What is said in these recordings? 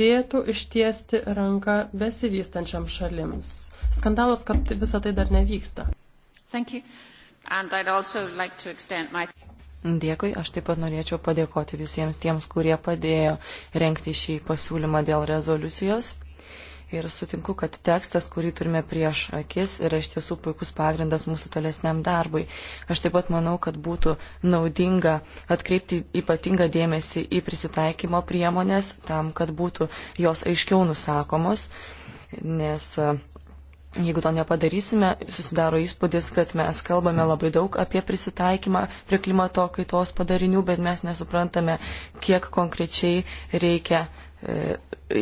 turėtų ištiesti ranką besivystančiam šalims. Skandalas, kad visa tai dar nevyksta. Like my... Dėkui, aš taip pat norėčiau padėkoti visiems tiems, kurie padėjo renkti šį pasiūlymą dėl rezoliucijos ir sutinku, kad tekstas, kurį turime prieš akis, yra iš tiesų puikus pagrindas mūsų tolesniam darbui. Aš taip pat manau, kad būtų naudinga atkreipti ypatingą dėmesį į prisitaikymo priemonės, tam, kad būtų jos aiškiau nusakomos, nes e, jeigu to nepadarysime, susidaro įspūdis, kad mes kalbame labai daug apie prisitaikymą prie klimato kaitos padarinių, bet mes nesuprantame, kiek konkrečiai reikia E,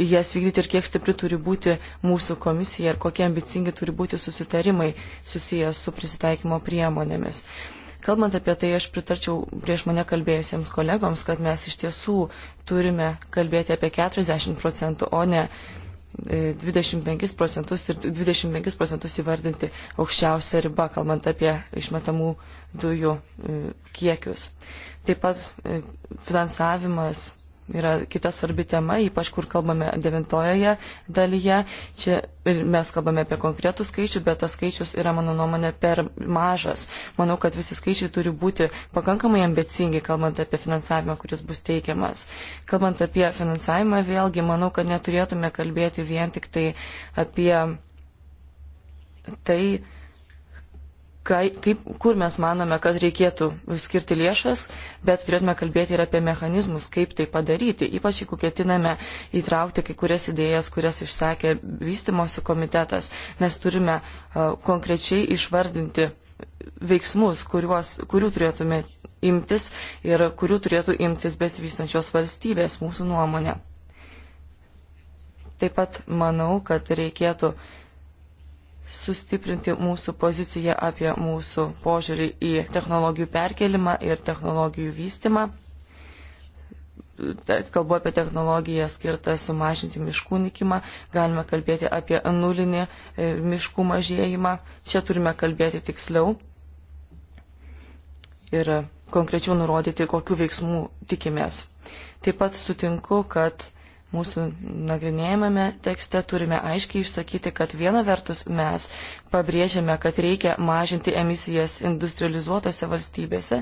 jas vykdyti ir kiek stipri turi būti mūsų komisija ir kokie ambicingi turi būti susitarimai susijęs su prisitaikymo priemonėmis. Kalbant apie tai, aš pritarčiau prieš mane kalbėjusiems kolegoms, kad mes iš tiesų turime kalbėti apie 40 procentų, o ne 25 e, procentus ir 25 procentus įvardinti aukščiausią ribą, kalbant apie išmetamų dujų e, kiekius. Taip pat finansavimas yra kita svarbi tema, ypač kur kalbame devintojoje dalyje. Čia mes kalbame apie konkretų skaičių, bet tas skaičius yra, mano nuomonė, per mažas. Manau, kad visi skaičiai turi būti pakankamai ambicingi, kalbant apie finansavimą, kuris bus teikiamas. Kalbant apie finansavimą, vėlgi, manau, kad neturėtume kalbėti vien tik tai apie tai, kai, kaip, kur mes manome, kad reikėtų skirti lėšas, bet turėtume kalbėti ir apie mechanizmus, kaip tai padaryti, ypač jeigu ketiname įtraukti kai kurias idėjas, kurias išsakė vystimosi komitetas, nes turime uh, konkrečiai išvardinti veiksmus, kuriuos, kurių turėtume imtis ir kurių turėtų imtis besivystančios valstybės mūsų nuomonė. Taip pat manau, kad reikėtų uh, sustiprinti mūsų poziciją apie mūsų požiūrį į technologijų perkelimą ir technologijų vystimą. Kalbu apie technologiją skirtą sumažinti miškų nikimą, galime kalbėti apie nulinį e, miškų mažėjimą, čia turime kalbėti tiksliau ir konkrečiau nurodyti, kokiu veiksmu tikimės. Taip pat sutinku, kad mūsų nagrinėjimame tekste turime aiškiai išsakyti, kad viena vertus mes pabrėžiame, kad reikia mažinti emisijas industrializuotose valstybėse,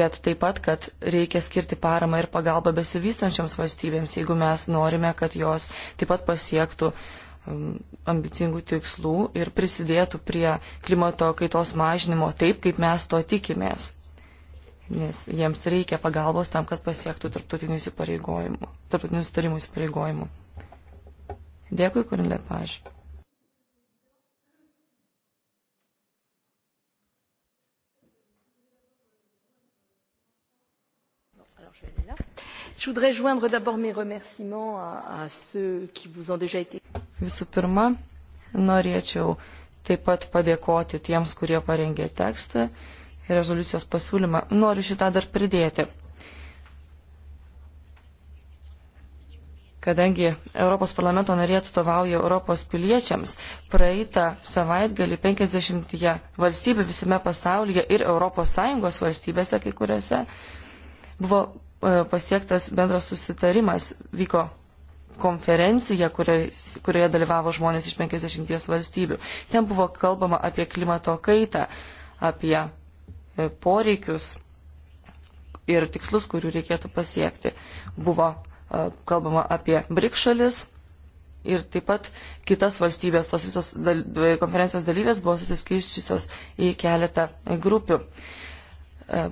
bet taip pat, kad reikia skirti paramą ir pagalbą besivystančioms valstybėms, jeigu mes norime, kad jos taip pat pasiektų um, ambicingų tikslų ir prisidėtų prie klimato kaitos mažinimo taip, kaip mes to tikimės nes jiems reikia pagalbos tam, kad pasiektų tarptautinių įsipareigojimų, tarptautinių sutarimų įsipareigojimų. Dėkui, Kurin Lepaž. Je voudrais joindre d'abord mes remerciements à, à ceux qui vous ont déjà été. Visų pirma, norėčiau taip pat padėkoti tiems, kurie parengė tekstą rezoliucijos pasiūlymą. Noriu šitą dar pridėti. Kadangi Europos parlamento narė atstovauja Europos piliečiams, praeitą savaitgalį 50 valstybių visame pasaulyje ir ES valstybėse kai kuriuose buvo e, pasiektas bendras susitarimas, vyko konferencija, kurioje, kurioje dalyvavo žmonės iš 50 valstybių. Ten buvo kalbama apie klimato kaitą, apie poreikius ir tikslus, kurių reikėtų pasiekti. Buvo e, kalbama apie BRIC šalis ir taip pat kitas valstybės, tos visos dal, konferencijos dalyvės buvo susiskaiščiusios į keletą grupių. E,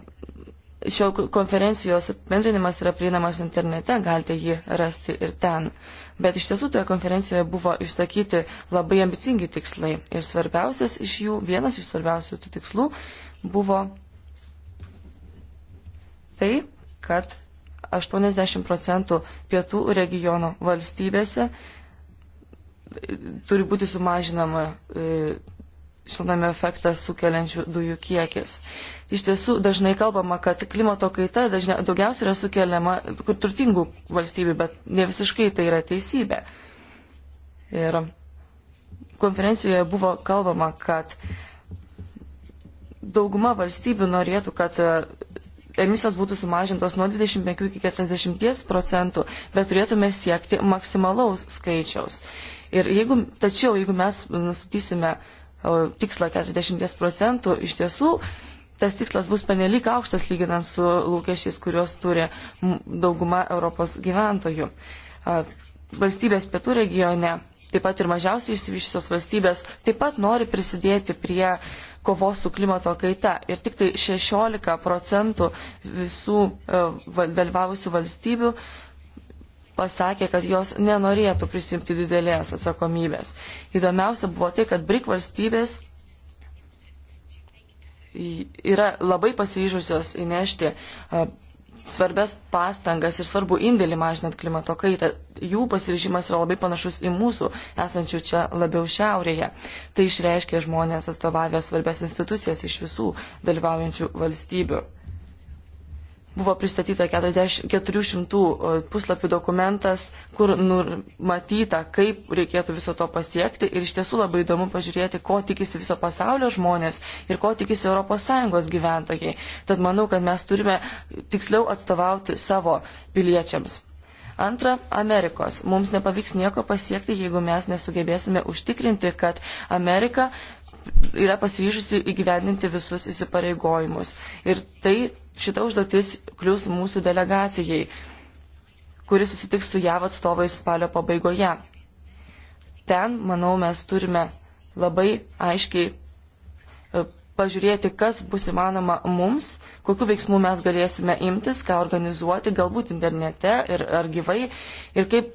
šio konferencijos apibendrinimas yra prieinamas internete, galite jį rasti ir ten. Bet iš tiesų toje konferencijoje buvo išsakyti labai ambicingi tikslai. Ir svarbiausias iš jų, vienas iš svarbiausių tų tikslų buvo tai, kad 80 procentų pietų regiono valstybėse turi būti sumažinama. E, šiltnamio efektą sukeliančių dujų kiekis. Iš tiesų, dažnai kalbama, kad klimato kaita dažnia, daugiausia yra sukeliama turtingų valstybių, bet ne visiškai tai yra teisybė. Ir konferencijoje buvo kalbama, kad dauguma valstybių norėtų, kad e, emisijos būtų sumažintos nuo 25 iki 40 procentų, bet turėtume siekti maksimalaus skaičiaus. Ir jeigu, tačiau, jeigu mes nustatysime uh, tikslą 40 procentų, iš tiesų tas tikslas bus panelik aukštas lyginant su lūkesčiais, kuriuos turi dauguma Europos gyventojų. Valstybės pietų regione, taip pat ir mažiausiai išsivyščiusios valstybės, taip pat nori prisidėti prie kovos su klimato kaita. Ir tik tai 16 procentų visų e, dalyvavusių valstybių uh, pasakė, kad jos nenorėtų prisimti didelės atsakomybės. Įdomiausia buvo tai, kad BRIC valstybės yra labai pasiryžusios įnešti svarbias pastangas ir svarbu indėlį mažinant klimato kaitą. Jų pasiryžimas yra labai panašus į mūsų, esančių čia labiau šiaurėje. Tai išreiškia žmonės atstovavę svarbias institucijas iš visų dalyvaujančių valstybių buvo pristatyta 400 puslapių dokumentas, kur numatyta, kaip reikėtų viso to pasiekti ir iš tiesų labai įdomu pažiūrėti, ko tikisi viso pasaulio žmonės ir ko tikisi ES gyventojai. Tad manau, kad mes turime tiksliau atstovauti savo piliečiams. Antra, Amerikos. Mums nepavyks nieko pasiekti, jeigu mes nesugebėsime užtikrinti, kad Amerika yra pasiryžusi įgyvendinti visus įsipareigojimus. Ir tai šita užduotis klius mūsų delegacijai, kuri susitiks su JAV atstovais spalio pabaigoje. Ten, manau, mes turime labai aiškiai e, pažiūrėti, kas bus įmanoma mums, kokiu veiksmu mes galėsime imtis, ką organizuoti, galbūt internete ir, ar gyvai, ir kaip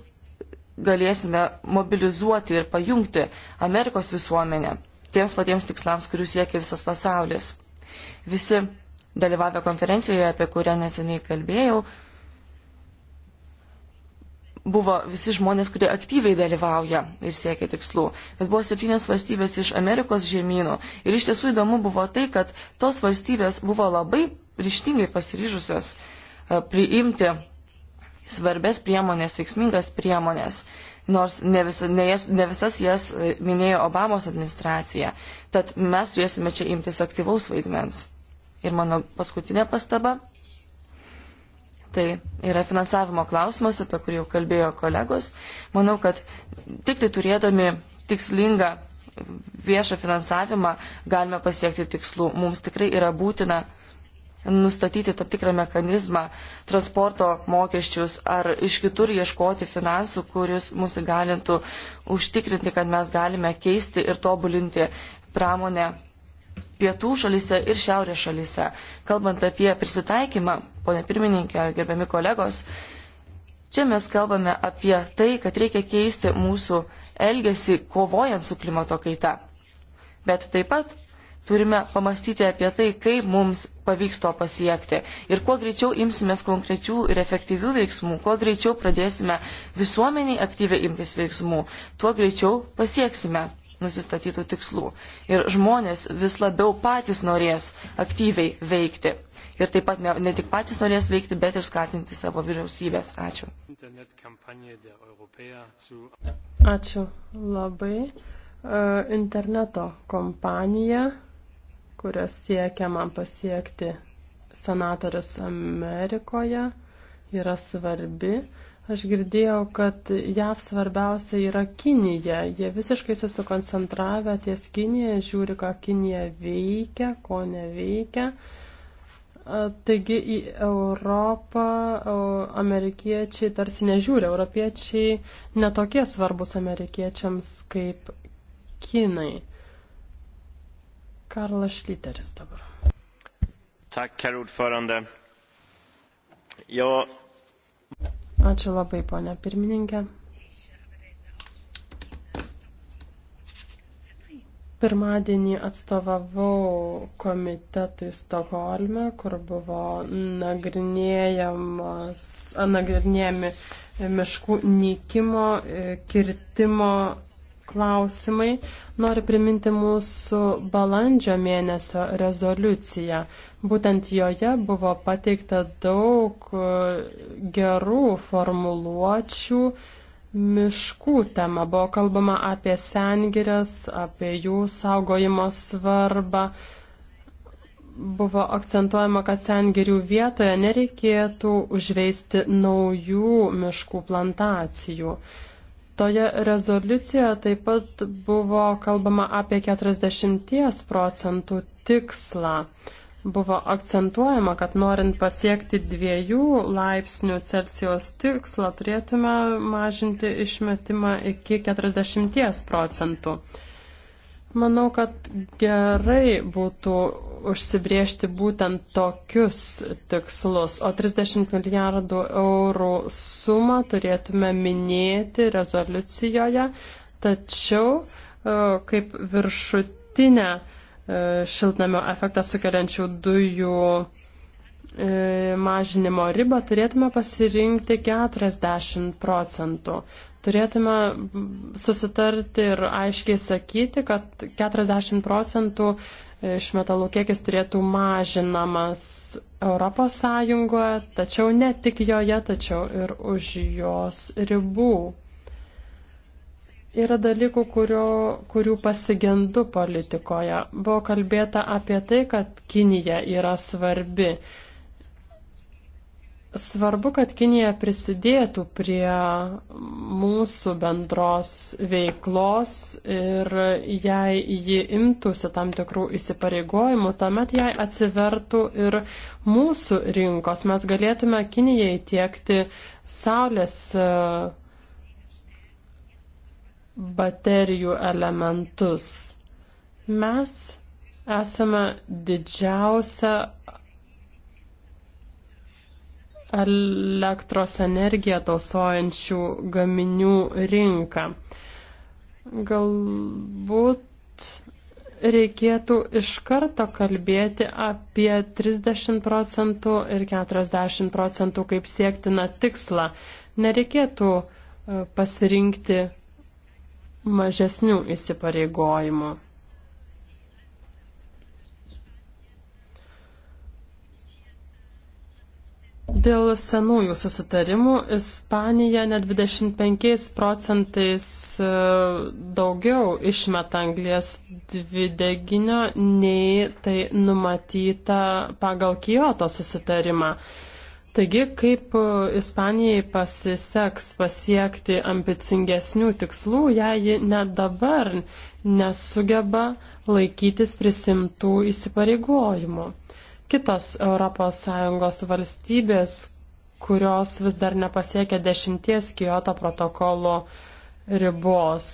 galėsime mobilizuoti ir pajungti Amerikos visuomenę tiems patiems tikslams, kurių siekia visas pasaulis. Visi dalyvavę konferencijoje, apie kurią neseniai kalbėjau, buvo visi žmonės, kurie aktyviai dalyvauja ir siekia tikslų. Bet buvo septynės valstybės iš Amerikos žemynų. Ir iš tiesų įdomu buvo tai, kad tos valstybės buvo labai ryštingai pasiryžusios e, priimti svarbės priemonės, veiksmingas priemonės nors ne, visa, ne, jas, ne visas jas e, minėjo Obamos administracija. Tad mes turėsime čia imtis aktyvaus vaidmens. Ir mano paskutinė pastaba. Tai yra finansavimo klausimas, apie kurį jau kalbėjo kolegos. Manau, kad tik tai turėdami tikslingą viešą finansavimą galime pasiekti tikslų. Mums tikrai yra būtina nustatyti tam tikrą mechanizmą, transporto mokesčius ar iš kitur ieškoti finansų, kuris mus įgalintų užtikrinti, kad mes galime keisti ir tobulinti pramonę pietų šalyse ir šiaurės šalyse. Kalbant apie prisitaikymą, ponė pirmininkė, gerbiami kolegos, čia mes kalbame apie tai, kad reikia keisti mūsų elgesį kovojant su klimato kaita. Bet taip pat turime pamastyti apie tai, kaip mums pavyks to pasiekti. Ir kuo greičiau imsimės konkrečių ir efektyvių veiksmų, kuo greičiau pradėsime visuomeniai aktyviai imtis veiksmų, tuo greičiau pasieksime nusistatytų tikslų. Ir žmonės vis labiau patys norės aktyviai veikti. Ir taip pat ne, ne tik patys norės veikti, bet ir skatinti savo vyriausybės. Ačiū. Ačiū labai. E, interneto kompanija kurias siekiama pasiekti senatorius Amerikoje, yra svarbi. Aš girdėjau, kad JAV svarbiausia yra Kinija. Jie visiškai susikoncentravę ties Kinija, žiūri, ką Kinija veikia, ko neveikia. Taigi į Europą amerikiečiai tarsi nežiūri, europiečiai netokie svarbus amerikiečiams kaip Kinai. Karlas Šlyteris dabar. Tak, herr ordförande. Jo. Ačiū labai, ponia pirmininkė. Pirmadienį atstovavau komitetui Stokholme, kur buvo nagrinėjami miškų nykimo, kirtimo klausimai. Noriu priminti mūsų balandžio mėnesio rezoliuciją. Būtent joje buvo pateikta daug e, gerų formuluočių miškų tema. Buvo kalbama apie sengirės, apie jų saugojimo svarbą. Buvo akcentuojama, kad sengirių vietoje nereikėtų užveisti naujų miškų plantacijų. Toje rezoliucijoje taip pat buvo kalbama apie 40 procentų tikslą. Buvo akcentuojama, kad norint pasiekti dviejų laipsnių Celsijaus tikslą, turėtume mažinti išmetimą iki 40 procentų. Manau, kad gerai būtų užsibriežti būtent tokius tikslus, o 30 milijardų eurų sumą turėtume minėti rezoliucijoje, tačiau e, kaip viršutinę e, šiltnamio efektą sukeliančių dujų e, mažinimo ribą turėtume pasirinkti 40 procentų. Turėtume susitarti ir aiškiai sakyti, kad 40 procentų e, išmetalų kiekis turėtų mažinamas Europos Sąjungoje, tačiau ne tik joje, tačiau ir už jos ribų. Yra dalykų, kurio, kurių pasigendu politikoje. Buvo kalbėta apie tai, kad Kinija yra svarbi. Svarbu, kad Kinija prisidėtų prie mūsų bendros veiklos ir jei ji imtųsi tam tikrų įsipareigojimų, tuomet jai atsivertų ir mūsų rinkos. Mes galėtume Kinijai tiekti saulės e, baterijų elementus. Mes esame didžiausia elektros energiją tausojančių gaminių rinką. Galbūt reikėtų iš karto kalbėti apie 30 procentų ir 40 procentų kaip siektina tikslą. Nereikėtų e, pasirinkti mažesnių įsipareigojimų. Dėl senųjų susitarimų Ispanija net 25 procentais e, daugiau išmeta anglės dvideginio, nei tai numatyta pagal Kyoto susitarimą. Taigi, kaip e, Ispanijai pasiseks pasiekti ambicingesnių tikslų, jei ji net dabar nesugeba laikytis prisimtų įsipareigojimų kitos ES valstybės, kurios vis dar nepasiekia dešimties Kyoto protokolo ribos.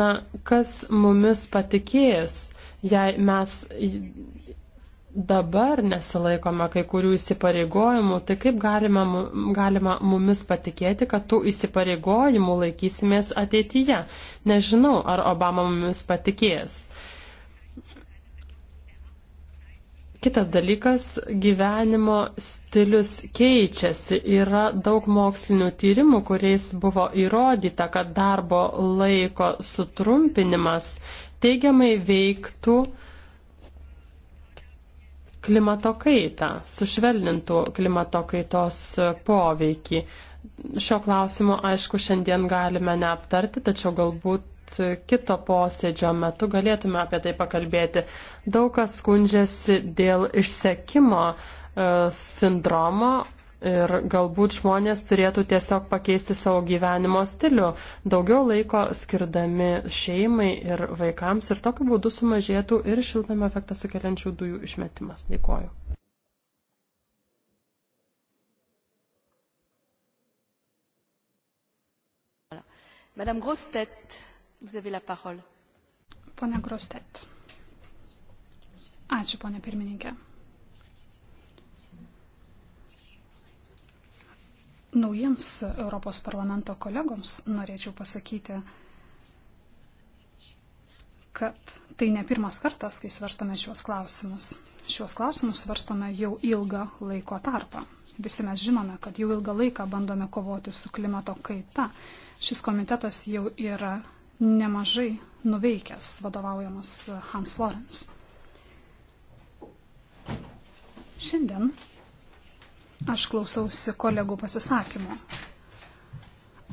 Na, kas mumis patikės, jei mes dabar nesilaikome kai kurių įsipareigojimų, tai kaip galima, galima mumis patikėti, kad tų įsipareigojimų laikysimės ateityje? Nežinau, ar Obama mumis patikės. Kitas dalykas - gyvenimo stilius keičiasi. Yra daug mokslinių tyrimų, kuriais buvo įrodyta, kad darbo laiko sutrumpinimas teigiamai veiktų klimato kaitą, sušvelnintų klimato kaitos poveikį. Šio klausimo, aišku, šiandien galime neaptarti, tačiau galbūt kito posėdžio metu galėtume apie tai pakalbėti. Daug kas skundžiasi dėl išsekimo e, sindromo ir galbūt žmonės turėtų tiesiog pakeisti savo gyvenimo stilių, daugiau laiko skirdami šeimai ir vaikams ir tokiu būdu sumažėtų ir šiltnamio efektą sukeliančių dujų išmetimas. Dėkoju. Madame Grostet. Vous avez la parole. Pone Grostet. Ačiū, ponė pirmininkė. Naujiems Europos parlamento kolegoms norėčiau pasakyti, kad tai ne pirmas kartas, kai svarstome šiuos klausimus. Šiuos klausimus svarstome jau ilgą laiko tarpą. Visi mes žinome, kad jau ilgą laiką bandome kovoti su klimato kaita. Šis komitetas jau yra nemažai nuveikęs vadovaujamas Hans Florens. Šiandien aš klausausi kolegų pasisakymų.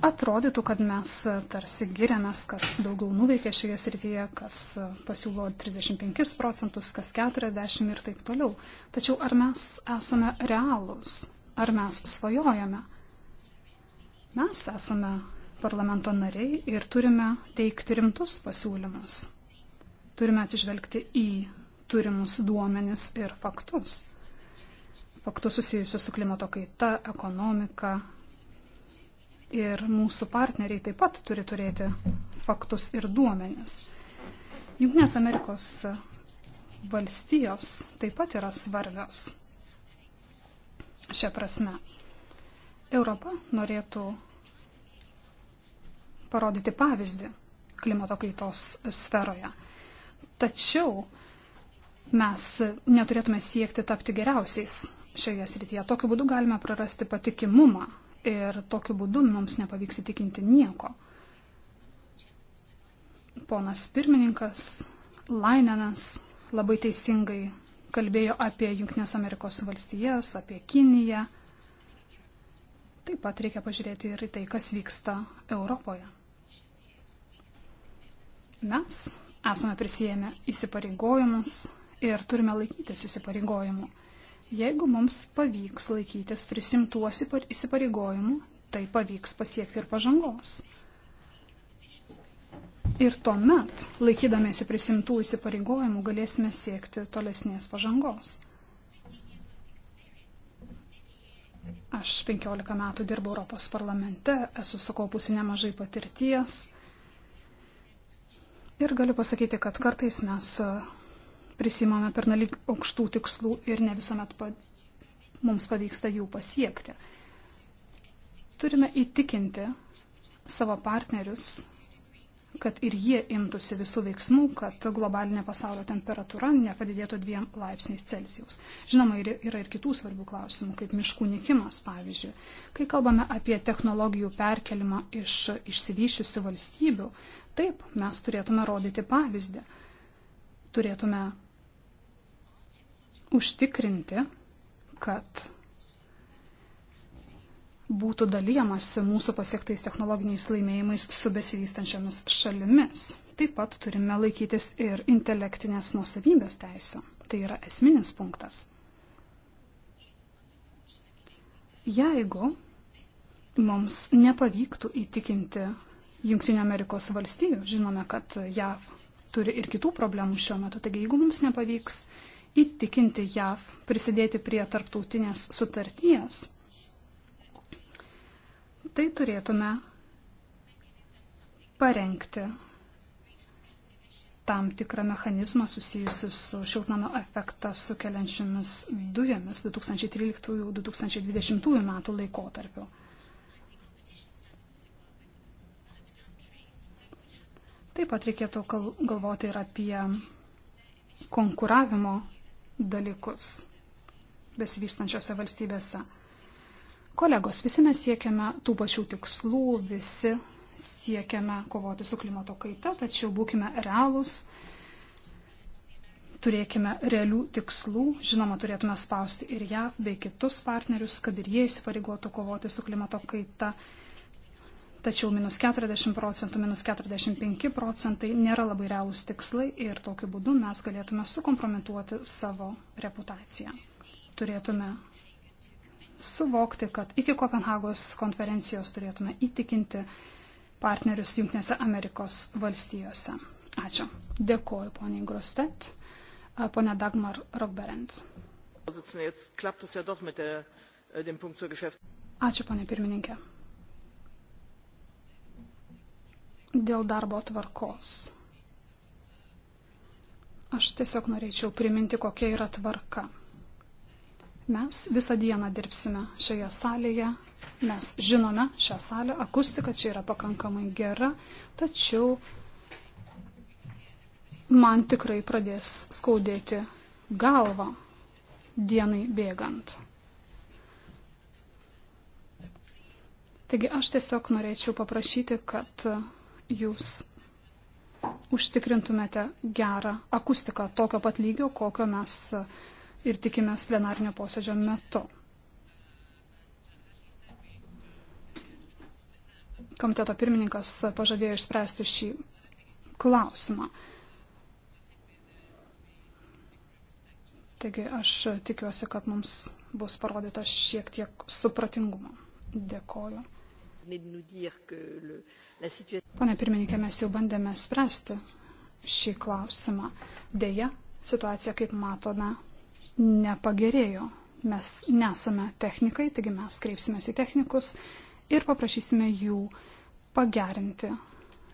Atrodytų, kad mes tarsi giriamės, kas daugiau nuveikė šioje srityje, kas pasiūlo 35 procentus, kas 40 ir taip toliau. Tačiau ar mes esame realūs, ar mes svajojame? Mes esame parlamento nariai ir turime teikti rimtus pasiūlymus. Turime atsižvelgti į turimus duomenis ir faktus. Faktus susijusius su klimato kaita, ekonomika. Ir mūsų partneriai taip pat turi turėti faktus ir duomenis. Junktinės Amerikos valstijos taip pat yra svarbios. Šia prasme, Europa norėtų parodyti pavyzdį klimato kaitos sferoje. Tačiau mes neturėtume siekti tapti geriausiais šioje srityje. Tokiu būdu galime prarasti patikimumą ir tokiu būdu mums nepavyks įtikinti nieko. Ponas pirmininkas Lainenas labai teisingai kalbėjo apie Junktinės Amerikos valstijas, apie Kiniją. Taip pat reikia pažiūrėti ir į tai, kas vyksta Europoje. Mes esame prisijėmę įsipareigojimus ir turime laikytis įsipareigojimų. Jeigu mums pavyks laikytis prisimtų įsipareigojimų, tai pavyks pasiekti ir pažangos. Ir tuomet, laikydamėsi prisimtų įsipareigojimų, galėsime siekti tolesnės pažangos. Aš 15 metų dirbu Europos parlamente, esu sukaupusi nemažai patirties Ir galiu pasakyti, kad kartais mes e, prisimame pernelyg aukštų tikslų ir ne visuomet pa, mums pavyksta jų pasiekti. Turime įtikinti savo partnerius kad ir jie imtųsi visų veiksmų, kad globalinė pasaulio temperatūra nepadidėtų dviem laipsniais Celsijaus. Žinoma, yra ir kitų svarbių klausimų, kaip miškų nikimas, pavyzdžiui. Kai kalbame apie technologijų perkelimą iš išsivyšiusių valstybių, taip, mes turėtume rodyti pavyzdį. Turėtume užtikrinti, kad būtų dalyjamasi mūsų pasiektais technologiniais laimėjimais su besivystančiamis šalimis. Taip pat turime laikytis ir intelektinės nusavybės teisų. Tai yra esminis punktas. Jeigu mums nepavyktų įtikinti Junktinio Amerikos valstybių, žinome, kad JAV turi ir kitų problemų šiuo metu, taigi jeigu mums nepavyks įtikinti JAV prisidėti prie tarptautinės sutarties, tai turėtume parengti tam tikrą mechanizmą susijusi su šiltnamio efektą sukeliančiomis dujomis 2013-2020 metų laikotarpiu. Taip pat reikėtų galvoti ir apie konkuravimo dalykus besivystančiose valstybėse. Kolegos, visi mes siekiame tų pačių tikslų, visi siekiame kovoti su klimato kaita, tačiau būkime realūs, turėkime realių tikslų, žinoma, turėtume spausti ir JAV bei kitus partnerius, kad ir jie įsipareigotų kovoti su klimato kaita. Tačiau minus 40 procentų, minus 45 procentai nėra labai realūs tikslai ir tokiu būdu mes galėtume sukompromituoti savo reputaciją. Turėtume suvokti, kad iki Kopenhagos konferencijos turėtume įtikinti partnerius Junktinėse Amerikos valstijose. Ačiū. Dėkoju, poniai Grostet, ponia Dagmar Rogberent. Ačiū, ponia pirmininkė. Dėl darbo tvarkos. Aš tiesiog norėčiau priminti, kokia yra tvarka. Mes visą dieną dirbsime šioje salėje, mes žinome šią salę, akustika čia yra pakankamai gera, tačiau man tikrai pradės skaudėti galvą dienai bėgant. Taigi aš tiesiog norėčiau paprašyti, kad jūs užtikrintumėte gerą akustiką tokio pat lygio, kokio mes ir tikimės plenarnio posėdžio metu. Komiteto pirmininkas pažadėjo išspręsti šį klausimą. Taigi aš tikiuosi, kad mums bus parodyta šiek tiek supratingumo. Dėkoju. Pane pirmininkė, mes jau bandėme spręsti šį klausimą. Deja, situacija, kaip matome, nepagerėjo. Mes nesame technikai, taigi mes kreipsimės į technikus ir paprašysime jų pagerinti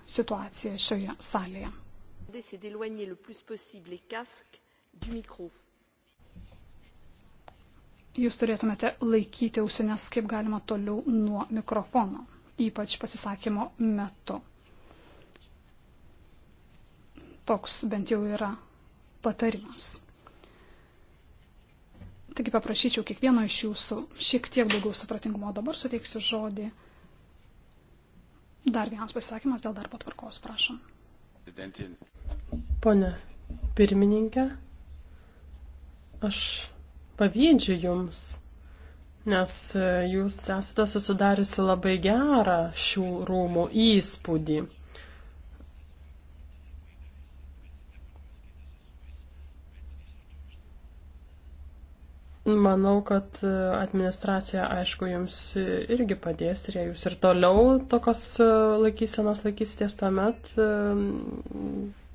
situaciją šioje salėje. Jūs turėtumėte laikyti ausinės kaip galima toliau nuo mikrofono, ypač pasisakymo metu. Toks bent jau yra patarimas. Taigi paprašyčiau kiekvieno iš jūsų šiek tiek daugiau supratingumo. Dabar suteiksiu žodį. Dar vienas pasisakymas dėl darbo tvarkos, prašom. Pone pirmininkė, aš pavydžiu jums, nes jūs esate susidariusi labai gerą šių rūmų įspūdį. Manau, kad e, administracija, aišku, jums irgi padės ir jei jūs ir toliau tokios e, laikysenos laikysitės, tuomet e,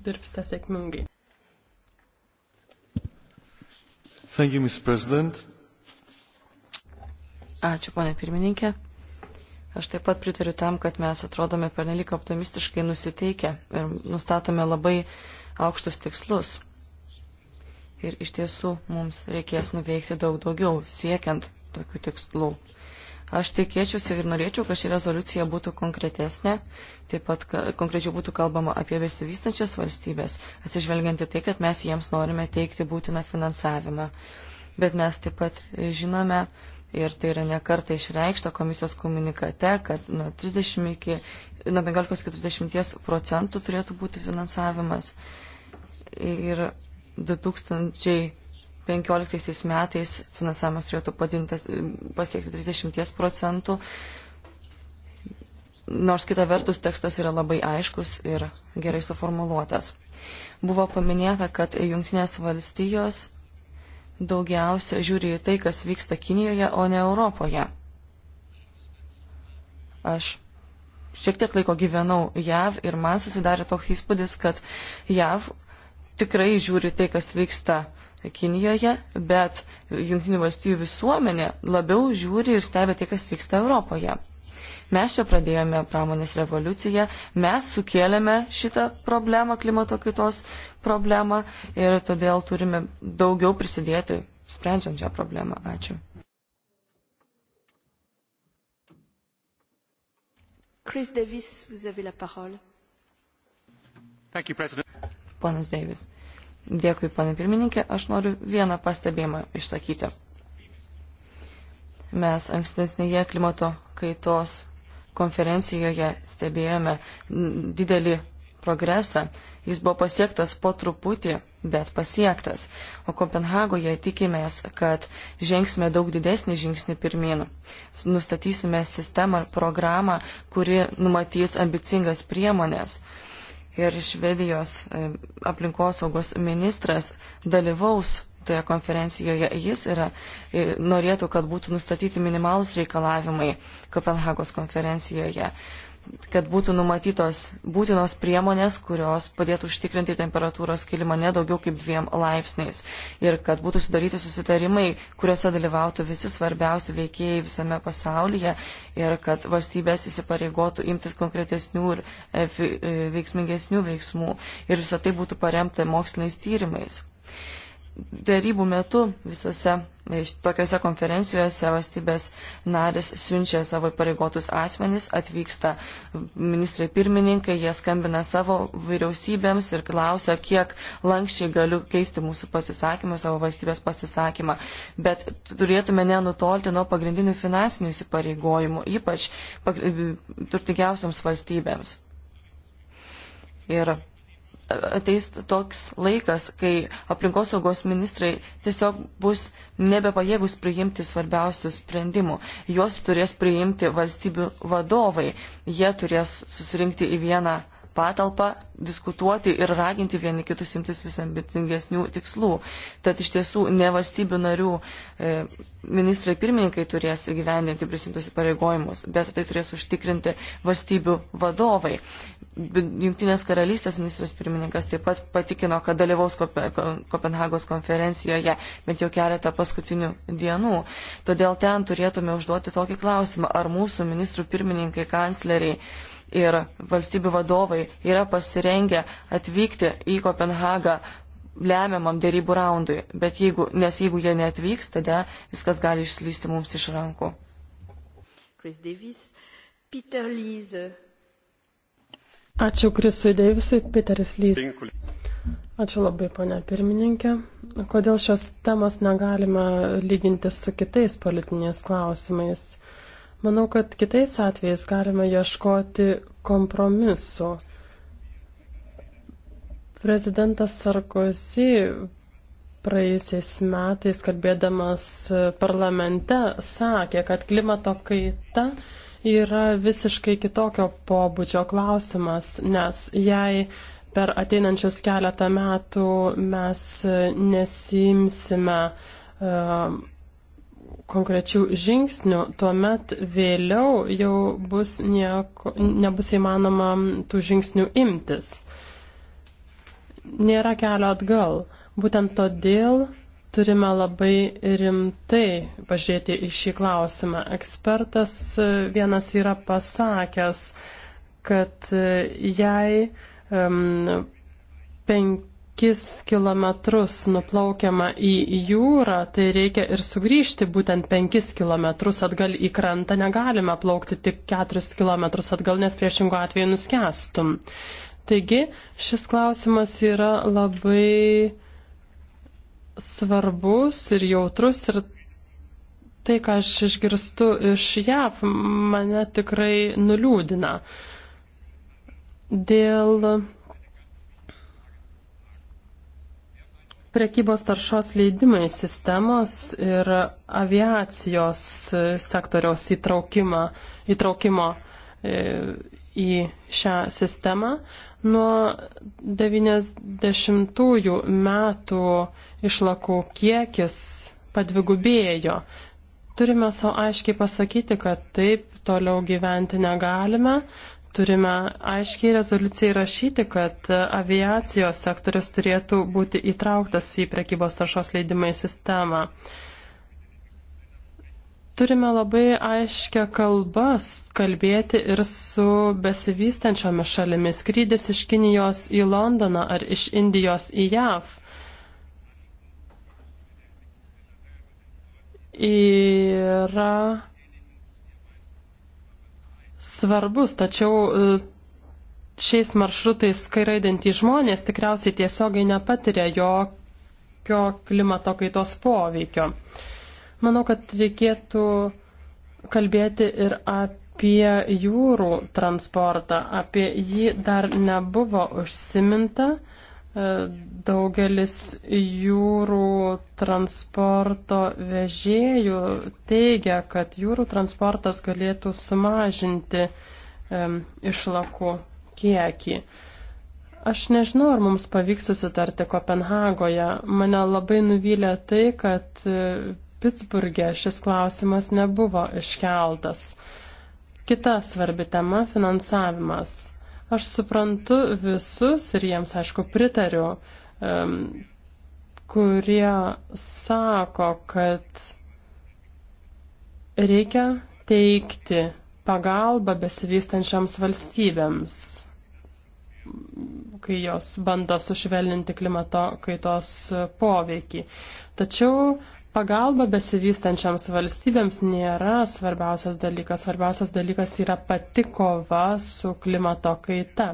dirbsite sėkmingai. Thank you, Mr. President. Ačiū, ponė pirmininkė. Aš taip pat pritariu tam, kad mes atrodome pernelyg optimistiškai nusiteikę ir nustatome labai aukštus tikslus ir iš tiesų mums reikės nuveikti daug daugiau siekiant tokių tikslų. Aš tikėčiausi ir norėčiau, kad ši rezoliucija būtų konkretesnė, taip pat konkrečiau būtų kalbama apie besivystančias valstybės, atsižvelgianti tai, kad mes jiems norime teikti būtiną finansavimą. Bet mes taip pat žinome, ir tai yra nekarta išreikšta komisijos komunikate, kad nuo, 30 iki, nuo 15 iki 30 procentų turėtų būti finansavimas. Ir 2015 metais finansavimas turėtų padintas, pasiekti 30 procentų. Nors kita vertus tekstas yra labai aiškus ir gerai suformuluotas. Buvo paminėta, kad Junktinės valstijos daugiausia žiūri į tai, kas vyksta Kinijoje, o ne Europoje. Aš šiek tiek laiko gyvenau JAV ir man susidarė toks įspūdis, kad JAV tikrai žiūri tai, kas vyksta Kinijoje, bet Junktinių valstybių visuomenė labiau žiūri ir stebi tai, kas vyksta Europoje. Mes čia pradėjome pramonės revoliuciją, mes sukėlėme šitą problemą, klimato kaitos problemą ir todėl turime daugiau prisidėti sprendžiant šią problemą. Ačiū. Chris Davis, vous avez la parole. Thank you, President. Ponas Deivis. Dėkui, ponė pirmininkė, aš noriu vieną pastebėjimą išsakyti. Mes ankstesnėje klimato kaitos konferencijoje stebėjome didelį progresą. Jis buvo pasiektas po truputį, bet pasiektas. O Kopenhagoje tikimės, kad žengsime daug didesnį žingsnį pirmin. Nustatysime sistemą ar programą, kuri numatys ambicingas priemonės. Uh, ir Švedijos e, aplinkosaugos ministras dalyvaus toje konferencijoje. Jis yra, e, norėtų, kad būtų nustatyti minimalus reikalavimai Kopenhagos konferencijoje kad būtų numatytos būtinos priemonės, kurios padėtų užtikrinti temperatūros kilimą nedaugiau kaip dviem laipsniais ir kad būtų sudaryti susitarimai, kuriuose dalyvautų visi svarbiausi veikėjai visame pasaulyje ir kad valstybės įsipareigotų imtis konkretesnių ir e, e, veiksmingesnių veiksmų ir visą tai būtų paremta moksliniais tyrimais darybų metu visose e, tokiose konferencijose valstybės narės siunčia savo pareigotus asmenys, atvyksta ministrai pirmininkai, jie skambina savo vyriausybėms ir klausia, kiek lankščiai galiu keisti mūsų pasisakymą, savo valstybės pasisakymą. Bet turėtume nenutolti nuo pagrindinių finansinių įsipareigojimų, ypač turtingiausiams valstybėms. Ir ateis toks laikas, kai aplinkosaugos ministrai tiesiog bus nebepajėgus priimti svarbiausių sprendimų. Juos turės priimti valstybių vadovai. Jie turės susirinkti į vieną patalpą, diskutuoti ir raginti vieni kitus imtis vis ambicingesnių tikslų. Tad iš tiesų ne valstybių narių e, ministrai pirmininkai turės įgyvendinti prisimtus įpareigojimus, bet tai turės užtikrinti valstybių vadovai. Junktinės karalystės ministras pirmininkas taip pat patikino, kad dalyvaus Kopenhagos konferencijoje bent jau keletą paskutinių dienų. Todėl ten turėtume užduoti tokį klausimą, ar mūsų ministrų pirmininkai, kancleriai ir valstybių vadovai yra pasirengę atvykti į Kopenhagą lemiamam dėrybų raundui, bet jeigu, nes jeigu jie neatvyks, tada viskas gali išslysti mums iš rankų. Chris Davis, Peter Lise, Ačiū Krisui Deivisui, Piteris Lys. Ačiū labai, ponia pirmininkė. Kodėl šios temos negalima lyginti su kitais politiniais klausimais? Manau, kad kitais atvejais galima ieškoti kompromisu. Prezidentas Sarkozy praėjusiais metais, kalbėdamas parlamente, sakė, kad klimato kaita yra visiškai kitokio pobūdžio klausimas, nes jei per ateinančius keletą metų mes nesimsime uh, konkrečių žingsnių, tuomet vėliau jau bus nieko, nebus įmanoma tų žingsnių imtis. Nėra kelio atgal. Būtent todėl turime labai rimtai pažiūrėti į šį klausimą. Ekspertas e, vienas yra pasakęs, kad e, jei um, penkis kilometrus nuplaukiama į jūrą, tai reikia ir sugrįžti būtent penkis kilometrus atgal į krantą, negalime plaukti tik keturis kilometrus atgal, nes priešingų atveju nuskestum. Taigi šis klausimas yra labai svarbus ir jautrus ir tai, ką aš išgirstu iš JAV, mane tikrai nuliūdina. Dėl prekybos taršos leidimai sistemos ir aviacijos sektoriaus įtraukimo e, į šią sistemą. Nuo 90-ųjų metų išlakų kiekis padvigubėjo. Turime savo aiškiai pasakyti, kad taip toliau gyventi negalime. Turime aiškiai rezoliucijai rašyti, kad aviacijos sektorius turėtų būti įtrauktas į prekybos taršos leidimai sistemą. Turime labai aiškę kalbas kalbėti ir su besivystančiomis šalimis. Skrydis iš Kinijos į Londoną ar iš Indijos į JAV. Yra svarbus, tačiau e, šiais maršrutais skraidantys žmonės tikriausiai tiesiogiai nepatiria jokio klimato kaitos poveikio. Manau, kad reikėtų kalbėti ir apie jūrų transportą. Apie jį dar nebuvo užsiminta. E, daugelis jūrų transporto vežėjų teigia, kad jūrų transportas galėtų sumažinti e, išlakų kiekį. Aš nežinau, ar mums pavyks susitarti Kopenhagoje. Mane labai nuvylė tai, kad e, Pittsburgė šis klausimas nebuvo iškeltas. Kita svarbi tema - finansavimas. Aš suprantu visus ir jiems, aišku, pritariu, um, kurie sako, kad reikia teikti pagalbą besivystančiams valstybėms, kai jos bando sušvelninti klimato kaitos poveikį. Tačiau Pagalba besivystančiams valstybėms nėra svarbiausias dalykas. Svarbiausias dalykas yra pati kova su klimato kaita.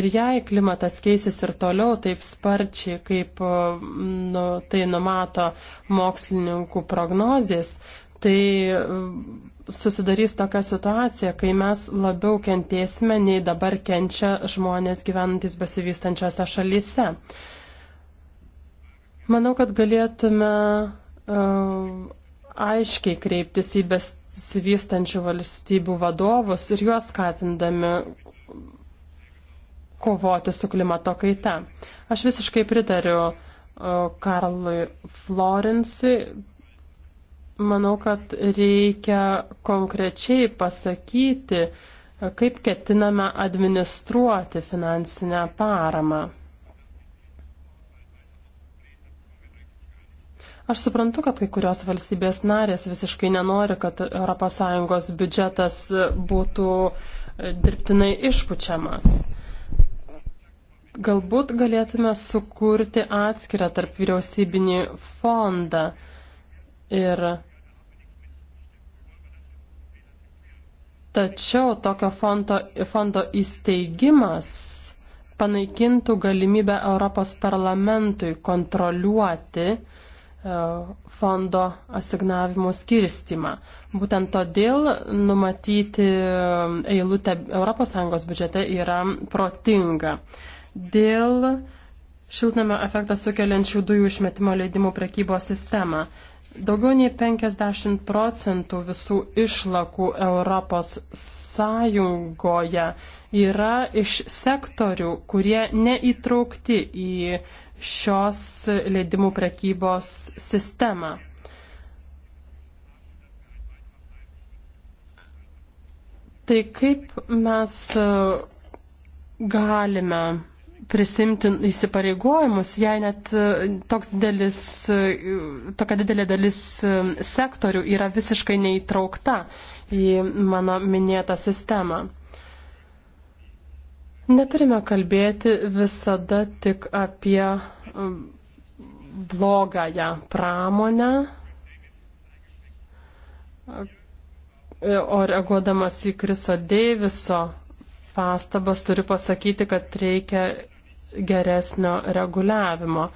Ir jei klimatas keisis ir toliau taip sparčiai, kaip mm, nu, tai numato mokslininkų prognozijas, tai mm, susidarys tokia situacija, kai mes labiau kentėsime, nei dabar kenčia žmonės gyvenantis besivystančiose šalyse. Manau, kad galėtume Uh, aiškiai kreiptis į besivystančių valstybių vadovus ir juos skatindami kovoti su klimato kaita. Aš visiškai pritariu uh, Karlui Florencui. Manau, kad reikia konkrečiai pasakyti, kaip ketiname administruoti finansinę paramą. Aš suprantu, kad kai kurios valstybės narės visiškai nenori, kad ES biudžetas būtų e, dirbtinai išpučiamas. Galbūt galėtume sukurti atskirą tarp vyriausybinį fondą ir tačiau tokio fondo, fondo įsteigimas panaikintų galimybę Europos parlamentui kontroliuoti E, fondo asignavimo skirstimą. Būtent todėl numatyti eilutę ES biudžete yra protinga. Dėl šiltnamio efektą sukeliančių dujų išmetimo leidimų prekybos sistemą. Daugiau nei 50 procentų visų išlakų Europos Sąjungoje yra iš sektorių, kurie neįtraukti į šios leidimų prekybos sistemą. Tai kaip mes galime prisimti įsipareigojimus, jei net e, toks didelis, e, tokia didelė dalis e, sektorių yra visiškai neįtraukta į mano minėtą sistemą. Neturime kalbėti visada tik apie um, blogąją pramonę, o reaguodamas į Kriso Deiviso pastabas turiu pasakyti, kad reikia geresnio reguliavimo.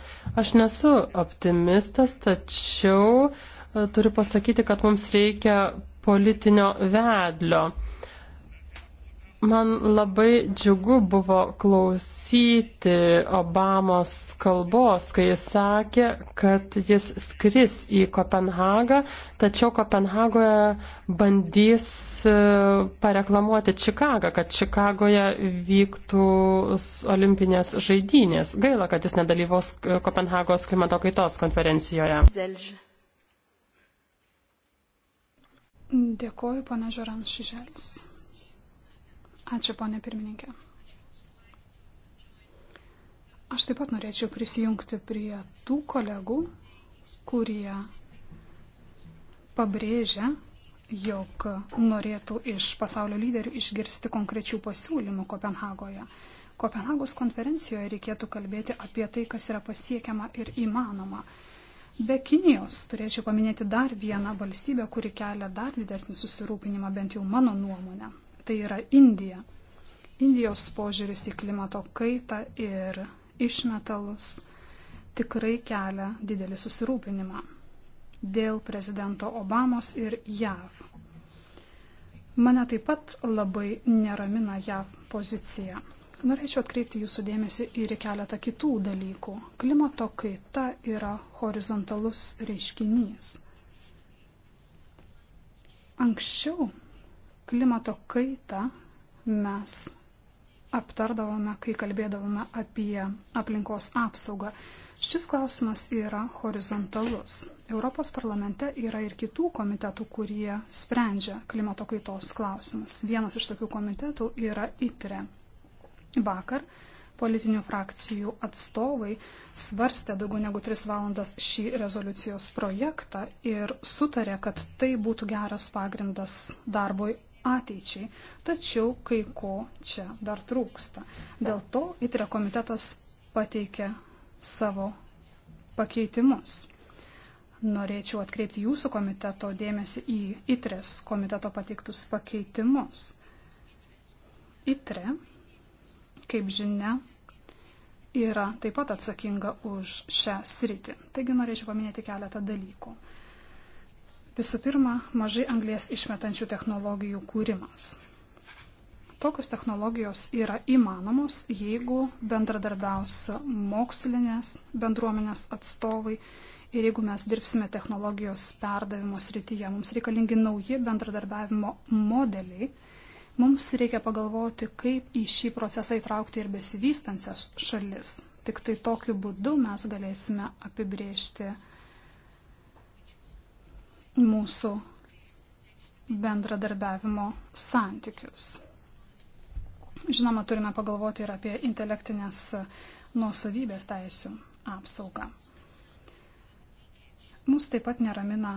Aš nesu optimistas, tačiau e, turiu pasakyti, kad mums reikia politinio vedlio. Man labai džiugu buvo klausyti Obamos kalbos, kai jis sakė, kad jis skris į Kopenhagą, tačiau Kopenhagoje bandys e, pareklamuoti Čikagą, kad Čikagoje vyktų olimpinės žaidynės. Gaila, kad jis nedalyvaus e, Kopenhagos klimato kaitos konferencijoje. Zelž. Dėkoju, pana Žoran Šiželis. Ačiū, ponė pirmininkė. Aš taip pat norėčiau prisijungti prie tų kolegų, kurie pabrėžia, jog norėtų iš pasaulio lyderių išgirsti konkrečių pasiūlymų Kopenhagoje. Kopenhagos konferencijoje reikėtų kalbėti apie tai, kas yra pasiekiama ir įmanoma. Be Kinijos turėčiau paminėti dar vieną valstybę, kuri kelia dar didesnį susirūpinimą, bent jau mano nuomonę tai yra Indija. Indijos požiūris į klimato kaitą ir išmetalus tikrai kelia didelį susirūpinimą dėl prezidento Obamos ir JAV. Mane taip pat labai neramina JAV pozicija. Norėčiau atkreipti jūsų dėmesį ir į keletą kitų dalykų. Klimato kaita yra horizontalus reiškinys. Anksčiau Klimato kaitą mes aptardavome, kai kalbėdavome apie aplinkos apsaugą. Šis klausimas yra horizontalus. Europos parlamente yra ir kitų komitetų, kurie sprendžia klimato kaitos klausimus. Vienas iš tokių komitetų yra ITRE. Vakar politinių frakcijų atstovai svarstė daugiau negu 3 valandas šį rezoliucijos projektą ir sutarė, kad tai būtų geras pagrindas darbui ateičiai, tačiau kai ko čia dar trūksta. Dėl to ITRE komitetas pateikė savo pakeitimus. Norėčiau atkreipti jūsų komiteto dėmesį į ITRES komiteto pateiktus pakeitimus. ITRE, kaip žinia, yra taip pat atsakinga už šią sritį. Taigi norėčiau paminėti keletą dalykų. Visų pirma, mažai anglės išmetančių technologijų kūrimas. Tokios technologijos yra įmanomos, jeigu bendradarbiaus mokslinės bendruomenės atstovai ir jeigu mes dirbsime technologijos perdavimo srityje. Mums reikalingi nauji bendradarbiavimo modeliai. Mums reikia pagalvoti, kaip į šį procesą įtraukti ir besivystančias šalis. Tik tai tokiu būdu mes galėsime apibriežti uh, mūsų bendradarbiavimo santykius. Žinoma, turime pagalvoti ir apie intelektinės nuosavybės teisių apsaugą. Mūsų taip pat neramina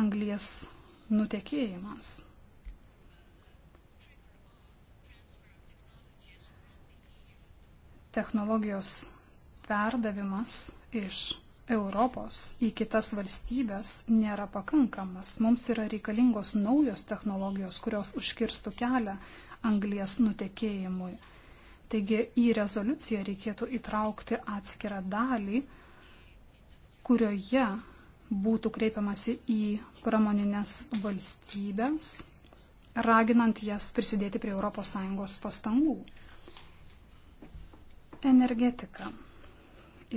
anglies nutekėjimas. Technologijos perdavimas iš Europos į kitas valstybes nėra pakankamas. Mums yra reikalingos naujos technologijos, kurios užkirstų kelią anglies nutekėjimui. Taigi į rezoliuciją reikėtų įtraukti atskirą dalį, kurioje būtų kreipiamasi į pramoninės valstybės, raginant jas prisidėti prie ES pastangų. Energetika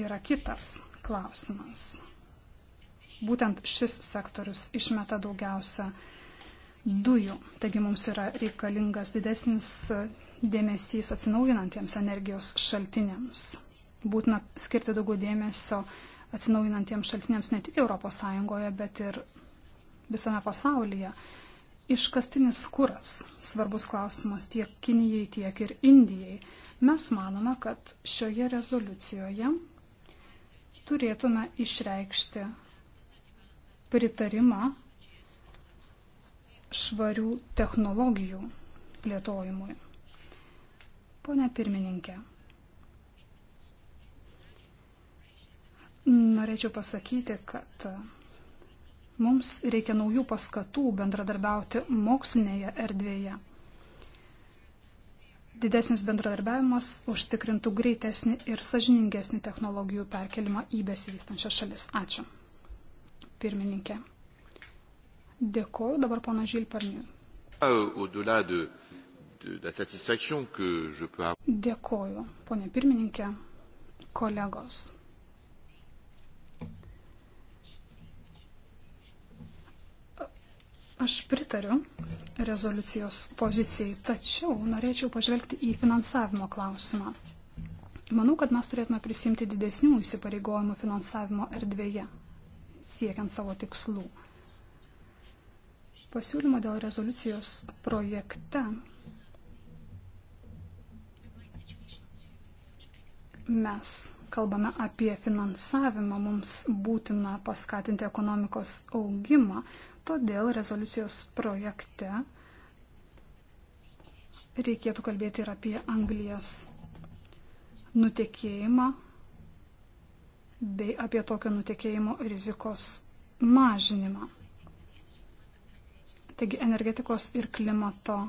yra kitas klausimas. Būtent šis sektorius išmeta daugiausia dujų. Taigi mums yra reikalingas didesnis dėmesys atsinaujinantiems energijos šaltiniams. Būtina skirti daugiau dėmesio atsinaujinantiems šaltiniams ne tik ES, bet ir visame pasaulyje. Iškastinis kuras - svarbus klausimas tiek Kinijai, tiek ir Indijai. Mes manome, kad šioje rezoliucijoje turėtume išreikšti pritarimą švarių technologijų plėtojimui. Pone pirmininkė, norėčiau pasakyti, kad mums reikia naujų paskatų bendradarbiauti mokslinėje erdvėje. Didesnis bendradarbiavimas užtikrintų greitesnį ir sažiningesnį technologijų perkelimą į besivystančias šalis. Ačiū. Pirmininkė. Dėkuoju dabar pana Žilparniui. Dėkuoju, ponė pirmininkė, kolegos. Aš pritariu rezoliucijos pozicijai, tačiau norėčiau pažvelgti į finansavimo klausimą. Manau, kad mes turėtume prisimti didesnių įsipareigojimų finansavimo erdvėje, siekiant savo tikslų. Pasiūlymo dėl rezoliucijos projekte mes kalbame apie finansavimą, mums būtina paskatinti ekonomikos augimą, Todėl rezoliucijos projekte reikėtų kalbėti ir apie anglijas nutekėjimą bei apie tokio nutekėjimo rizikos mažinimą. Taigi energetikos ir klimato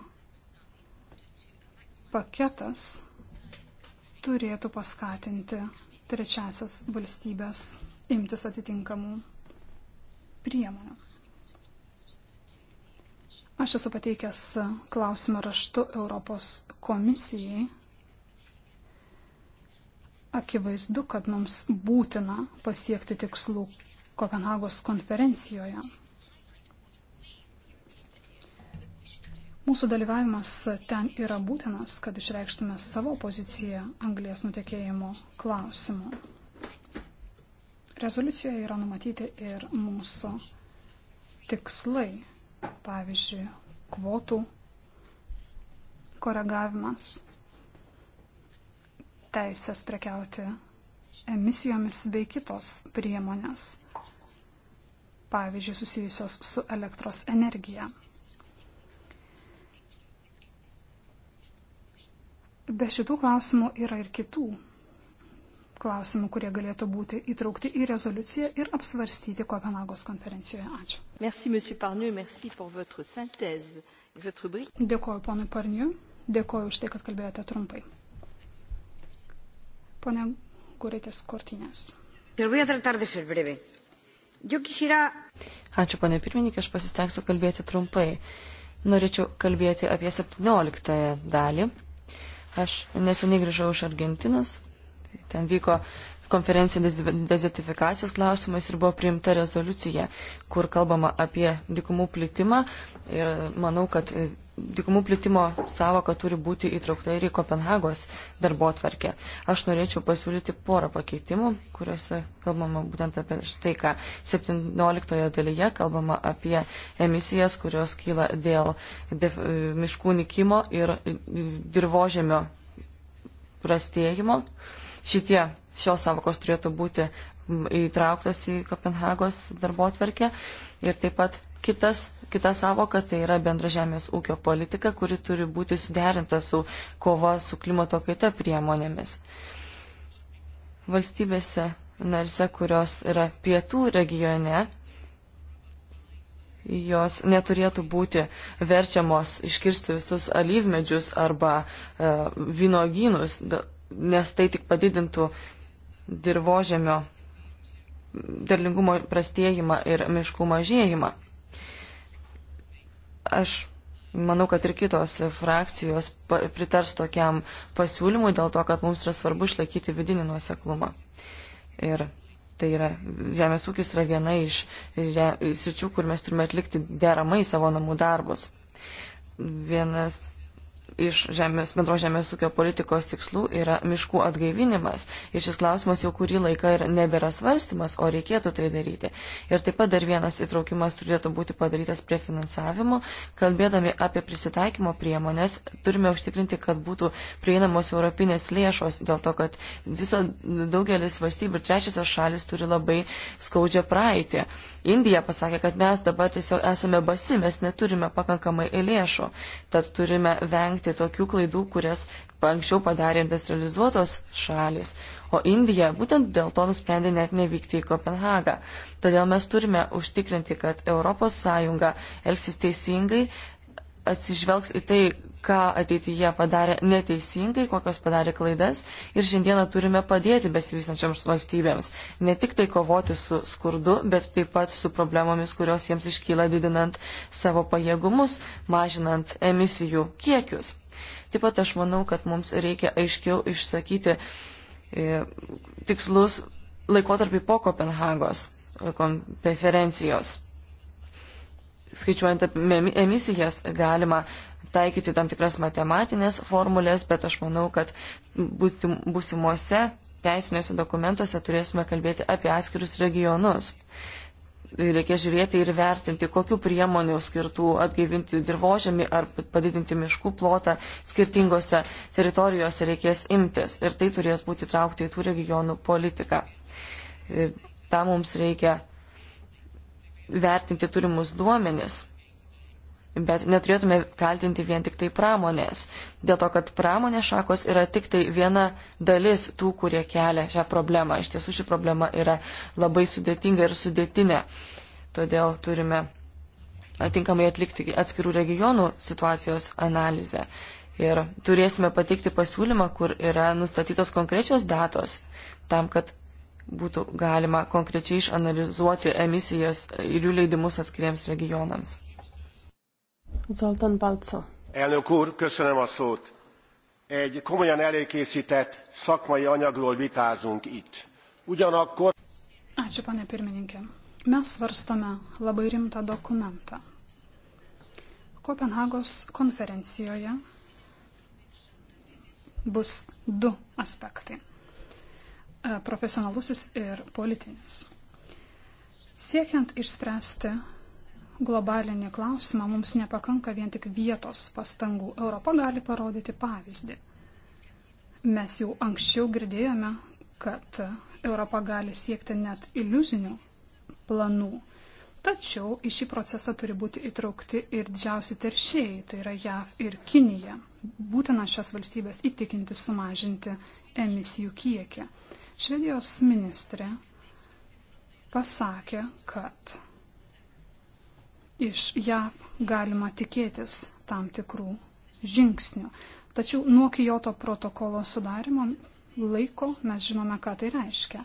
paketas turėtų paskatinti trečiasias valstybės imtis atitinkamų priemonių. Aš esu pateikęs klausimą raštu Europos komisijai. Akivaizdu, kad mums būtina pasiekti tikslų Kopenhagos konferencijoje. Mūsų dalyvavimas ten yra būtinas, kad išreikštume savo poziciją anglės nutekėjimo klausimu. Rezoliucijoje yra numatyti ir mūsų tikslai pavyzdžiui, kvotų koregavimas, teisės prekiauti emisijomis bei kitos priemonės, pavyzdžiui, susijusios su elektros energija. Be šitų klausimų yra ir kitų klausimų, kurie galėtų būti įtraukti į rezoliuciją ir apsvarstyti Kopenhagos konferencijoje. Ačiū. Merci, Parniu, merci synthèse, votre... Dėkoju ponui Parniu, dėkoju už tai, kad kalbėjote trumpai. Pone Guritės Kortinės. Ačiū, ponė pirmininkė, aš pasistengsiu kalbėti trumpai. Norėčiau kalbėti apie 17 dalį. Aš neseniai grįžau iš Argentinos Ten vyko konferencija dezertifikacijos klausimais ir buvo priimta rezoliucija, kur kalbama apie dikumų plitimą. Ir manau, kad e, dikumų plitimo savoka turi būti įtraukta ir į Kopenhagos darbo atvarkę. Aš norėčiau pasiūlyti porą pakeitimų, kuriuose kalbama būtent apie štai ką. 17 dalyje kalbama apie emisijas, kurios kyla dėl def, e, miškų nikimo ir e, dirbožėmio prastėjimo. Uh, šitie šios savokos turėtų būti įtrauktos į Kopenhagos darbo atverkę. Ir taip pat kitas, kita savoka tai yra bendra žemės ūkio politika, kuri turi būti suderinta su kova su klimato kaita priemonėmis. Valstybėse narse, kurios yra pietų regione, jos neturėtų būti verčiamos iškirsti visus alyvmedžius arba e, vynogynus nes tai tik padidintų dirbožėmio derlingumo prastėjimą ir miškų mažėjimą. Aš manau, kad ir kitos frakcijos pritars tokiam pasiūlymui dėl to, kad mums yra svarbu išlaikyti vidinį nuoseklumą. Ir tai yra, žemės ūkis yra viena iš sričių, kur mes turime atlikti deramai savo namų darbus. Vienas iš žemės, bendros žemės ūkio politikos tikslų yra miškų atgaivinimas. Ir šis klausimas jau kurį laiką ir nebėra svarstymas, o reikėtų tai daryti. Ir taip pat dar vienas įtraukimas turėtų būti padarytas prie finansavimo. Kalbėdami apie prisitaikymo priemonės, turime užtikrinti, kad būtų prieinamos europinės lėšos, dėl to, kad visa, daugelis valstybių ir trečiosios šalis turi labai skaudžią praeitį. Indija pasakė, kad mes dabar tiesiog esame basi, mes neturime pakankamai lėšų, tad turime vengti išvengti tokių klaidų, kurias anksčiau padarė industrializuotos šalis, o Indija būtent dėl to nusprendė net nevykti į Kopenhagą. Todėl mes turime užtikrinti, kad ES elgsis teisingai, atsižvelgs į tai, ką ateityje padarė neteisingai, kokios padarė klaidas ir šiandieną turime padėti besivystančiams valstybėms. Ne tik tai kovoti su skurdu, bet taip pat su problemomis, kurios jiems iškyla didinant savo pajėgumus, mažinant emisijų kiekius. Taip pat aš manau, kad mums reikia aiškiau išsakyti e, tikslus laikotarpį po Kopenhagos e, konferencijos skaičiuojant emisijas, galima taikyti tam tikras matematinės formulės, bet aš manau, kad būsimuose teisiniuose dokumentuose turėsime kalbėti apie atskirus regionus. Reikia žiūrėti ir vertinti, kokiu priemonių skirtų atgaivinti dirbožėmį ar padidinti miškų plotą skirtingose teritorijose reikės imtis. Ir tai turės būti traukti į tų regionų politiką. Ir tam mums reikia vertinti turimus duomenis. Bet neturėtume kaltinti vien tik tai pramonės, dėl to, kad pramonės šakos yra tik tai viena dalis tų, kurie kelia šią problemą. Iš tiesų ši problema yra labai sudėtinga ir sudėtinė. Todėl turime atinkamai atlikti atskirų regionų situacijos analizę. Ir turėsime pateikti pasiūlymą, kur yra nustatytos konkrečios datos, tam, kad būtų galima konkrečiai išanalizuoti emisijas ir jų leidimus atskiriems regionams. Zoltan Balco. Elnök úr, köszönöm a szót. Egy komolyan előkészített szakmai anyagról vitázunk itt. Ugyanakkor... Ačiū, pane pirmininkė. Mes svarstame labai rimtą dokumentą. Kopenhagos konferencijoje bus du aspektai. E, profesionalusis ir politinis. Siekiant išspręsti globalinį klausimą, mums nepakanka vien tik vietos pastangų. Europa gali parodyti pavyzdį. Mes jau anksčiau girdėjome, kad Europa gali siekti net iliuzinių planų. Tačiau į šį procesą turi būti įtraukti ir didžiausi teršėjai, tai yra JAV ir Kinija. Būtina šias valstybės įtikinti sumažinti emisijų kiekį. Švedijos ministrė pasakė, kad iš JAV galima tikėtis tam tikrų žingsnių. Tačiau nuo Kyoto protokolo sudarimo laiko mes žinome, ką tai reiškia.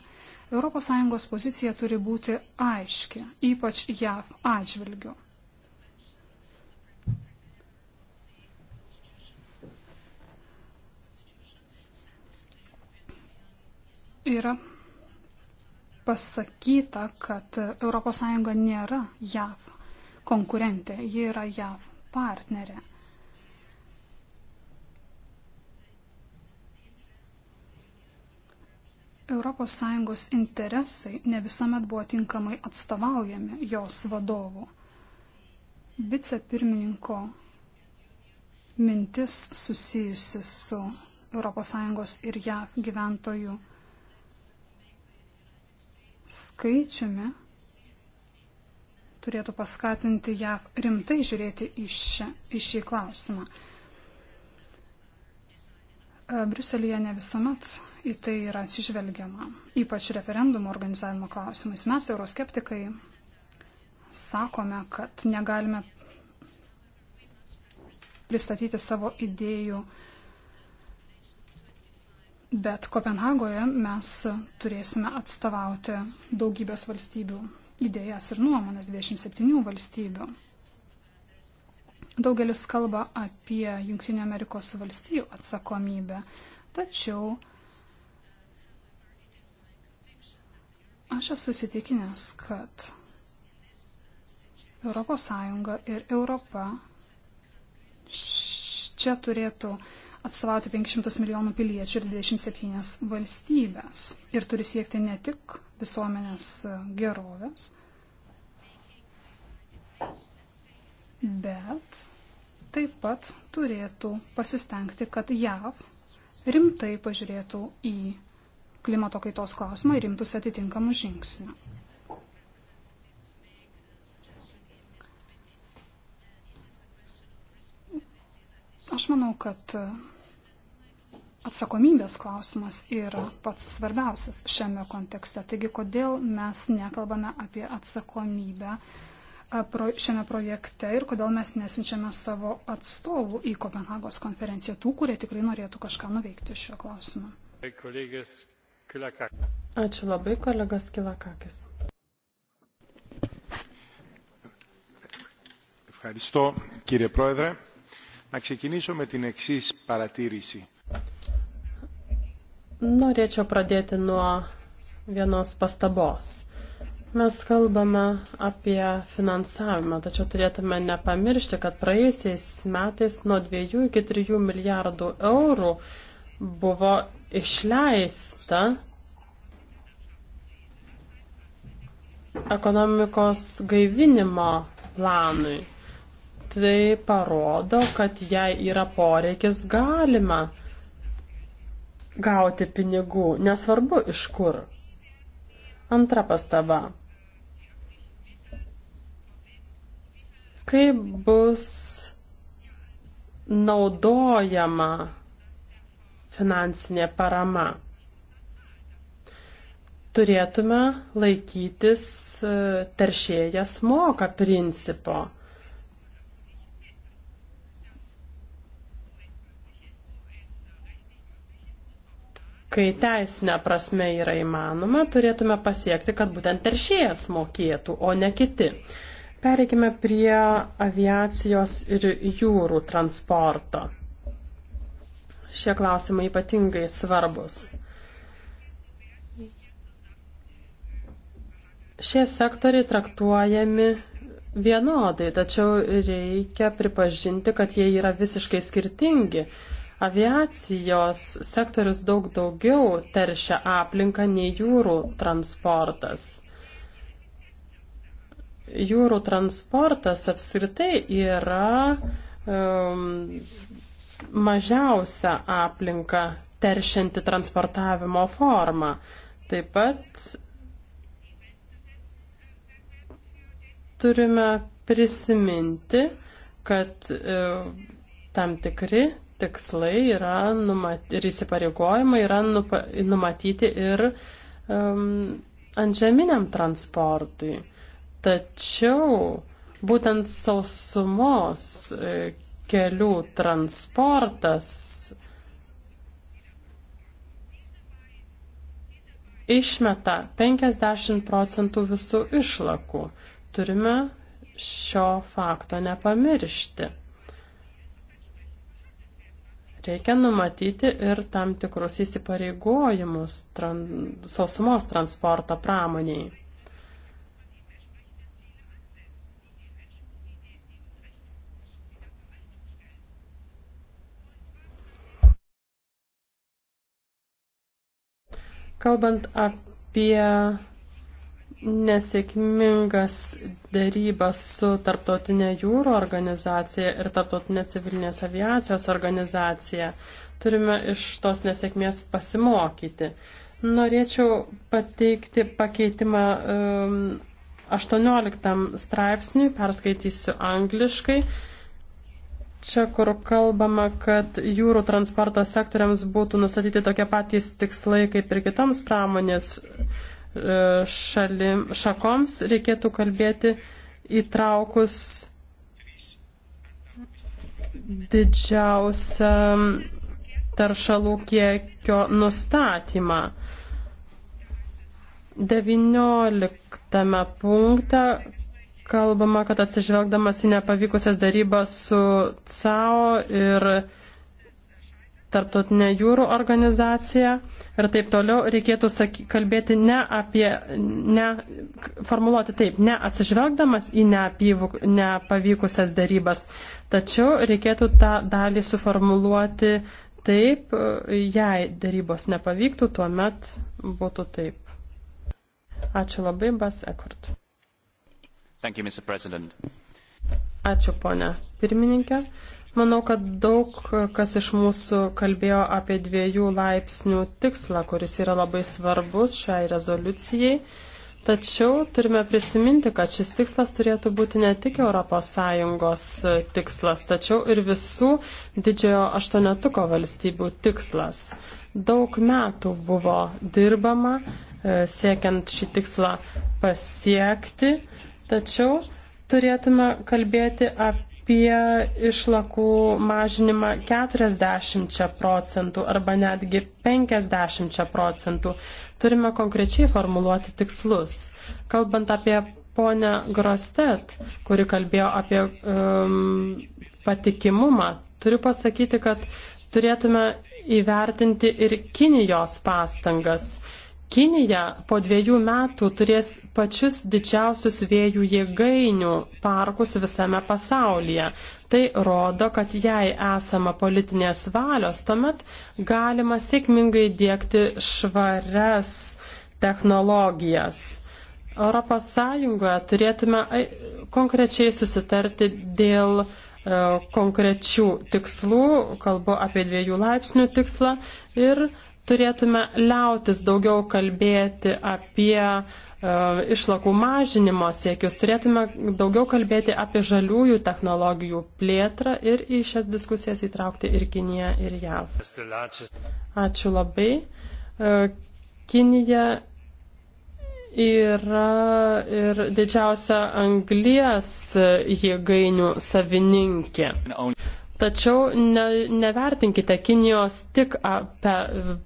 ES pozicija turi būti aiški, ypač JAV atžvilgiu. yra pasakyta, kad ES nėra JAV konkurentė, ji yra JAV partnerė. ES interesai ne visuomet buvo tinkamai atstovaujami jos vadovų. Vicepirmininko mintis susijusi su ES ir JAV gyventojų skaičiumi turėtų paskatinti JAV rimtai žiūrėti į, šią, į šį klausimą. E, Briuselėje ne visuomet į tai yra atsižvelgiama, ypač referendumo organizavimo klausimais. Mes, euroskeptikai, sakome, kad negalime pristatyti savo idėjų uh, Bet Kopenhagoje mes turėsime atstovauti daugybės valstybių idėjas ir nuomonės 27 valstybių. Daugelis kalba apie Junktinio Amerikos valstijų atsakomybę, tačiau aš esu įsitikinęs, kad ES ir Europa čia turėtų uh, atstovauti 500 milijonų piliečių ir 27 valstybės ir turi siekti ne tik visuomenės e, gerovės, bet taip pat turėtų pasistengti, kad JAV rimtai pažiūrėtų į klimato kaitos klausimą ir imtųsi atitinkamų žingsnių. Aš manau, kad atsakomybės klausimas yra pats svarbiausias šiame kontekste. Taigi, kodėl mes nekalbame apie atsakomybę šiame projekte ir kodėl mes nesinčiame savo atstovų į Kopenhagos konferenciją, tų, kurie tikrai norėtų kažką nuveikti šiuo klausimu. Ačiū labai, kolegas Kilakakis. Ευχαριστώ κύριε Πρόεδρε. Να ξεκινήσω με την εξής παρατήρηση. Norėčiau pradėti nuo vienos pastabos. Mes kalbame apie finansavimą, tačiau turėtume nepamiršti, kad praėjusiais metais nuo 2 iki 3 milijardų eurų buvo išleista ekonomikos gaivinimo planui tai parodo, kad jei yra poreikis, galima gauti pinigų, nesvarbu iš kur. Antra pastaba. Kaip bus naudojama finansinė parama? Turėtume laikytis e, teršėjas moka principo kai teisinė prasme yra įmanoma, turėtume pasiekti, kad būtent teršėjas mokėtų, o ne kiti. Pereikime prie aviacijos ir jūrų transporto. Šie klausimai ypatingai svarbus. Šie sektoriai traktuojami vienodai, tačiau reikia pripažinti, kad jie yra visiškai skirtingi. Aviacijos sektorius daug daugiau teršia aplinką nei jūrų transportas. Jūrų transportas apskritai yra um, mažiausia aplinką teršianti transportavimo forma. Taip pat turime prisiminti, kad e, tam tikri tikslai yra numat, ir įsipareigojimai yra nupa, numatyti ir um, antžeminiam transportui. Tačiau būtent sausumos e, kelių transportas išmeta 50 procentų visų išlakų. Turime šio fakto nepamiršti. Reikia numatyti ir tam tikrus įsipareigojimus tran, sausumos transporto pramoniai. Kalbant apie nesėkmingas dėrybas su Tarptautinė jūro organizacija ir Tarptautinė civilinės aviacijos organizacija. Turime iš tos nesėkmės pasimokyti. Norėčiau pateikti pakeitimą um, 18 straipsniui, perskaitysiu angliškai. Čia, kur kalbama, kad jūrų transporto sektoriams būtų nustatyti tokie patys tikslai kaip ir kitoms pramonės E, šalim, šakoms reikėtų kalbėti įtraukus didžiausią taršalų kiekio nustatymą. 19 punkte kalbama, kad atsižvelgdamas į nepavykusias darybas su CAO ir tarptautinę jūrų organizaciją ir taip toliau, reikėtų saky, kalbėti ne apie, ne, formuluoti taip, ne atsižvelgdamas į neapyvuk, nepavykusias darybas, tačiau reikėtų tą dalį suformuluoti taip, jei darybos nepavyktų, tuomet būtų taip. Ačiū labai, Bas Ekort. Thank you, Mr. President. Ačiū, ponia pirmininkė. Manau, kad daug kas iš mūsų kalbėjo apie dviejų laipsnių tikslą, kuris yra labai svarbus šiai rezoliucijai. Tačiau turime prisiminti, kad šis tikslas turėtų būti ne tik ES tikslas, tačiau ir visų didžiojo aštuonetuko valstybių tikslas. Daug metų buvo dirbama e, siekiant šį tikslą pasiekti, tačiau turėtume kalbėti apie apie išlakų mažinimą 40 procentų arba netgi 50 procentų. Turime konkrečiai formuluoti tikslus. Kalbant apie ponę Grostet, kuri kalbėjo apie um, patikimumą, turiu pasakyti, kad turėtume įvertinti ir Kinijos pastangas. Kinija po dviejų metų turės pačius didžiausius vėjų jėgainių parkus visame pasaulyje. Tai rodo, kad jei esama politinės valios, tuomet galima sėkmingai dėkti švarias technologijas. Europos Sąjungoje turėtume konkrečiai susitarti dėl e, konkrečių tikslų, kalbu apie dviejų laipsnių tikslą ir uh, turėtume liautis daugiau kalbėti apie e, išlakų mažinimo siekius, turėtume daugiau kalbėti apie žaliųjų technologijų plėtrą ir į šias diskusijas įtraukti ir Kiniją, ir JAV. Ačiū labai. E, Kinija yra ir didžiausia anglijas jėgainių savininkė. Tačiau ne, nevertinkite Kinijos tik a, pe,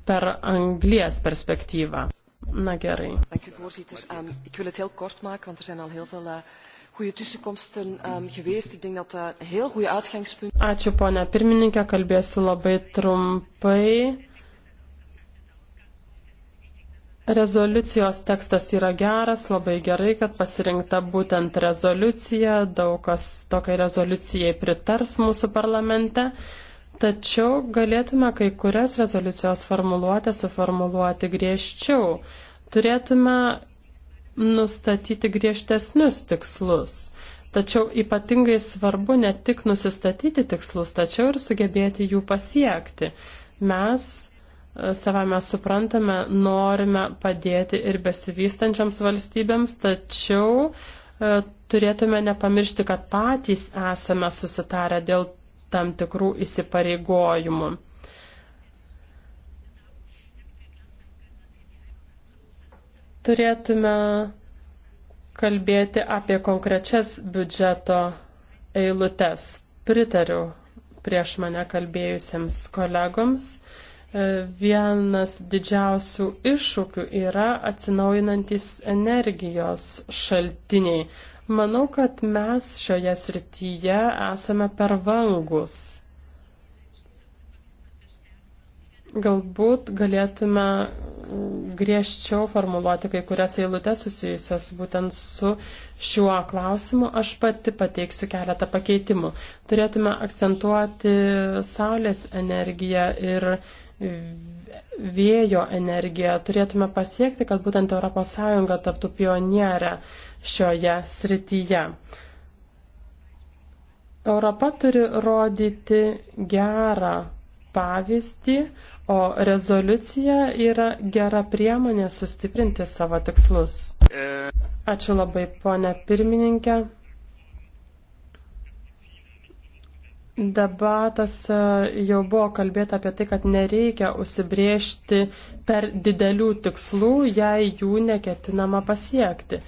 per anglies perspektyvą. Na gerai. Dank u voorzitter. Um, ik wil het heel kort maken, want er zijn al heel veel uh, goede tussenkomsten um, geweest. Ik denk dat dat uh, eh, een heel goede uitgangspunt is. Ačiū, ponia pirmininkė, kalbėsiu labai trumpai. Rezoliucijos tekstas yra geras, labai gerai, kad pasirinkta būtent rezoliucija, daug kas tokiai rezoliucijai pritars mūsų parlamente, tačiau galėtume kai kurias rezoliucijos formuluotę suformuluoti griežčiau. Turėtume nustatyti griežtesnius tikslus. Tačiau ypatingai svarbu ne tik nusistatyti tikslus, tačiau ir sugebėti jų pasiekti. Mes savame suprantame, norime padėti ir besivystančiams valstybėms, tačiau e, turėtume nepamiršti, kad patys esame susitarę dėl tam tikrų įsipareigojimų. Turėtume kalbėti apie konkrečias biudžeto eilutes. Pritariu prieš mane kalbėjusiems kolegoms. E, vienas didžiausių iššūkių yra atsinaujinantis energijos šaltiniai. Manau, kad mes šioje srityje esame per vangus. Galbūt galėtume griežčiau formuluoti kai kurias eilutes susijusias būtent su šiuo klausimu. Aš pati pateiksiu keletą pakeitimų. Turėtume akcentuoti saulės energiją ir energiją vėjo energiją, turėtume pasiekti, kad būtent ES taptų pionierę šioje srityje. Europa turi rodyti gerą pavyzdį, o rezoliucija yra gera priemonė sustiprinti savo tikslus. E. Ačiū labai, ponė pirmininkė. Debatose jau buvo kalbėta apie tai, kad nereikia užsibriežti per didelių tikslų, jei jų neketinama pasiekti.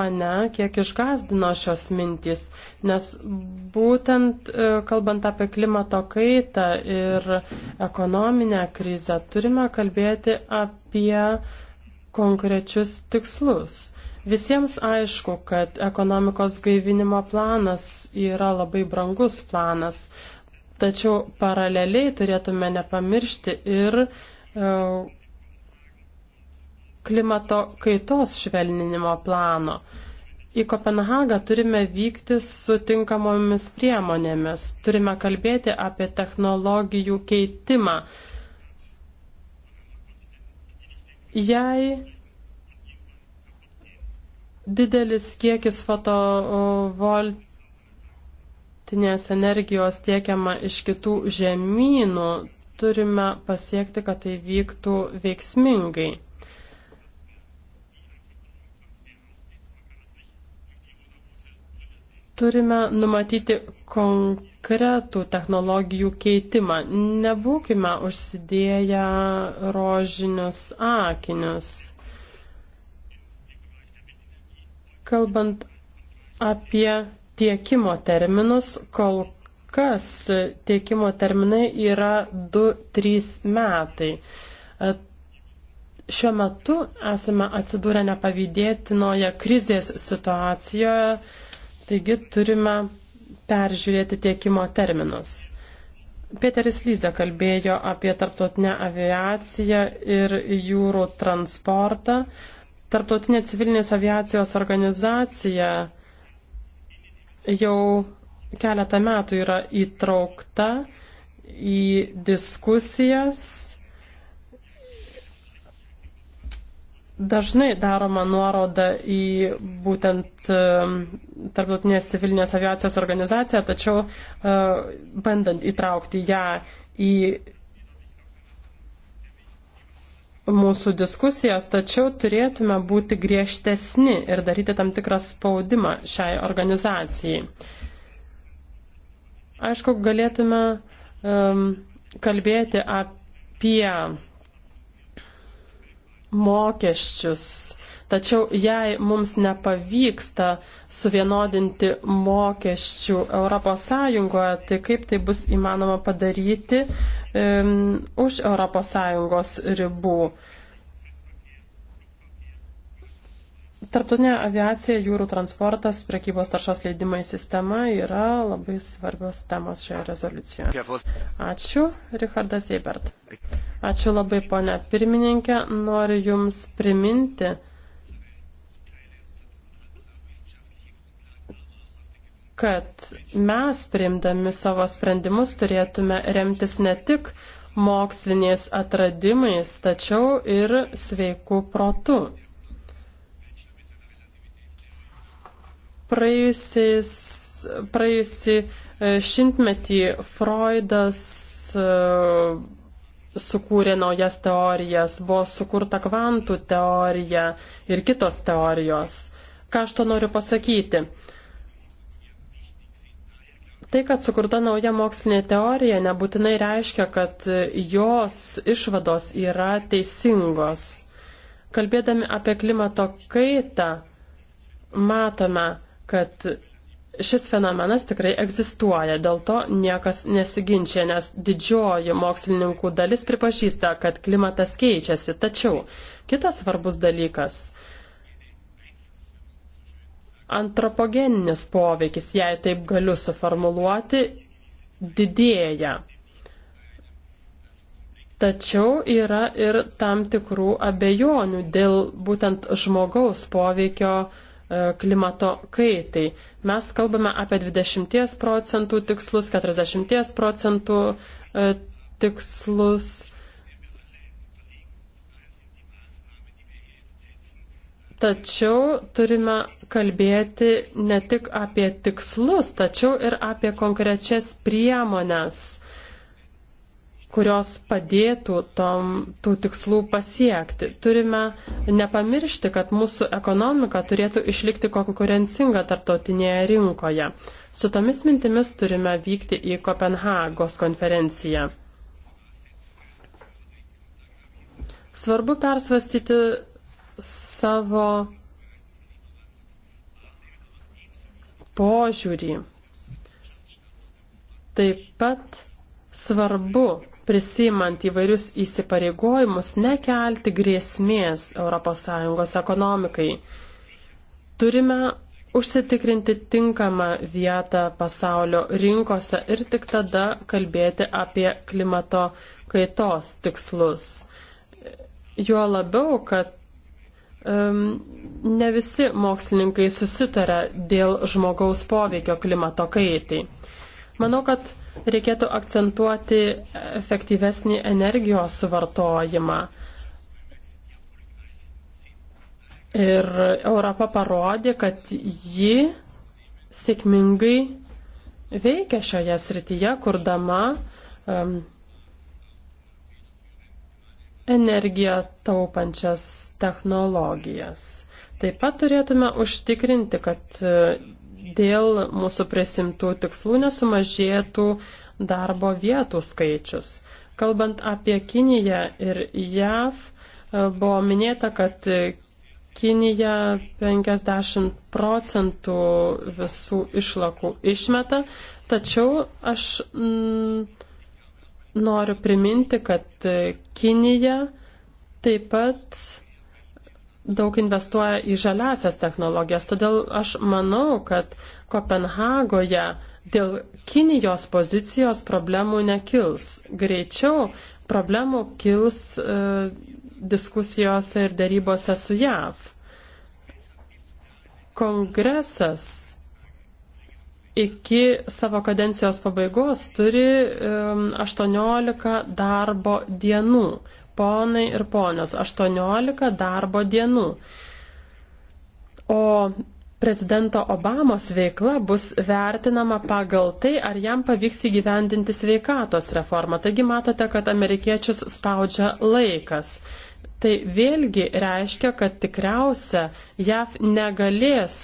Mane kiek išgazdino šios mintys, nes būtent e, kalbant apie klimato kaitą ir ekonominę krizę, turime kalbėti apie konkrečius tikslus. Visiems aišku, kad ekonomikos gaivinimo planas yra labai brangus planas, tačiau paraleliai turėtume nepamiršti ir e, klimato kaitos švelninimo plano. Į Kopenhagą turime vykti su tinkamomis priemonėmis, turime kalbėti apie technologijų keitimą. Jei didelis kiekis fotovoltinės energijos tiekiama iš kitų žemynų, turime pasiekti, kad tai vyktų veiksmingai. Turime numatyti konkretų technologijų keitimą. Nebūkime užsidėję rožinius akinius. Kalbant apie tiekimo terminus, kol kas tiekimo terminai yra 2-3 metai. E, šiuo metu esame atsidūrę nepavydėtinoje krizės situacijoje, taigi turime peržiūrėti tiekimo terminus. Peteris Lyze kalbėjo apie tarptautinę aviaciją ir jūrų transportą, Tarptautinė civilinės aviacijos organizacija jau keletą metų yra įtraukta į diskusijas. Dažnai daroma nuoroda į būtent um, Tarptautinės civilinės aviacijos organizaciją, tačiau uh, bandant įtraukti ją į mūsų diskusijas, tačiau turėtume būti griežtesni ir daryti tam tikrą spaudimą šiai organizacijai. Aišku, galėtume um, kalbėti apie mokesčius, tačiau jei mums nepavyksta suvienodinti mokesčių ES, tai kaip tai bus įmanoma padaryti uh, um, už ES ribų. Tartutinė aviacija, jūrų transportas, prekybos taršos leidimai sistema yra labai svarbios temos šioje rezoliucijoje. Ačiū, Richardas Eibert. Ačiū labai, ponia pirmininkė. Noriu Jums priminti, kad mes priimdami savo sprendimus turėtume remtis ne tik moksliniais atradimais, tačiau ir sveiku protu. Praėjusiais, praėjusį e, šimtmetį Freudas e, sukūrė naujas teorijas, buvo sukurta kvantų teorija ir kitos teorijos. Ką aš to noriu pasakyti? Tai, kad sukurta nauja mokslinė teorija, nebūtinai reiškia, kad jos išvados yra teisingos. Kalbėdami apie klimato kaitą, matome, kad šis fenomenas tikrai egzistuoja, dėl to niekas nesiginčia, nes didžioji mokslininkų dalis pripažįsta, kad klimatas keičiasi. Tačiau kitas svarbus dalykas antropogeninis poveikis, jei taip galiu suformuluoti, didėja. Tačiau yra ir tam tikrų abejonių dėl būtent žmogaus poveikio e, klimato kaitai. Mes kalbame apie 20 procentų tikslus, 40 procentų e, tikslus. Tačiau turime kalbėti ne tik apie tikslus, tačiau ir apie konkrečias priemonės, kurios padėtų tom, tų tikslų pasiekti. Turime nepamiršti, kad mūsų ekonomika turėtų išlikti konkurencinga tarptautinėje rinkoje. Su tomis mintimis turime vykti į Kopenhagos konferenciją. Svarbu persvastyti savo požiūrį. Taip pat svarbu prisimant įvairius įsipareigojimus nekelti grėsmės ES ekonomikai. Turime užsitikrinti tinkamą vietą pasaulio rinkose ir tik tada kalbėti apie klimato kaitos tikslus. Juo labiau, kad ne visi mokslininkai susitara dėl žmogaus poveikio klimato kaitai. Manau, kad reikėtų akcentuoti efektyvesnį energijos suvartojimą. Ir Europa parodė, kad ji sėkmingai veikia šioje srityje, kurdama um, energiją taupančias technologijas. Taip pat turėtume užtikrinti, kad e, dėl mūsų prisimtų tikslų nesumažėtų darbo vietų skaičius. Kalbant apie Kiniją ir JAV, e, buvo minėta, kad e, Kinija 50 procentų visų išlakų išmeta, tačiau aš. Mm, Noriu priminti, kad Kinija taip pat daug investuoja į žaliasias technologijas. Todėl aš manau, kad Kopenhagoje dėl Kinijos pozicijos problemų nekils. Greičiau problemų kils e, diskusijose ir darybose su JAV. Kongresas iki savo kadencijos pabaigos turi 18 darbo dienų. Ponai ir ponios, 18 darbo dienų. O prezidento Obamos veikla bus vertinama pagal tai, ar jam pavyks įgyvendinti sveikatos reformą. Taigi matote, kad amerikiečius spaudžia laikas. Tai vėlgi reiškia, kad tikriausia JAV negalės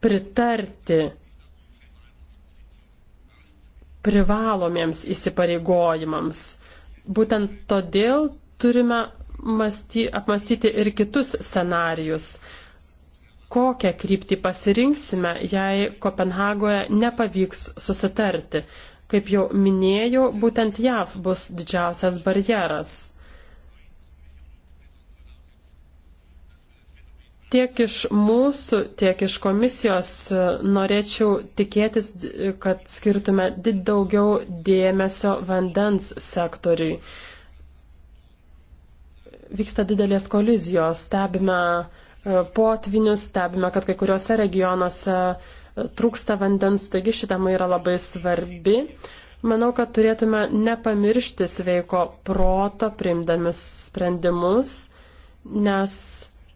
pritarti privalomiems įsipareigojimams. Būtent todėl turime masty, apmastyti ir kitus scenarius. Kokią kryptį pasirinksime, jei Kopenhagoje nepavyks susitarti? Kaip jau minėjau, būtent JAV bus didžiausias barjeras. Tiek iš mūsų, tiek iš komisijos e, norėčiau tikėtis, kad skirtume daugiau dėmesio vandens sektoriui. Vyksta didelės kolizijos, stebime e, potvinius, stebime, kad kai kuriuose regionuose e, trūksta vandens, taigi šitama yra labai svarbi. Manau, kad turėtume nepamiršti sveiko proto priimdami sprendimus, nes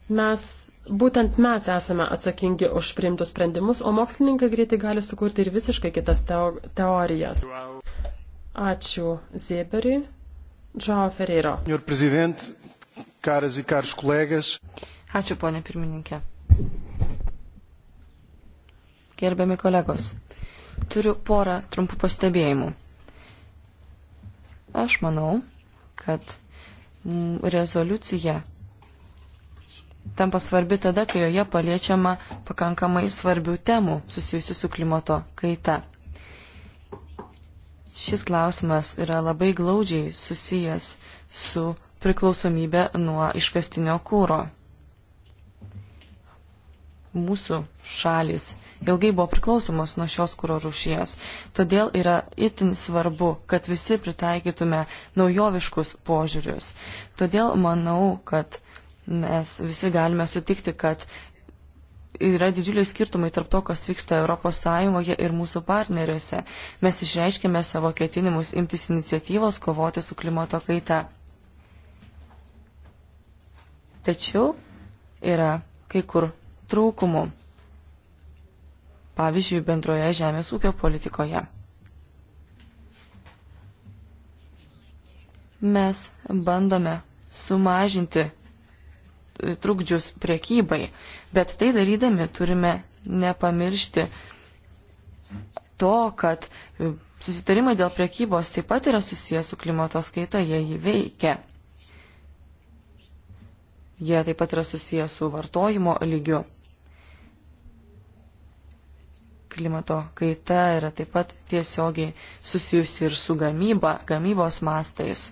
mes būtent mes esame atsakingi už priimtus sprendimus, o mokslininkai greitai gali sukurti ir visiškai kitas teo teorijas. Ačiū Zieberiui. Joao Ferreira. Senhor Presidente, caras e caros colegas. Ačiū, ponė pirmininkė. Gerbiami kolegos, turiu porą trumpų pastebėjimų. Aš manau, kad rezoliucija tampa svarbi tada, kai joje paliečiama pakankamai svarbių temų susijusių su klimato kaita. Šis klausimas yra labai glaudžiai susijęs su priklausomybė nuo iškastinio kūro. Mūsų šalis ilgai buvo priklausomos nuo šios kūro rūšies. Todėl yra itin svarbu, kad visi pritaikytume naujoviškus požiūrius. Todėl manau, kad mes visi galime sutikti, kad yra didžiuliai skirtumai tarp to, kas vyksta ES ir mūsų partneriuose. Mes išreiškėme savo ketinimus imtis iniciatyvos kovoti su klimato kaita. Tačiau yra kai kur trūkumų. Pavyzdžiui, bendroje žemės ūkio politikoje. Mes bandome sumažinti trukdžius priekybai. Bet tai darydami turime nepamiršti to, kad susitarimai dėl priekybos taip pat yra susijęs su klimato skaita, jie jį veikia. Jie taip pat yra susijęs su vartojimo lygiu. Klimato kaita yra taip pat tiesiogiai susijusi ir su gamyba, gamybos mastais.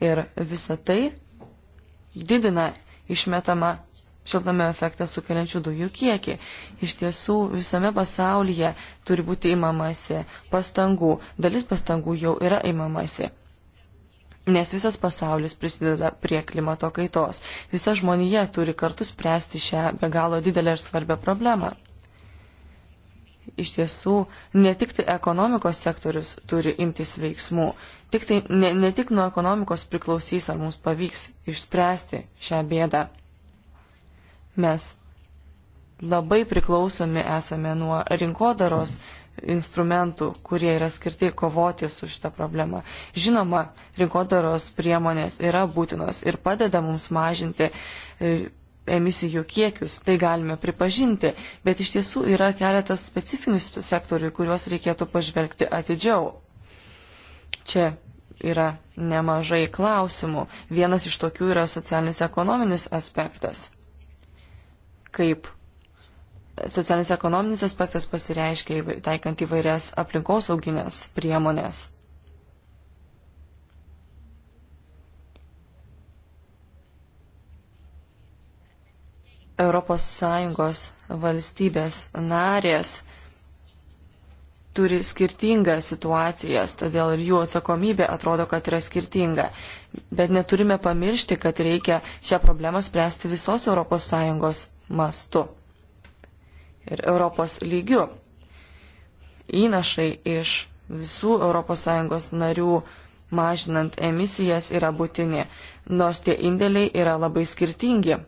Ir visa tai didina išmetamą šiltnamio efektą sukeliančių dujų kiekį. Iš tiesų visame pasaulyje turi būti imamasi pastangų, dalis pastangų jau yra imamasi. Nes visas pasaulis prisideda prie klimato kaitos. Visa žmonija turi kartu spręsti šią be galo didelę ir svarbę problemą iš tiesų ne tik tai ekonomikos sektorius turi imtis veiksmų, tik tai ne, ne tik nuo ekonomikos priklausys, ar mums pavyks išspręsti šią bėdą. Mes labai priklausomi esame nuo rinkodaros instrumentų, kurie yra skirti kovoti su šitą problemą. Žinoma, rinkodaros priemonės yra būtinos ir padeda mums mažinti e, emisijų kiekius, tai galime pripažinti, bet iš tiesų yra keletas specifinių sektorių, kuriuos reikėtų pažvelgti atidžiau. Čia yra nemažai klausimų. Vienas iš tokių yra socialinis ekonominis aspektas. Kaip socialinis ekonominis aspektas pasireiškia taikant įvairias aplinkosauginės priemonės. ES valstybės narės turi skirtingas situacijas, todėl ir jų atsakomybė atrodo, kad yra skirtinga. Bet neturime pamiršti, kad reikia šią problemą spręsti visos ES mastu ir Europos lygiu. Įnašai iš visų ES narių mažinant emisijas yra būtini, nors tie indėliai yra labai skirtingi.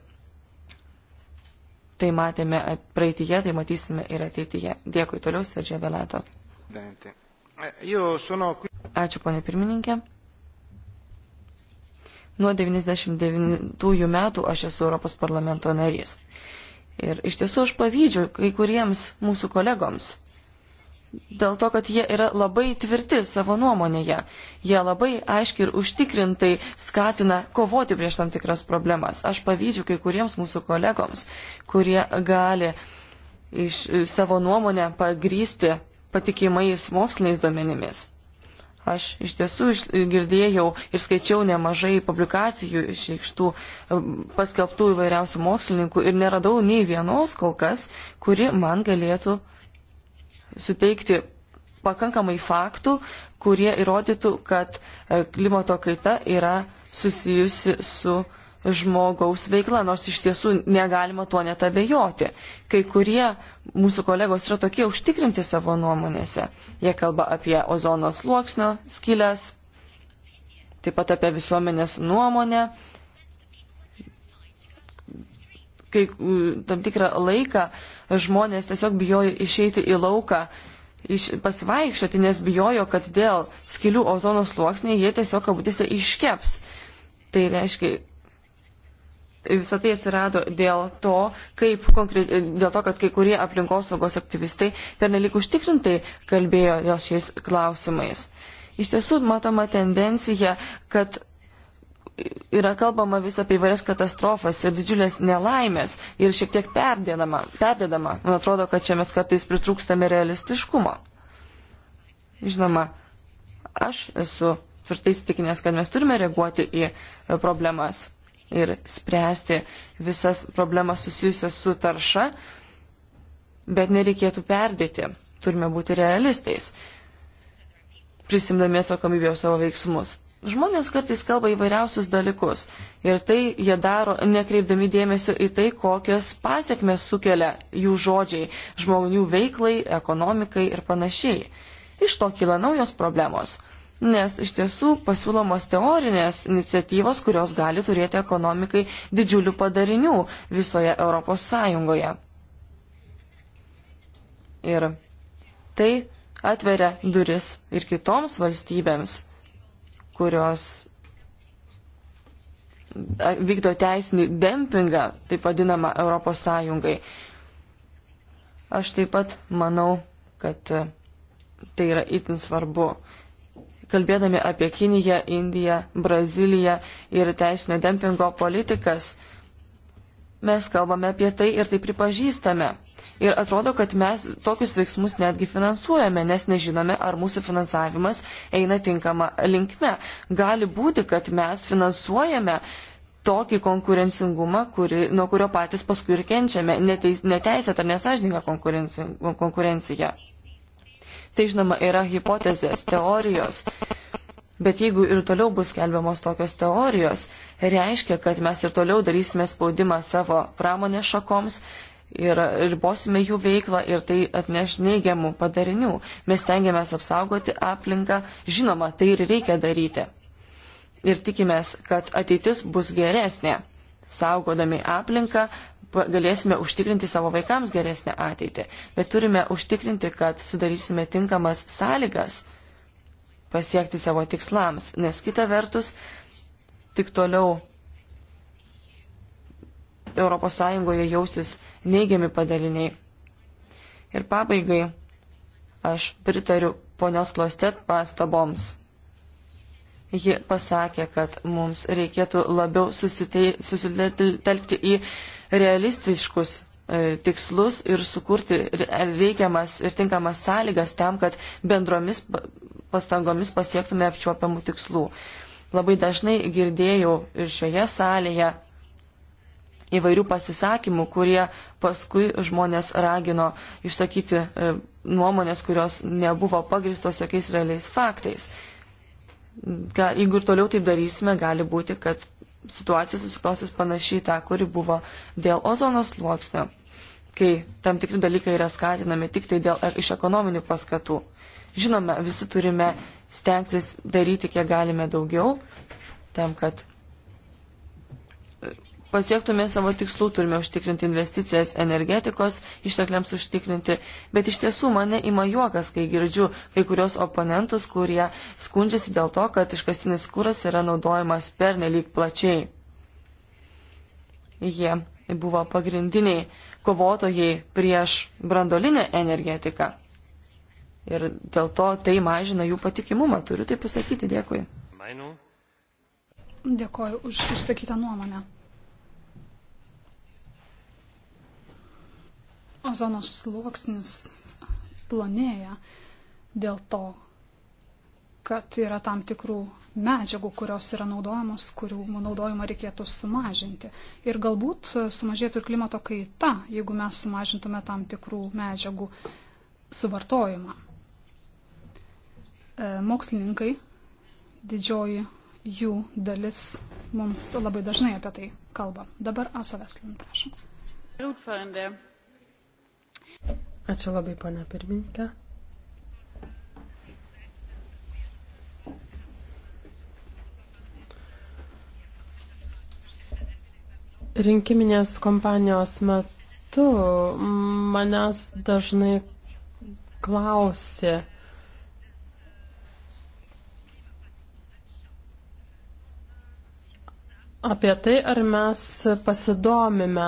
Tai matėme praeitįje, tai matysime ir ateityje. Dėkui toliau, Sardžia Velato. Eh, Ačiū, ponė pirmininkė. Nuo 99 metų aš esu Europos parlamento narys. Ir iš tiesų aš pavydžiu kai kuriems mūsų kolegoms, dėl to, kad jie yra labai tvirti savo nuomonėje. Jie labai aiškiai ir užtikrintai skatina kovoti prieš tam tikras problemas. Aš pavyzdžių kai kuriems mūsų kolegoms, kurie gali iš savo nuomonę pagrysti patikimais moksliniais duomenimis. Aš iš tiesų girdėjau ir skaičiau nemažai publikacijų išreikštų e, paskelbtų įvairiausių mokslininkų ir neradau nei vienos kol kas, kuri man galėtų suteikti pakankamai faktų, kurie įrodytų, kad e, klimato kaita yra susijusi su žmogaus veikla, nors iš tiesų negalima tuo net abejoti. Kai kurie mūsų kolegos yra tokie užtikrinti savo nuomonėse. Jie kalba apie ozono sluoksnio skilės, taip pat apie visuomenės nuomonę, kai tam tikrą laiką žmonės tiesiog bijojo išeiti į lauką, iš, pasivaikščioti, nes bijojo, kad dėl skilių ozono sluoksnį jie tiesiog kabutėse iškeps. Tai reiškia, visą tai atsirado dėl to, kaip, dėl to, kad kai kurie aplinkosaugos aktyvistai pernelik užtikrintai kalbėjo dėl šiais klausimais. Iš tiesų matoma tendencija, kad yra kalbama vis apie įvairias katastrofas ir didžiulės nelaimės ir šiek tiek perdėdama, perdėdama. Man atrodo, kad čia mes kartais pritrūkstame realistiškumo. Žinoma, aš esu tvirtai įsitikinęs, kad mes turime reaguoti į problemas ir spręsti visas problemas susijusias su tarša, bet nereikėtų perdėti. Turime būti realistais, prisimdami atsakomybę savo veiksmus. Žmonės kartais kalba įvairiausius dalykus ir tai jie daro nekreipdami dėmesio į tai, kokias pasiekmes sukelia jų žodžiai žmonių veiklai, ekonomikai ir panašiai. Iš to kyla naujos problemos, nes iš tiesų pasiūlomos teorinės iniciatyvos, kurios gali turėti ekonomikai didžiulių padarinių visoje Europos Sąjungoje. Ir tai atveria duris ir kitoms valstybėms kurios vykdo teisinį dempingą, taip vadinamą Europos Sąjungai. Aš taip pat manau, kad tai yra itin svarbu. Kalbėdami apie Kiniją, Indiją, Braziliją ir teisinio dempingo politikas, mes kalbame apie tai ir tai pripažįstame. Ir atrodo, kad mes tokius veiksmus netgi finansuojame, nes nežinome, ar mūsų finansavimas eina tinkama linkme. Gali būti, kad mes finansuojame tokį konkurencingumą, kuri, nuo kurio patys paskui ir kenčiame, neteisėtą ar nesažininką konkurenciją. Tai žinoma yra hipotezės, teorijos Bet jeigu ir toliau bus skelbiamos tokios teorijos, reiškia, kad mes ir toliau darysime spaudimą savo pramonės šakoms ir ribosime jų veiklą ir tai atneš neigiamų padarinių. Mes tengiamės apsaugoti aplinką, žinoma, tai ir reikia daryti. Ir tikimės, kad ateitis bus geresnė. Saugodami aplinką galėsime užtikrinti savo vaikams geresnę ateitį, bet turime užtikrinti, kad sudarysime tinkamas sąlygas pasiekti savo tikslams, nes kita vertus tik toliau ES jausis neigiami padaliniai. Ir pabaigai aš pritariu ponios Klostet pastaboms. Ji pasakė, kad mums reikėtų labiau susitelkti į realistiškus e, tikslus ir sukurti reikiamas ir tinkamas sąlygas tam, kad bendromis pastangomis pasiektume apčiuopiamų tikslų. Labai dažnai girdėjau ir šioje salėje įvairių pasisakymų, kurie paskui žmonės ragino išsakyti e, nuomonės, kurios nebuvo pagristos jokiais realiais faktais. Ga, jeigu ir toliau taip darysime, gali būti, kad situacija susiklostys panašiai tą, kuri buvo dėl ozono sluoksnio, kai tam tikri dalykai yra skatinami tik tai dėl, e, iš ekonominių paskatų. Žinoma, visi turime stengtis daryti kiek galime daugiau, tam, kad e, pasiektume savo tikslų, turime užtikrinti investicijas energetikos ištekliams užtikrinti, bet iš tiesų mane ima juokas, kai girdžiu kai kurios oponentus, kurie skundžiasi dėl to, kad iškastinis kūras yra naudojamas pernelyg plačiai. Jie buvo pagrindiniai kovotojai prieš brandolinę energetiką ir dėl to tai mažina jų patikimumą. Turiu tai pasakyti. Dėkui. Dėkoju už išsakytą nuomonę. Ozonos sluoksnis plonėja dėl to, kad yra tam tikrų medžiagų, kurios yra naudojamos, kurių naudojimą reikėtų sumažinti. Ir galbūt sumažėtų ir klimato kaita, jeigu mes sumažintume tam tikrų medžiagų suvartojimą. E, mokslininkai, didžioji jų dalis mums labai dažnai apie tai kalba. Dabar Asoveslin, prašom. Ačiū labai, pana pirmininkė. Rinkiminės kompanijos metu manęs dažnai klausė, apie tai, ar mes pasidomime,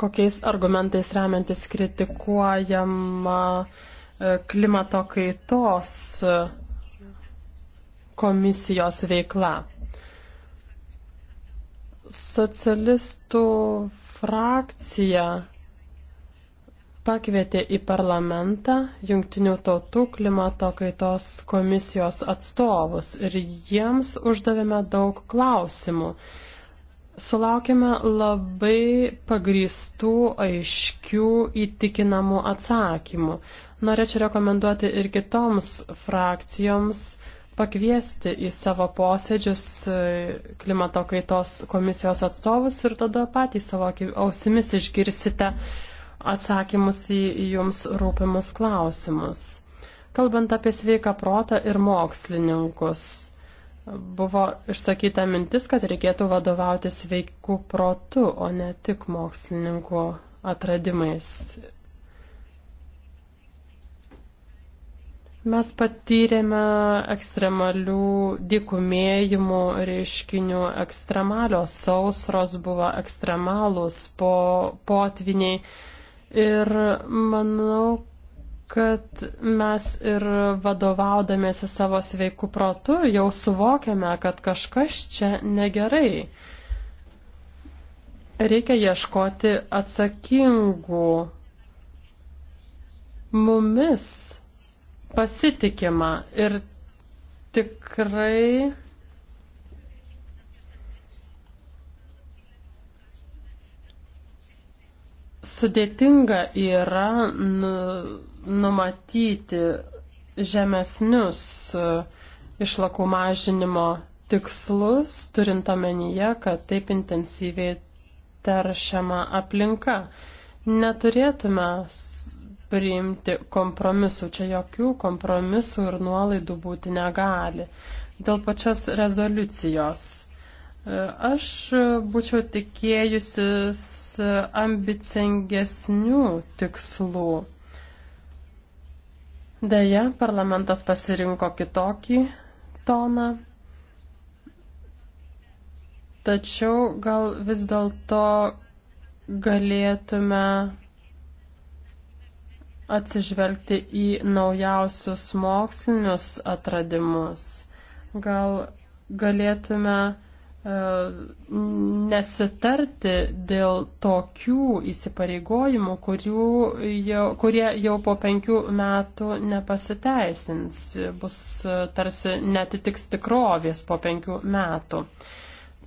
kokiais argumentais remiantis kritikuojama e, klimato kaitos e, komisijos veikla. Socialistų frakcija pakvietė į parlamentą jungtinių tautų klimato kaitos komisijos atstovus ir jiems uždavėme daug klausimų. Sulaukime labai pagristų, aiškių, įtikinamų atsakymų. Norėčiau rekomenduoti ir kitoms frakcijoms pakviesti į savo posėdžius e, klimato kaitos komisijos atstovus ir tada patys savo ausimis išgirsite, atsakymus į jums rūpimus klausimus. Kalbant apie sveiką protą ir mokslininkus, buvo išsakyta mintis, kad reikėtų vadovauti sveikų protų, o ne tik mokslininkų atradimais. Mes patyrėme ekstremalių dikumėjimų reiškinių, ekstremalios sausros buvo ekstremalūs po, potviniai. Po Ir manau, kad mes ir vadovaudamėsi savo sveiku protu jau suvokiame, kad kažkas čia negerai. Reikia ieškoti atsakingų mumis pasitikima ir tikrai sudėtinga yra nu, numatyti žemesnius e, išlakų mažinimo tikslus, turint omenyje, kad taip intensyviai teršiama aplinka. Neturėtume priimti kompromisų, čia jokių kompromisų ir nuolaidų būti negali. Dėl pačios rezoliucijos Aš būčiau tikėjusis ambicingesnių tikslų. Deja, parlamentas pasirinko kitokį toną. Tačiau gal vis dėlto galėtume atsižvelgti į naujausius mokslinius atradimus. Gal galėtume E, nesitarti dėl tokių įsipareigojimų, jau, kurie jau po penkių metų nepasiteisins, bus e, tarsi netitiks tikrovės po penkių metų.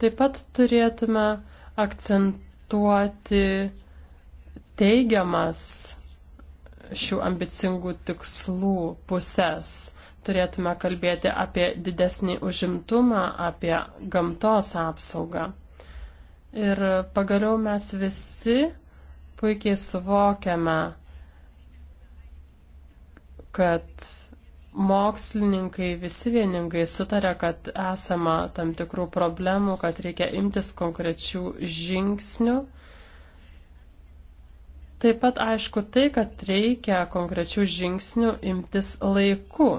Taip pat turėtume akcentuoti teigiamas šių ambicingų tikslų pusės turėtume kalbėti apie didesnį užimtumą, apie gamtos apsaugą. Ir pagaliau mes visi puikiai suvokiame, kad mokslininkai visi vieningai sutarė, kad esama tam tikrų problemų, kad reikia imtis konkrečių žingsnių. Taip pat aišku tai, kad reikia konkrečių žingsnių imtis laiku.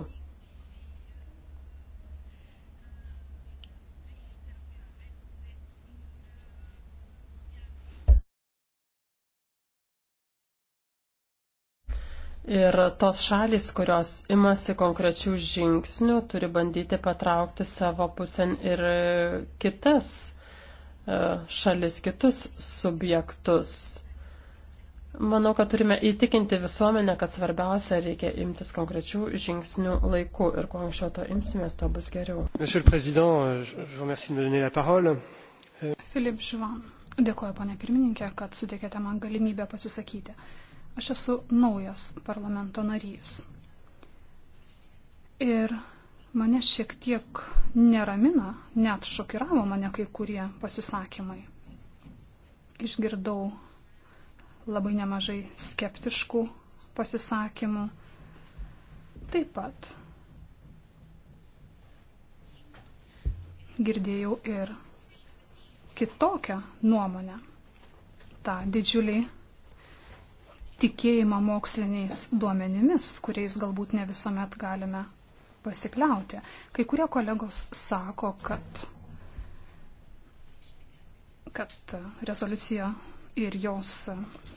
Ir tos šalis, kurios imasi konkrečių žingsnių, turi bandyti patraukti savo pusėn ir kitas e, šalis, kitus subjektus. Manau, kad turime įtikinti visuomenę, kad svarbiausia reikia imtis konkrečių žingsnių laiku ir kuo anksčiau to imsimės, to bus geriau. Filip Žvan, dėkuoju, pane pirmininkė, kad suteikėte man galimybę pasisakyti. Aš esu naujas parlamento narys. Ir mane šiek tiek neramina, net šokiravo mane kai kurie pasisakymai. Išgirdau labai nemažai skeptiškų pasisakymų. Taip pat girdėjau ir kitokią nuomonę. Ta didžiulį tikėjimą moksliniais duomenimis, kuriais galbūt ne visuomet galime pasikliauti. Kai kurie kolegos sako, kad, kad rezoliucija ir jos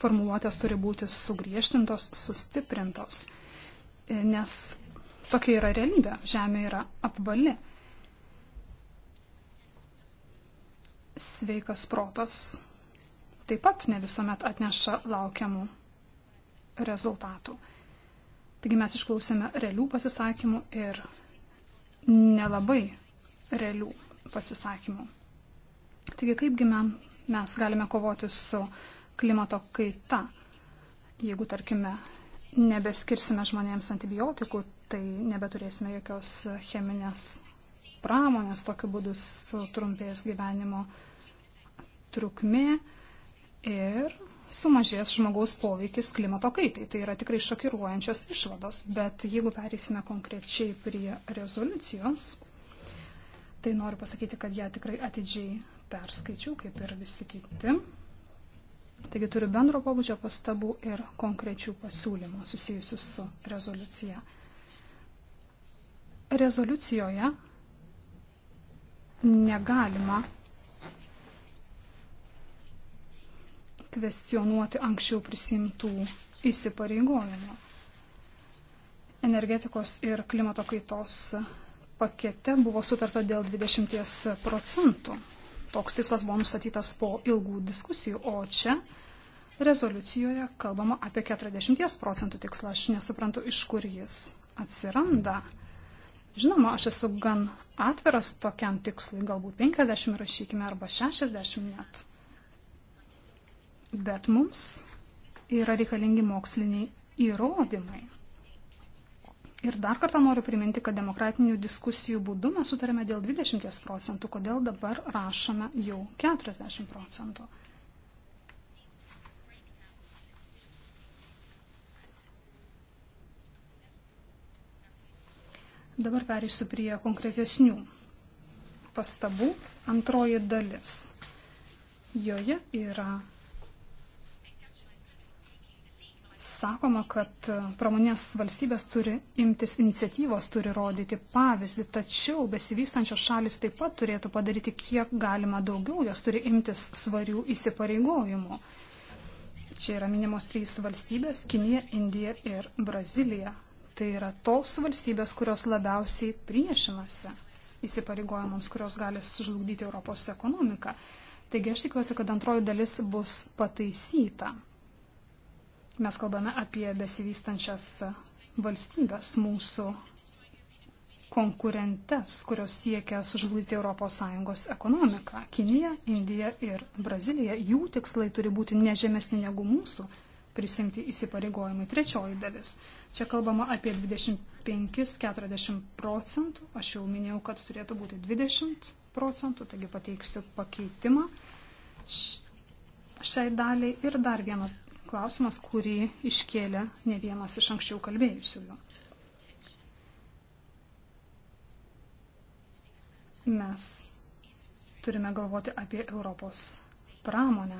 formuluotės turi būti sugriežtintos, sustiprintos, nes tokia yra realybė. Žemė yra apvali. Sveikas protas taip pat ne visuomet atneša laukiamų rezultatų. Taigi mes išklausėme realių pasisakymų ir nelabai realių pasisakymų. Taigi kaipgi mes galime kovoti su klimato kaita, jeigu, tarkime, nebeskirsime žmonėms antibiotikų, tai nebeturėsime jokios cheminės pramonės, tokiu būdu sutrumpės gyvenimo trukmė ir sumažės žmogaus poveikis klimato kaitai. Tai yra tikrai šokiruojančios išvados, bet jeigu perėsime konkrečiai prie rezoliucijos, tai noriu pasakyti, kad ją tikrai atidžiai perskaičiau, kaip ir visi kiti. Taigi turiu bendro pobūdžio pastabų ir konkrečių pasiūlymų susijusių su rezoliucija. Rezoliucijoje negalima kvestionuoti anksčiau prisimtų įsipareigojimų. Energetikos ir klimato kaitos pakete buvo sutarta dėl 20 procentų. Toks tikslas buvo nustatytas po ilgų diskusijų, o čia rezoliucijoje kalbama apie 40 procentų tikslą. Aš nesuprantu, iš kur jis atsiranda. Žinoma, aš esu gan atviras tokiam tikslui, galbūt 50 rašykime arba 60 net. Bet mums yra reikalingi moksliniai įrodymai. Ir dar kartą noriu priminti, kad demokratinių diskusijų būdu mes sutarėme dėl 20 procentų, kodėl dabar rašome jau 40 procentų. Dabar perėsiu prie konkretesnių pastabų. Antroji dalis. Joje yra sakoma, kad pramonės valstybės turi imtis iniciatyvos, turi rodyti pavyzdį, tačiau besivystančios šalis taip pat turėtų padaryti kiek galima daugiau, jos turi imtis svarių įsipareigojimų. Čia yra minimos trys valstybės - Kinija, Indija ir Brazilija. Tai yra tos valstybės, kurios labiausiai priešinasi įsipareigojimams, kurios gali sužlugdyti Europos ekonomiką. Taigi aš tikiuosi, kad antroji dalis bus pataisyta. Mes kalbame apie besivystančias valstybės, mūsų konkurentes, kurios siekia sužlugdyti ES ekonomiką - Kinija, Indija ir Brazilija. Jų tikslai turi būti nežemesni negu mūsų prisimti įsipareigojimai. Trečioji dalis. Čia kalbama apie 25-40 procentų. Aš jau minėjau, kad turėtų būti 20 procentų, taigi pateiksiu pakeitimą šiai daliai. Ir dar vienas klausimas, kurį iškėlė ne vienas iš anksčiau kalbėjusiųjų. Mes turime galvoti apie Europos pramonę.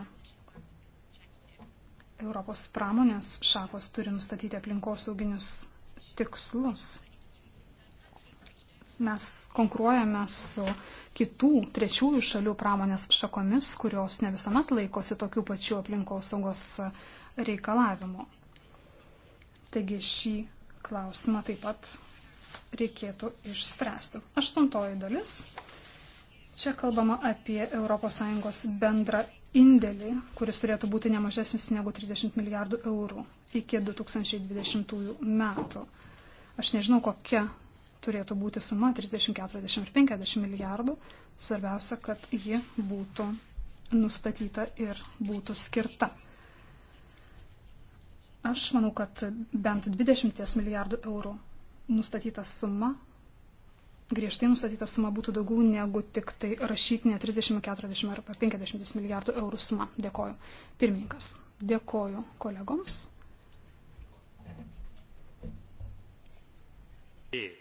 Europos pramonės šakos turi nustatyti aplinkosauginius tikslus. Mes konkuruojame su kitų trečiųjų šalių pramonės šakomis, kurios ne visuomet laikosi tokių pačių aplinkosaugos reikalavimų. Taigi šį klausimą taip pat reikėtų išspręsti. Aštuntoji dalis. Čia kalbama apie ES bendrą indėlį, kuris turėtų būti nemažesnis negu 30 milijardų eurų iki 2020 metų. Aš nežinau, kokia turėtų būti suma 30, 40 ir 50 milijardų. Svarbiausia, kad ji būtų nustatyta ir būtų skirta. Aš manau, kad bent 20 milijardų eurų nustatyta suma, griežtai nustatyta suma būtų daugiau negu tik tai rašytinė 30, 40 ar 50 milijardų eurų suma. Dėkoju. Pirmininkas, dėkoju kolegoms. Yeah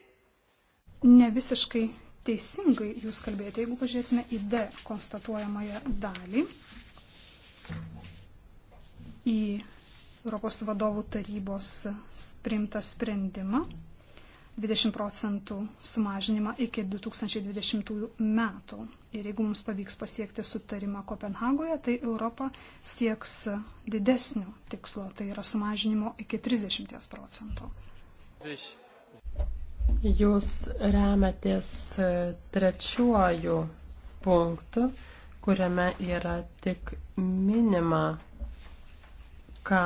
ne visiškai teisingai jūs kalbėjote. Jeigu pažiūrėsime į D konstatuojamąją dalį, į Europos vadovų tarybos priimtą sprendimą 20 procentų sumažinimą iki 2020 metų. Ir jeigu mums pavyks pasiekti sutarimą Kopenhagoje, tai Europa sieks didesnio tikslo, tai yra sumažinimo iki 30 procentų. 30. Jūs remiatės e, trečiuoju punktu, kuriame yra tik minima, ką,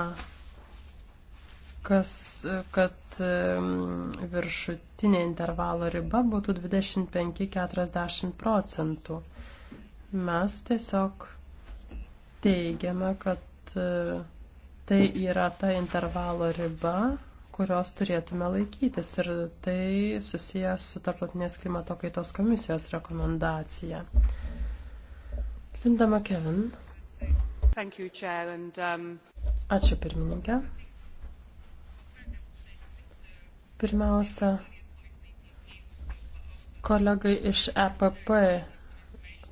kas, kad viršutinė intervalo riba būtų 25-40 procentų. Mes tiesiog teigiame, kad e, tai yra ta intervalo riba, kurios turėtume laikytis ir tai susijęs su Tarptautinės klimato kaitos komisijos rekomendacija. Linda McKevin. Thank you, Chair, and, um... Ačiū pirmininkė. Pirmiausia, kolegai iš EPP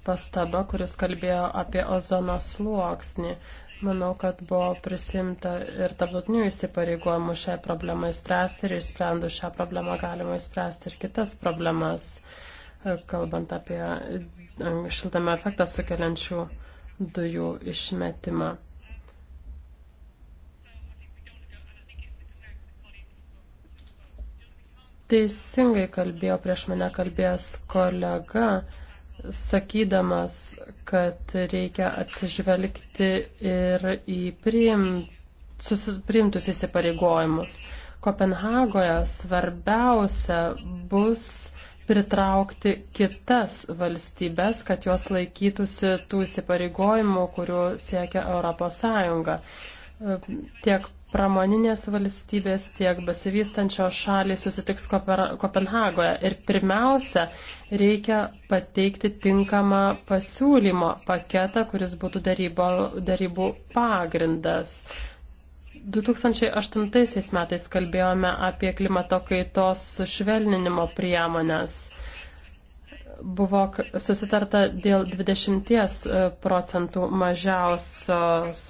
pastaba, kuris kalbėjo apie ozono sluoksnį. Manau, kad buvo prisimta ir tarptautinių įsipareigojimų šią problemą įspręsti ir išsprendus šią problemą galima įspręsti ir kitas problemas, e, kalbant apie e, šiltame efektą sukeliančių dujų išmetimą. Teisingai kalbėjo prieš mane kalbėjęs kolega sakydamas, kad reikia atsižvelgti ir į priimtus įsipareigojimus. Kopenhagoje svarbiausia bus pritraukti kitas valstybės, kad jos laikytųsi tų įsipareigojimų, kurių siekia ES. Tiek pramoninės valstybės, tiek besivystančios šalys susitiks Kopenhagoje. Ir pirmiausia, reikia pateikti tinkamą pasiūlymo paketą, kuris būtų darybo, darybų pagrindas. 2008 metais kalbėjome apie klimato kaitos sušvelninimo priemonės buvo susitarta dėl 20 e, procentų mažiausios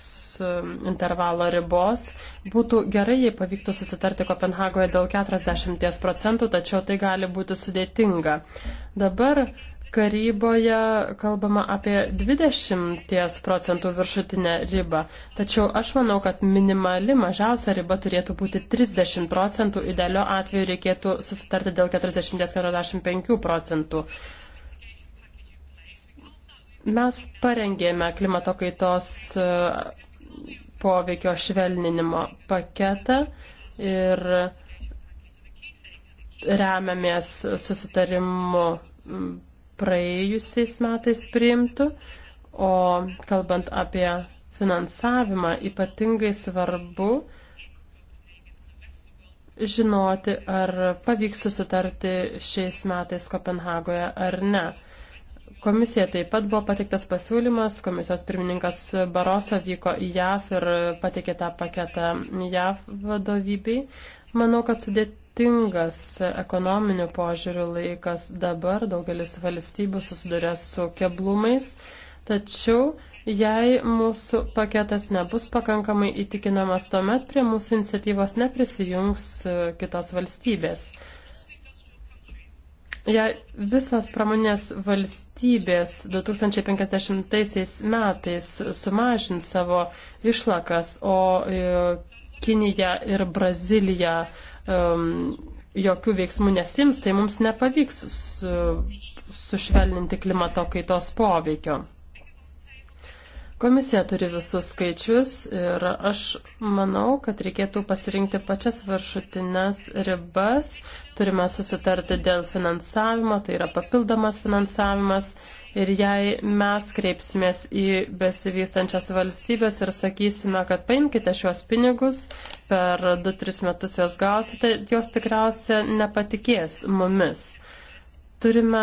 e, intervalo ribos. Būtų gerai, jei pavyktų susitarti Kopenhagoje dėl 40 procentų, tačiau tai gali būti sudėtinga. Dabar Karyboje kalbama apie 20 procentų viršutinę ribą, tačiau aš manau, kad minimali mažiausia riba turėtų būti 30 procentų, idealiu atveju reikėtų susitarti dėl 40-45 procentų. Mes parengėme klimato kaitos e, poveikio švelninimo paketą ir remiamės susitarimu praėjusiais metais priimtų, o kalbant apie finansavimą ypatingai svarbu žinoti, ar pavyks susitarti šiais metais Kopenhagoje ar ne. Komisija taip pat buvo pateiktas pasiūlymas, komisijos pirmininkas Baroso vyko į JAF ir pateikė tą paketą JAF vadovybei. Manau, kad sudėti sudėtingas ekonominių požiūrių laikas. Dabar daugelis valstybių susiduria su keblumais, tačiau jei mūsų paketas nebus pakankamai įtikinamas, tuomet prie mūsų iniciatyvos neprisijungs e, kitos valstybės. Jei visos pramonės valstybės 2050 metais sumažins savo išlakas, o e, Kinija ir Brazilija uh, um, jokių veiksmų nesims, tai mums nepavyks su, sušvelninti klimato kaitos poveikio. Komisija turi visus skaičius ir aš manau, kad reikėtų pasirinkti pačias viršutinės ribas. Turime susitarti dėl finansavimo, tai yra papildomas finansavimas Ir jei mes kreipsimės į besivystančias valstybės ir sakysime, kad paimkite šios pinigus, per 2-3 metus juos gausite, jos tikriausia nepatikės mumis. Turime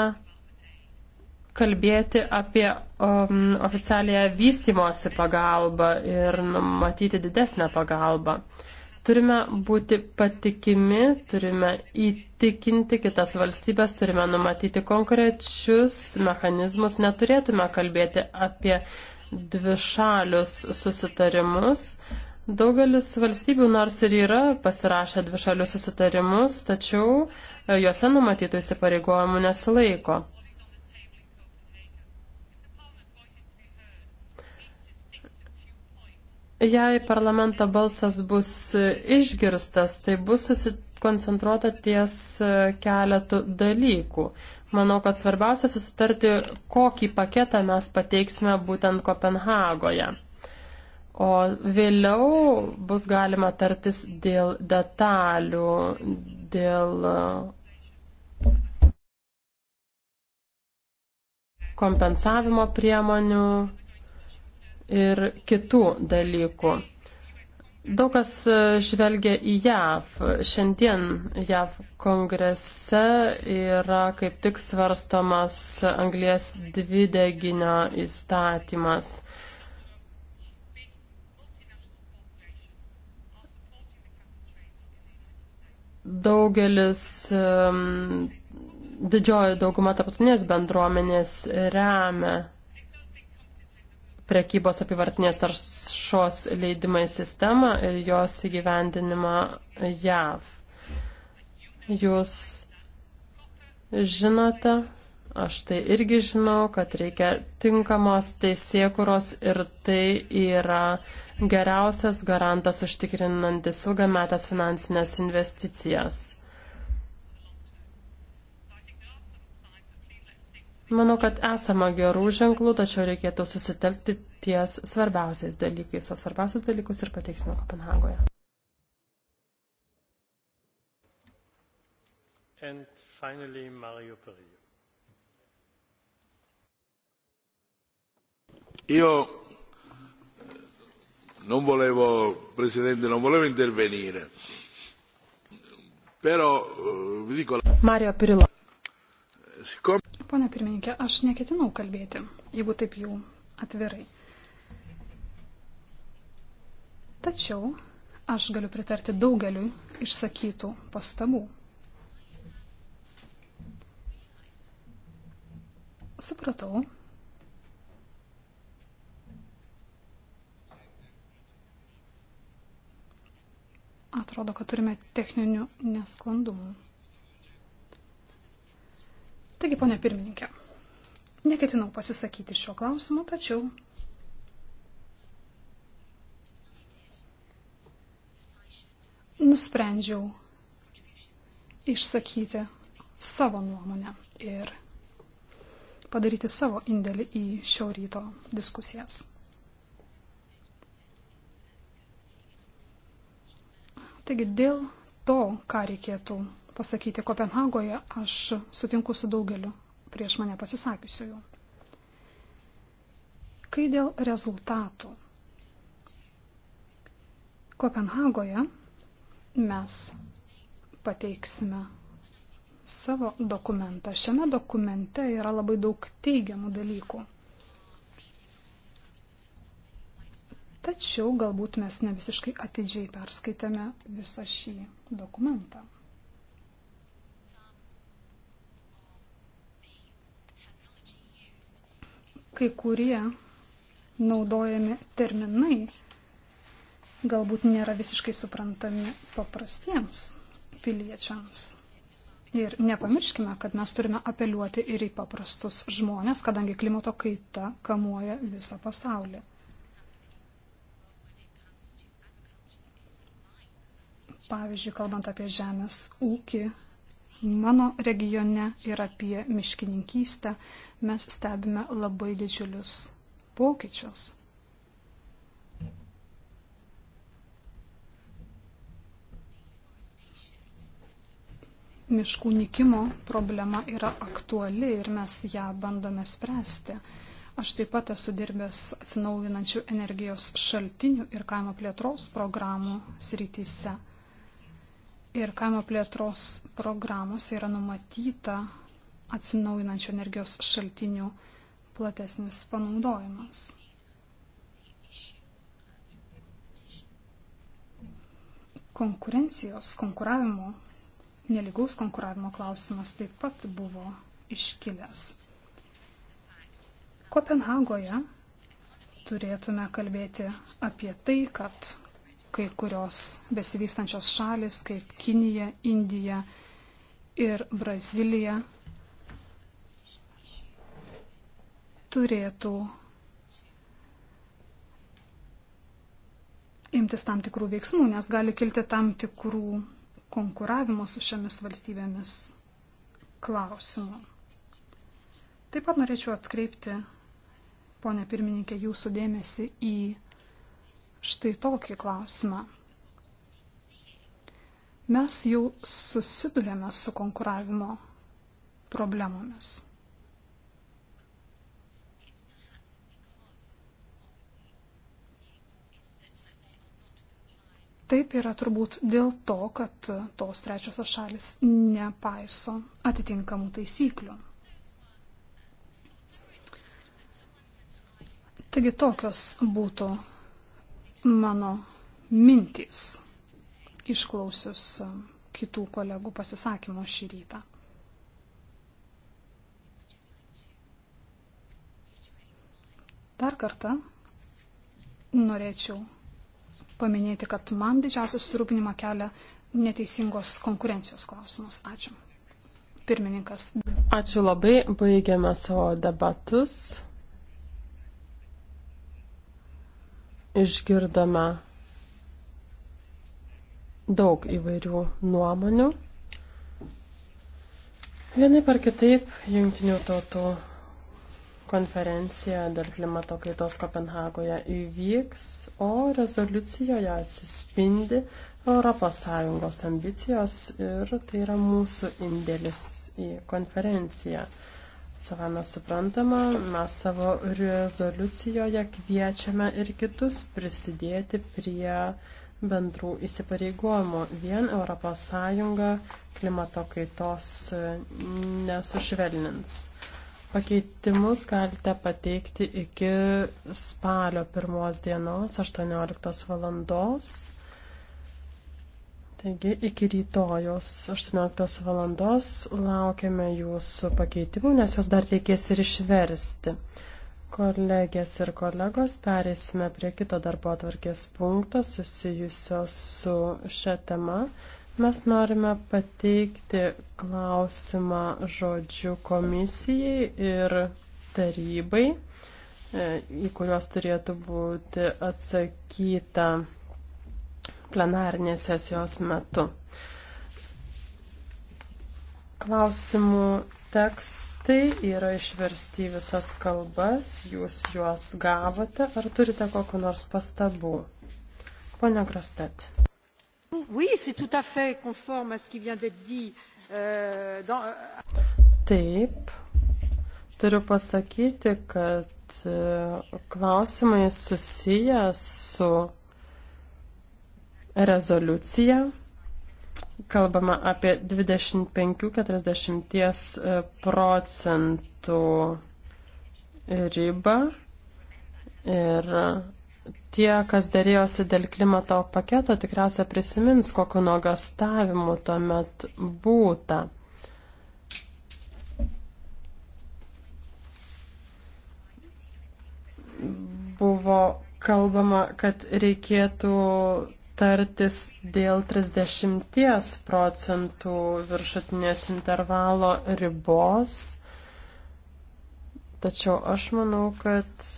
kalbėti apie um, oficialią vystimosi pagalbą ir matyti didesnę pagalbą. Uh, Turime būti patikimi, turime įtikinti kitas valstybės, turime numatyti konkrečius mechanizmus, neturėtume kalbėti apie dvišalius susitarimus. Daugelis valstybių nors ir yra pasirašę dvišalius susitarimus, tačiau e, juose numatytų įsipareigojimų nesilaiko. Jei parlamento balsas bus išgirstas, tai bus susikoncentruota ties e, keletų dalykų. Manau, kad svarbiausia susitarti, kokį paketą mes pateiksime būtent Kopenhagoje. O vėliau bus galima tartis dėl detalių, dėl e, kompensavimo priemonių ir kitų dalykų. Daug kas žvelgia į JAV. Šiandien JAV kongrese yra kaip tik svarstomas anglės dvideginio įstatymas. Daugelis, didžioji dauguma tarptautinės bendruomenės remia prekybos apivartinės taršos leidimai sistemą ir jos įgyvendinimą JAV. Jūs žinote, aš tai irgi žinau, kad reikia tinkamos teisėkuros ir tai yra geriausias garantas užtikrinantis ilgametės finansinės investicijas. Manau, kad esama gerų ženklų, tačiau reikėtų susitelkti ties svarbiausiais dalykais, o svarbiausius dalykus ir pateiksime Kopenhagoje. And finally, Mario Perillo. Io non volevo, Presidente, non volevo intervenire, però eh, vi dico... Mario Pirillo. Siccome Pone pirmininkė, aš neketinau kalbėti, jeigu taip jau atvirai. Tačiau aš galiu pritarti daugeliu išsakytų pastabų. Supratau. Atrodo, kad turime techninių nesklandumų. Taigi, ponė pirmininkė, neketinau pasisakyti šiuo klausimu, tačiau nusprendžiau išsakyti savo nuomonę ir padaryti savo indėlį į šio ryto diskusijas. Taigi dėl to, ką reikėtų pasakyti Kopenhagoje, aš sutinku su daugeliu prieš mane pasisakiusiųjų. Kai dėl rezultatų. Kopenhagoje mes pateiksime savo dokumentą. Šiame dokumente yra labai daug teigiamų dalykų. Tačiau galbūt mes ne visiškai atidžiai perskaitėme visą šį dokumentą. kai kurie naudojami terminai galbūt nėra visiškai suprantami paprastiems piliečiams. Ir nepamirškime, kad mes turime apeliuoti ir į paprastus žmonės, kadangi klimato kaita kamuoja visą pasaulį. Pavyzdžiui, kalbant apie žemės ūkį, mano regione ir apie miškininkystę, mes stebime labai didžiulius pokyčius. miškų nikimo problema yra aktuali ir mes ją bandome spręsti. Aš taip pat esu dirbęs atsinaujinančių energijos šaltinių ir kaimo plėtros programų srityse. Ir kaimo plėtros programos yra numatyta atsinaujinančių energijos šaltinių platesnis panaudojimas. Konkurencijos, konkuravimo, neligaus konkuravimo klausimas taip pat buvo iškilęs. Kopenhagoje turėtume kalbėti apie tai, kad kai kurios besivystančios šalis, kaip Kinija, Indija ir Brazilija, turėtų imtis tam tikrų veiksmų, nes gali kilti tam tikrų konkuravimo su šiomis valstybėmis klausimų. Taip pat norėčiau atkreipti, ponė pirmininkė, jūsų dėmesį į štai tokį klausimą. Mes jau susidurėme su konkuravimo problemomis. Taip yra turbūt dėl to, kad tos trečiosios šalis nepaiso atitinkamų taisyklių. Taigi tokios būtų mano mintys išklausius kitų kolegų pasisakymų šį rytą. Dar kartą norėčiau paminėti, kad man didžiausią susirūpinimą kelia neteisingos konkurencijos klausimas. Ačiū. Pirmininkas. Ačiū labai. Baigiame savo debatus. Išgirdome daug įvairių nuomonių. Vienaip ar kitaip, jungtinių tautų konferencija dėl klimato kaitos Kopenhagoje įvyks, o rezoliucijoje atsispindi ES ambicijos ir tai yra mūsų indėlis į konferenciją. Savame suprantama, mes savo rezoliucijoje kviečiame ir kitus prisidėti prie bendrų įsipareigojimų. Vien ES klimato kaitos nesušvelnins. Pakeitimus galite pateikti iki spalio pirmos dienos 18 valandos. Taigi iki rytojos 18 valandos laukiame jūsų pakeitimų, nes juos dar reikės ir išversti. Kolegės ir kolegos, perėsime prie kito darbo atvarkės punkto susijusio su šia tema. Mes norime pateikti klausimą žodžiu komisijai ir tarybai, e, į kuriuos turėtų būti atsakyta plenarinės sesijos metu. Klausimų tekstai yra išversti visas kalbas, jūs juos gavote, ar turite kokiu nors pastabu? Pone Krastet. Oui, c'est tout à fait conforme à ce qui vient d'être dit. Euh, dans... Euh, Taip, turiu pasakyti, kad e, klausimai susiję su rezoliucija. Kalbama apie 25-40 e, procentų ribą ir tie, kas dėrėjosi dėl klimato paketo, tikriausiai prisimins, kokiu nuogastavimu tuomet būta. Buvo kalbama, kad reikėtų tartis dėl 30 procentų viršutinės intervalo ribos. Tačiau aš manau, kad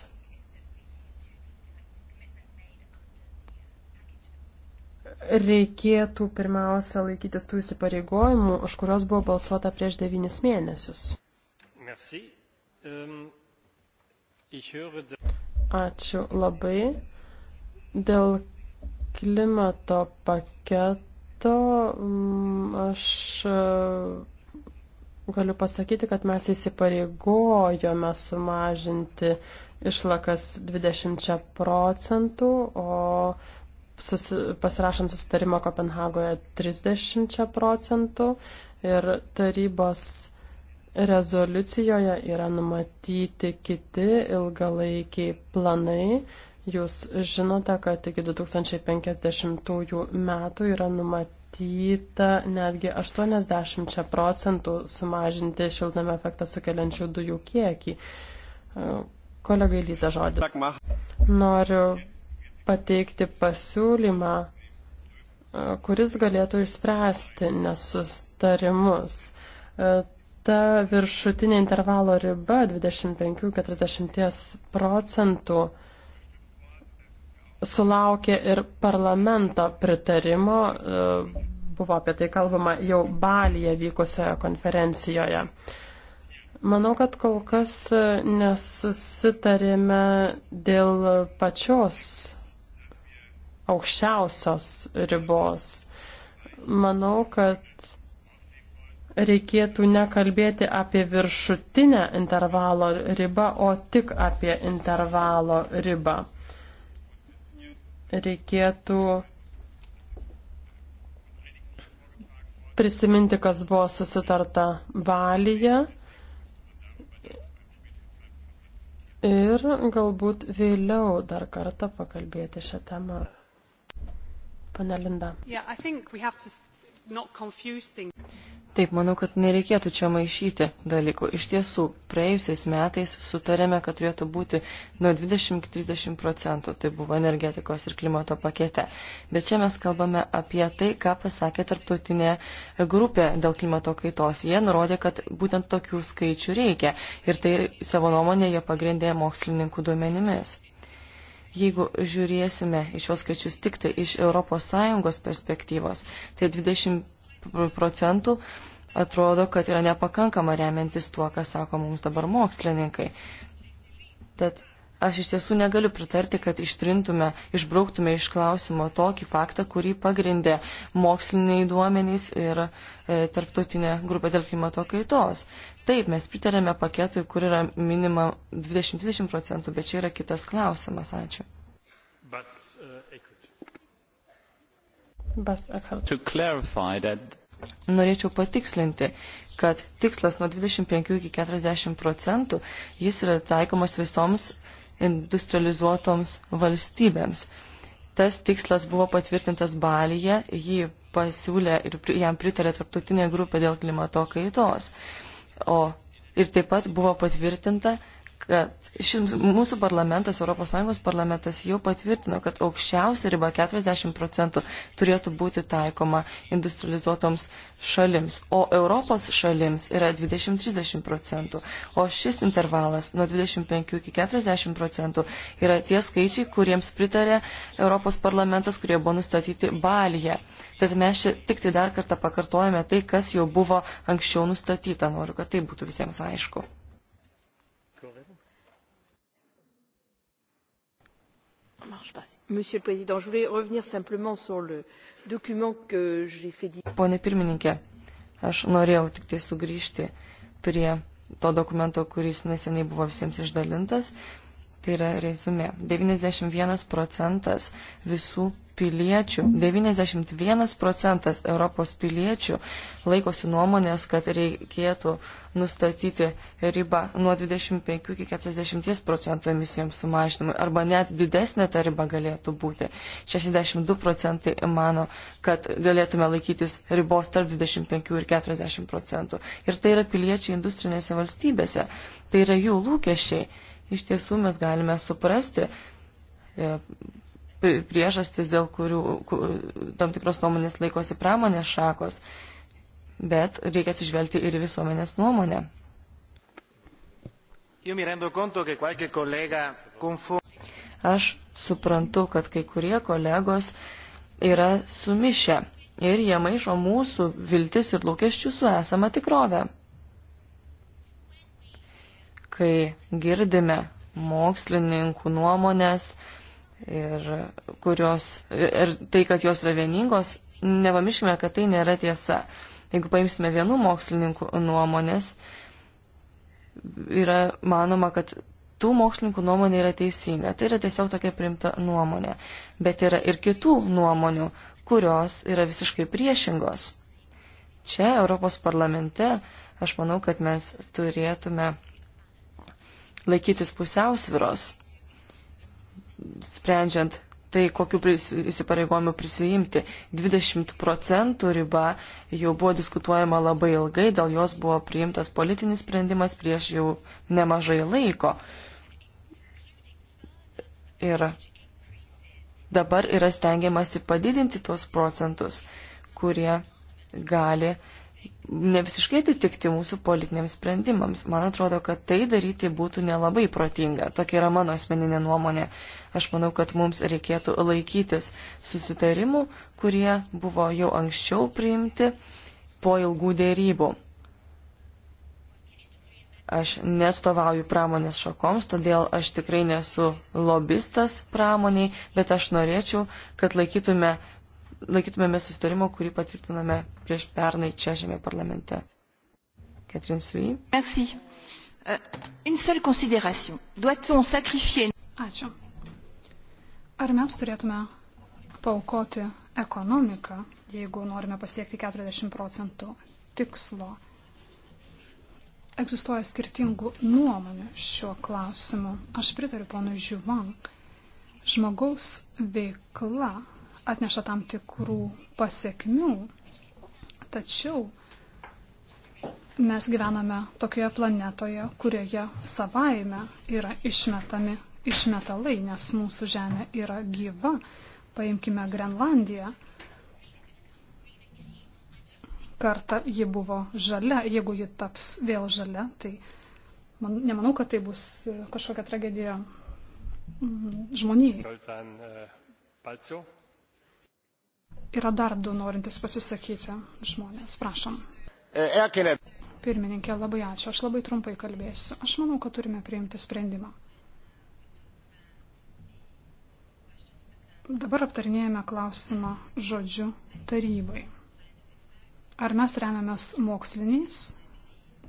reikėtų pirmiausia laikytis tų įsipareigojimų, už kurios buvo balsuota prieš devynis mėnesius. Ehm, Ačiū labai. Dėl klimato paketo mm, aš e, galiu pasakyti, kad mes įsipareigojome sumažinti išlakas 20 procentų, o susi, pasirašant susitarimą Kopenhagoje 30 procentų ir tarybos rezoliucijoje yra numatyti kiti ilgalaikiai planai. Jūs žinote, kad iki 2050 metų yra numatyta netgi 80 procentų sumažinti šiltnamio efektą sukeliančių dujų kiekį. Kolegai Lyza žodį. Noriu pateikti pasiūlymą, e, kuris galėtų išspręsti nesustarimus. E, ta viršutinė intervalo riba 25-40 procentų sulaukė ir parlamento pritarimo, e, buvo apie tai kalbama jau Balyje vykusioje konferencijoje. Manau, kad kol kas nesusitarėme dėl pačios aukščiausios ribos. Manau, kad reikėtų nekalbėti apie viršutinę intervalo ribą, o tik apie intervalo ribą. Reikėtų prisiminti, kas buvo susitarta Balyje ir galbūt vėliau dar kartą pakalbėti šią temą. Pane Linda. Yeah, Taip, manau, kad nereikėtų čia maišyti dalykų. Iš tiesų, praėjusiais metais sutarėme, kad turėtų būti nuo 20 iki 30 procentų, tai buvo energetikos ir klimato pakete. Bet čia mes kalbame apie tai, ką pasakė tarptautinė grupė dėl klimato kaitos. Jie nurodė, kad būtent tokių skaičių reikia ir tai savo nuomonę jie pagrindė mokslininkų duomenimis. Jeigu žiūrėsime iš šios skaičius tik tai iš ES perspektyvos, tai 20 procentų atrodo, kad yra nepakankama remiantis tuo, ką sako mums dabar mokslininkai. Tad Aš iš tiesų negaliu pritarti, kad ištrintume, išbrauktume iš klausimo tokį faktą, kurį pagrindė moksliniai duomenys ir e, tarptautinė grupė dėl klimato kaitos. Taip, mes pritarėme paketui, kur yra minima 20-20 procentų, bet čia yra kitas klausimas. Ačiū. Bas, uh, Bas, that... Norėčiau patikslinti, kad tikslas nuo 25 iki 40 procentų jis yra taikomas visoms industrializuotoms valstybėms. Tas tikslas buvo patvirtintas Balyje, jį pasiūlė ir jam pritarė tarptautinė grupė dėl klimato kaitos. O ir taip pat buvo patvirtinta, kad e, šis, mūsų parlamentas, ES parlamentas jau patvirtino, kad aukščiausia riba 40 procentų turėtų būti taikoma industrializuotoms šalims, o Europos šalims yra 20-30 procentų, o šis intervalas nuo 25 iki 40 procentų yra tie skaičiai, kuriems pritarė Europos parlamentas, kurie buvo nustatyti Balyje. Tad mes čia tik tai dar kartą pakartojame tai, kas jau buvo anksčiau nustatyta. Noriu, kad tai būtų visiems aišku. Monsieur le Président, je voulais revenir simplement sur le document que j'ai fait dire. Pone pirmininkė, aš norėjau tik tai sugrįžti prie to dokumento, kuris neseniai buvo visiems išdalintas Tai yra rezumė. 91 procentas visų piliečių, 91 procentas Europos piliečių laikosi nuomonės, kad reikėtų nustatyti ribą nuo 25 iki 40 procentų emisijoms sumažinimui, arba net didesnė ta riba galėtų būti. 62 procentai mano, kad galėtume laikytis ribos tarp 25 ir 40 procentų. Ir tai yra piliečiai industrinėse valstybėse, tai yra jų lūkesčiai iš tiesų mes galime suprasti e, priežastis, dėl kurių tam tikros nuomonės laikosi pramonės šakos, bet reikia atsižvelgti ir visuomenės nuomonę. Aš suprantu, kad kai kurie kolegos yra sumišę ir jie maišo mūsų viltis ir lūkesčius su esama tikrove kai girdime mokslininkų nuomonės ir, kurios, ir tai, kad jos yra vieningos, nepamirškime, kad tai nėra tiesa. Jeigu paimsime vienų mokslininkų nuomonės, yra manoma, kad tų mokslininkų nuomonė yra teisinga. Tai yra tiesiog tokia primta nuomonė. Bet yra ir kitų nuomonių, kurios yra visiškai priešingos. Čia Europos parlamente aš manau, kad mes turėtume laikytis pusiausviros, sprendžiant tai, kokiu įsipareigojimu prisijimti. 20 procentų riba jau buvo diskutuojama labai ilgai, dėl jos buvo priimtas politinis sprendimas prieš jau nemažai laiko. Ir dabar yra stengiamasi padidinti tuos procentus, kurie gali uh, ne visiškai atitikti mūsų politiniams sprendimams. Man atrodo, kad tai daryti būtų nelabai protinga. Tokia yra mano asmeninė nuomonė. Aš manau, kad mums reikėtų laikytis susitarimų, kurie buvo jau anksčiau priimti po ilgų dėrybų. Aš nestovauju pramonės šakoms, todėl aš tikrai nesu lobistas pramoniai, bet aš norėčiau, kad laikytume laikytumėme sustarimo, kurį patvirtiname prieš pernai čia žemė parlamente. Catherine Sui. Merci. Uh, une seule considération. Doit-on sacrifier... Ačiū. Ar mes turėtume paukoti ekonomiką, jeigu norime pasiekti 40 procentų tikslo? Egzistuoja skirtingų nuomonių šiuo klausimu. Aš pritariu ponui Žiuvan. Žmogaus veikla atneša tam tikrų pasiekmių. Tačiau mes gyvename tokioje planetoje, kurioje savaime yra išmetami išmetalai, nes mūsų Žemė yra gyva. Paimkime Grenlandiją. Karta ji buvo žalia, jeigu ji taps vėl žalia, tai man, nemanau, kad tai bus e, kažkokia tragedija žmonijai. Balcio. Yra dar du norintys pasisakyti žmonės. Prašom. Ekelė. E, Pirmininkė, labai ačiū. Aš labai trumpai kalbėsiu. Aš manau, kad turime priimti sprendimą. Dabar aptarinėjame klausimą žodžiu tarybai. Ar mes remiamės moksliniais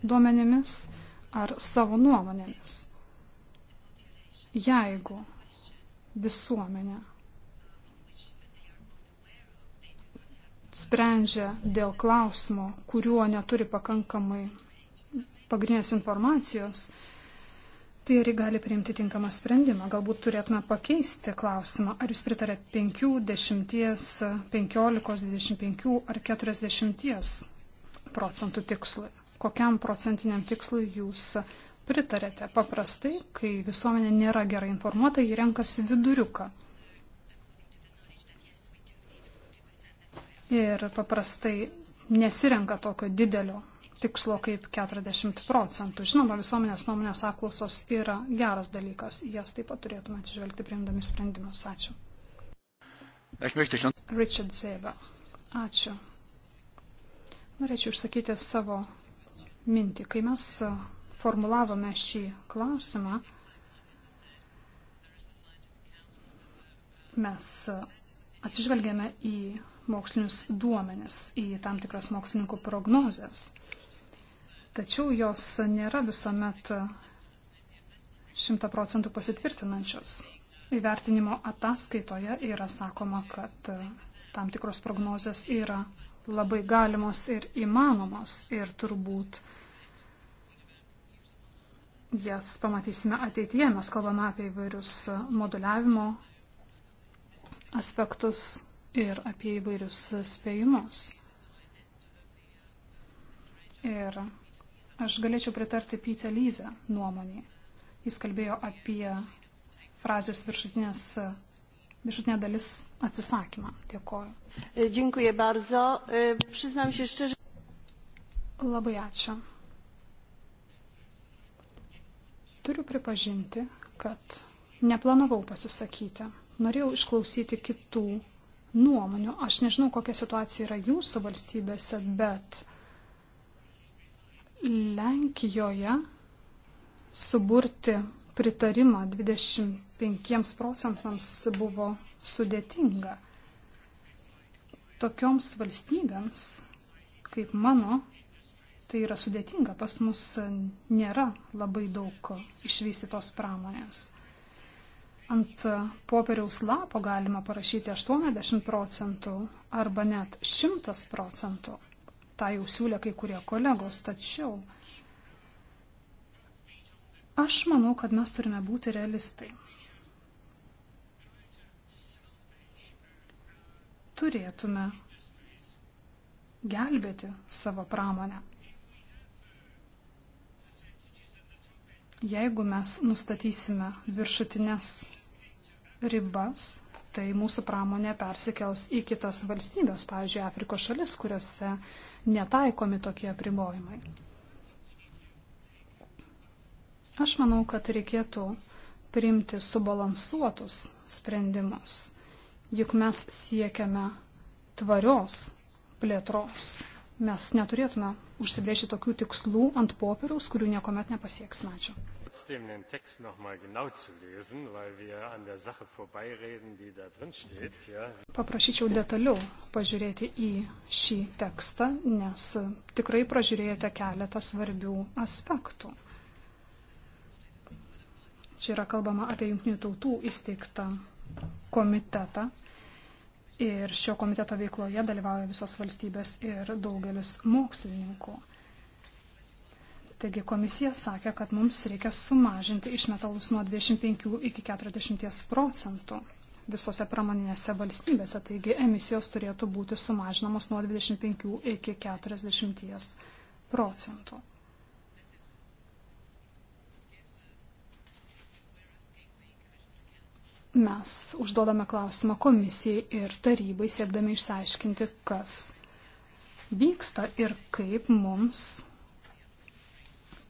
duomenimis ar savo nuomonėmis? Jeigu visuomenė sprendžia dėl klausimo, kuriuo neturi pakankamai pagrindinės informacijos, tai ir gali priimti tinkamą sprendimą. Galbūt turėtume pakeisti klausimą, ar jūs pritarė 5, 10, 15, 25 ar 40 procentų tikslui. Kokiam procentiniam tikslui jūs pritarėte? Paprastai, kai visuomenė nėra gerai informuota, jį renkasi viduriuką ir paprastai nesirenka tokio didelio tikslo kaip 40 procentų. Žinoma, visuomenės nuomonės apklausos yra geras dalykas, jas taip pat turėtume atsižvelgti priimdami sprendimus. Ačiū. Richard Zeba. Ačiū. Norėčiau išsakyti savo mintį. Kai mes formulavome šį klausimą, mes atsižvelgėme į mokslinius duomenis, į tam tikras mokslininkų prognozes. Tačiau jos nėra visuomet šimta procentų pasitvirtinančios. Įvertinimo ataskaitoje yra sakoma, kad tam tikros prognozės yra labai galimos ir įmanomos ir turbūt jas pamatysime ateityje. Mes kalbame apie įvairius moduliavimo aspektus, ir apie įvairius spėjimus. Ir aš galėčiau pritarti Pytė Lyze nuomonį. Jis kalbėjo apie frazės viršutinės, viršutinė dalis atsisakymą. Dėkoju. Dziękuję bardzo. E, przyznam się szczerze. Labai ačiū. Turiu pripažinti, kad neplanavau pasisakyti. Norėjau išklausyti kitų nuomonių. Aš nežinau, kokia situacija yra jūsų valstybėse, bet Lenkijoje suburti pritarimą 25 procentams buvo sudėtinga. Tokioms valstybėms, kaip mano, tai yra sudėtinga. Pas mus nėra labai daug išvystytos pramonės ant popieriaus lapo galima parašyti 80 procentų arba net 100 procentų. Ta jau siūlė kai kurie kolegos, tačiau aš manau, kad mes turime būti realistai. Turėtume gelbėti savo pramonę. Jeigu mes nustatysime viršutinės ribas, tai mūsų pramonė persikels į kitas valstybės, pavyzdžiui, Afrikos šalis, kuriuose netaikomi tokie apribojimai. Aš manau, kad reikėtų priimti subalansuotus sprendimus, juk mes siekiame tvarios plėtros. Mes neturėtume užsibrėžti tokių tikslų ant popieriaus, kurių niekuomet nepasieksime. Ačiū trotzdem den Text noch mal genau zu lesen, weil wir an der Sache vorbeireden, die da drin steht. Ja. Paprašyčiau detaliau pažiūrėti į šį tekstą, nes tikrai pražiūrėjote keletą svarbių aspektų. Čia yra kalbama apie Junktinių tautų įsteigtą komitetą. Ir šio komiteto veikloje dalyvauja visos valstybės ir daugelis mokslininkų. Taigi komisija sakė, kad mums reikia sumažinti išmetalus nuo 25 iki 40 procentų visose pramoninėse valstybėse. Taigi emisijos turėtų būti sumažinamos nuo 25 iki 40 procentų. Mes užduodame klausimą komisijai ir tarybai, siekdami išsiaiškinti, kas vyksta ir kaip mums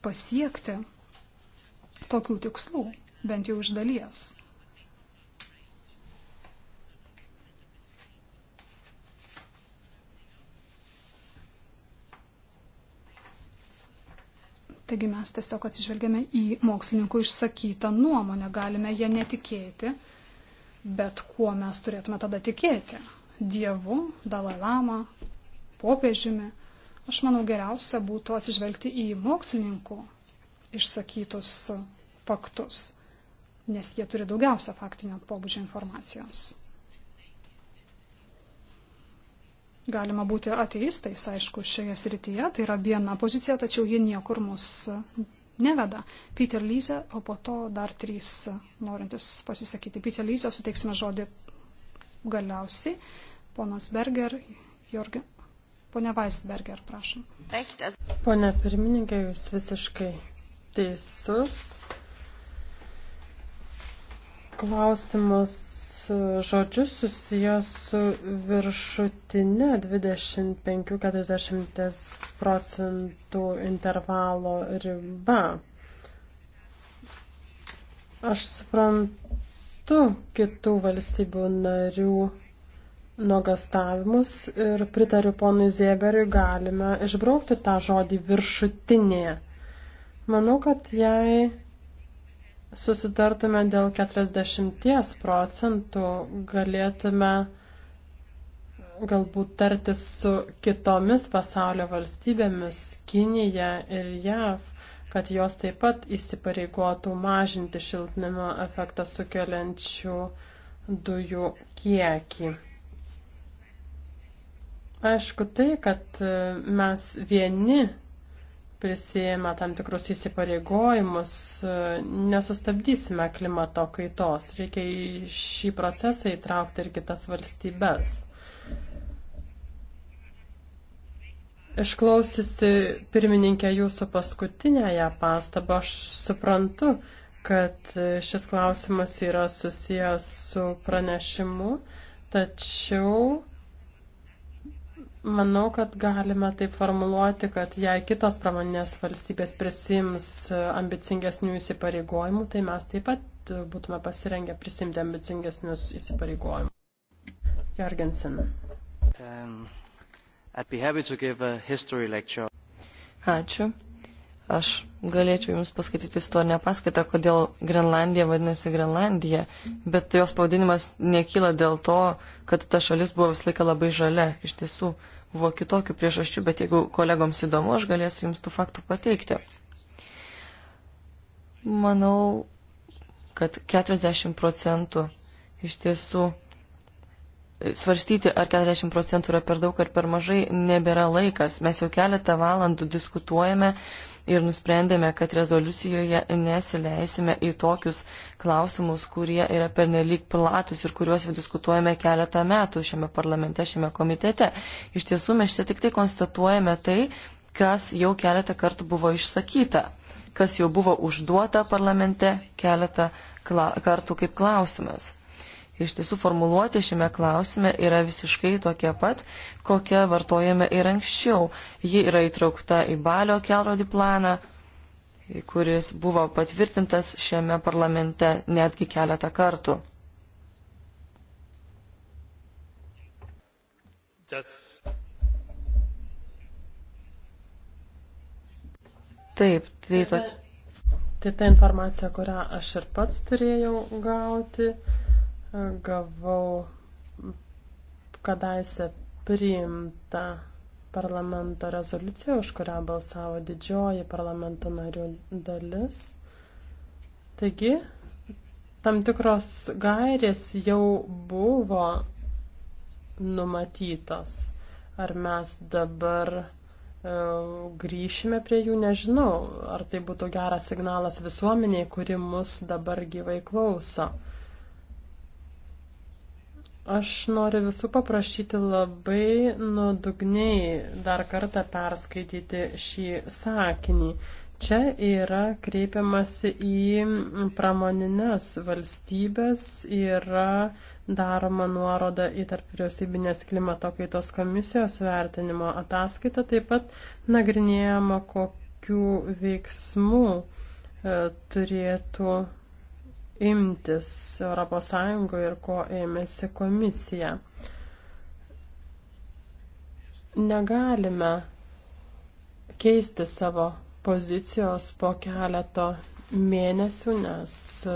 pasiekti tokių tikslų, bent jau iš dalies. Taigi mes tiesiog atsižvelgiame į mokslininkų išsakytą nuomonę, galime ją netikėti, bet kuo mes turėtume tada tikėti? Dievu, Dalai Lama, popiežiumi. Aš manau, geriausia būtų atsižvelgti į mokslininkų išsakytus faktus, nes jie turi daugiausia faktinio pobūdžio informacijos. Galima būti ateistais, aišku, šioje srityje, tai yra viena pozicija, tačiau ji niekur mus neveda. Peter Lyze, o po to dar trys norintis pasisakyti. Peter Lyze, suteiksime žodį galiausiai. Ponas Berger, Jorgen, Pone Weisberger, prašom. Pone pirmininkė, jūs visiškai teisus. Klausimas žodžius susijęs su viršutinė 25-40 procentų intervalo riba. Aš suprantu kitų valstybių narių nuogastavimus ir pritariu ponui Zieberiui, galime išbraukti tą žodį viršutinė. Manau, kad jei susitartume dėl 40 procentų, galėtume galbūt tartis su kitomis pasaulio valstybėmis - Kinija ir JAV kad jos taip pat įsipareigotų mažinti šiltnamio efektą sukeliančių dujų kiekį. Aišku, tai, kad e, mes vieni prisėmę tam tikrus įsipareigojimus, e, nesustabdysime klimato kaitos. Reikia į šį procesą įtraukti ir kitas valstybės. Išklausiusi pirmininkę jūsų paskutinėje pastabą, aš suprantu, kad e, šis klausimas yra susijęs su pranešimu, tačiau Manau, kad galime taip formuluoti, kad jei kitos pramoninės valstybės prisims ambicingesnių įsipareigojimų, tai mes taip pat būtume pasirengę prisimti ambicingesnius įsipareigojimus. Jorgensen. Um, Ačiū. Aš galėčiau Jums paskaityti istorinę paskaitą, kodėl Grenlandija vadinasi Grenlandija, bet jos pavadinimas nekyla dėl to, kad ta šalis buvo visą laiką labai žalia. Iš tiesų, buvo kitokių priežasčių, bet jeigu kolegoms įdomu, aš galėsiu jums tų faktų pateikti. Manau, kad 40 procentų iš tiesų svarstyti, ar 40 procentų yra per daug ar per mažai, nebėra laikas. Mes jau keletą valandų diskutuojame ir nusprendėme, kad rezoliucijoje nesileisime į tokius klausimus, kurie yra pernelyg platus ir kuriuos jau diskutuojame keletą metų šiame parlamente, šiame komitete. Iš tiesų mes čia tik tai konstatuojame tai, kas jau keletą kartų buvo išsakyta, kas jau buvo užduota parlamente keletą kartų kaip klausimas. Iš tiesų formuluoti šiame klausime yra visiškai tokia pat, kokią vartojame ir anksčiau. Ji yra įtraukta į balio kelrodį planą, kuris buvo patvirtintas šiame parlamente netgi keletą kartų. Das... Taip, tai to. Tai ta informacija, kurią aš ir pats turėjau gauti, gavau kadaise priimtą parlamento rezoliuciją, už kurią balsavo didžioji parlamento narių dalis. Taigi, tam tikros gairės jau buvo numatytos. Ar mes dabar e, grįšime prie jų, nežinau, ar tai būtų geras signalas visuomeniai, kuri mus dabar gyvai klauso. Aš noriu visų paprašyti labai nuodugniai dar kartą perskaityti šį sakinį. Čia yra kreipiamasi į pramoninės valstybės, yra daroma nuoroda į tarp vyriausybinės klimato kaitos komisijos vertinimo ataskaitą, taip pat nagrinėjama, kokių veiksmų e, turėtų imtis ES ir ko ėmėsi komisija. Negalime keisti savo pozicijos po keleto mėnesių, nes e,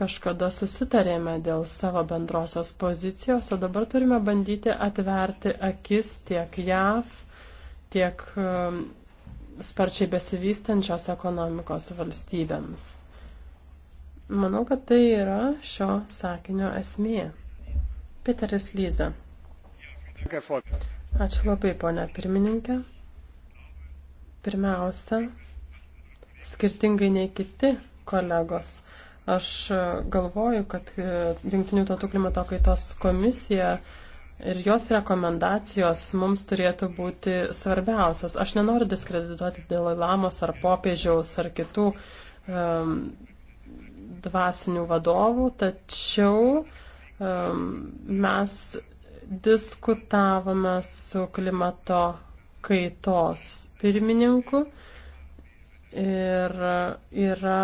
kažkada susitarėme dėl savo bendrosios pozicijos, o dabar turime bandyti atverti akis tiek JAV, tiek e, sparčiai besivystančios ekonomikos valstybėms. Manau, kad tai yra šio sakinio esmė. Peteris Lyza. Ačiū labai, ponia pirmininkė. Pirmiausia, skirtingai nei kiti kolegos, aš galvoju, kad Junktinių tautų klimato kaitos komisija uh, Ir jos rekomendacijos mums turėtų būti svarbiausios. Aš nenoriu diskredituoti dėl lamos ar popiežiaus ar kitų um, dvasinių vadovų, tačiau um, mes diskutavome su klimato kaitos pirmininku ir yra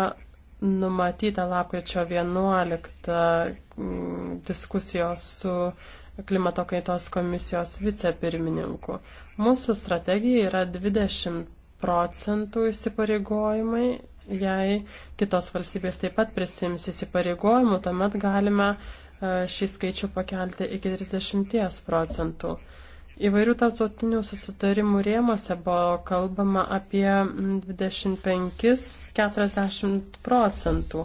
numatyta lapkričio 11 mm, diskusijos su uh, klimato kaitos komisijos vicepirmininku. Mūsų strategija yra 20 procentų įsipareigojimai. Jei kitos valstybės taip pat prisims įsipareigojimų, tuomet galime e, šį skaičių pakelti iki 30 procentų. Įvairių tarptautinių susitarimų rėmose buvo kalbama apie 25-40 procentų.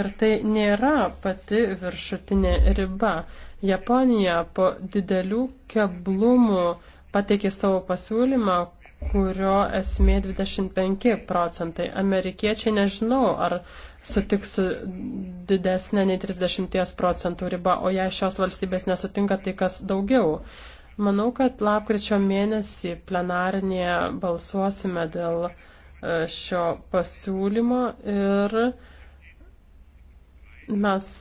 Ir tai nėra pati viršutinė riba. Japonija po didelių keblumų pateikė savo pasiūlymą, kurio esmė 25 procentai. Amerikiečiai nežinau, ar sutiks didesnė nei 30 procentų riba, o jei šios valstybės nesutinka, tai kas daugiau. Manau, kad lapkričio mėnesį plenarinėje balsuosime dėl e, šio pasiūlymo ir mes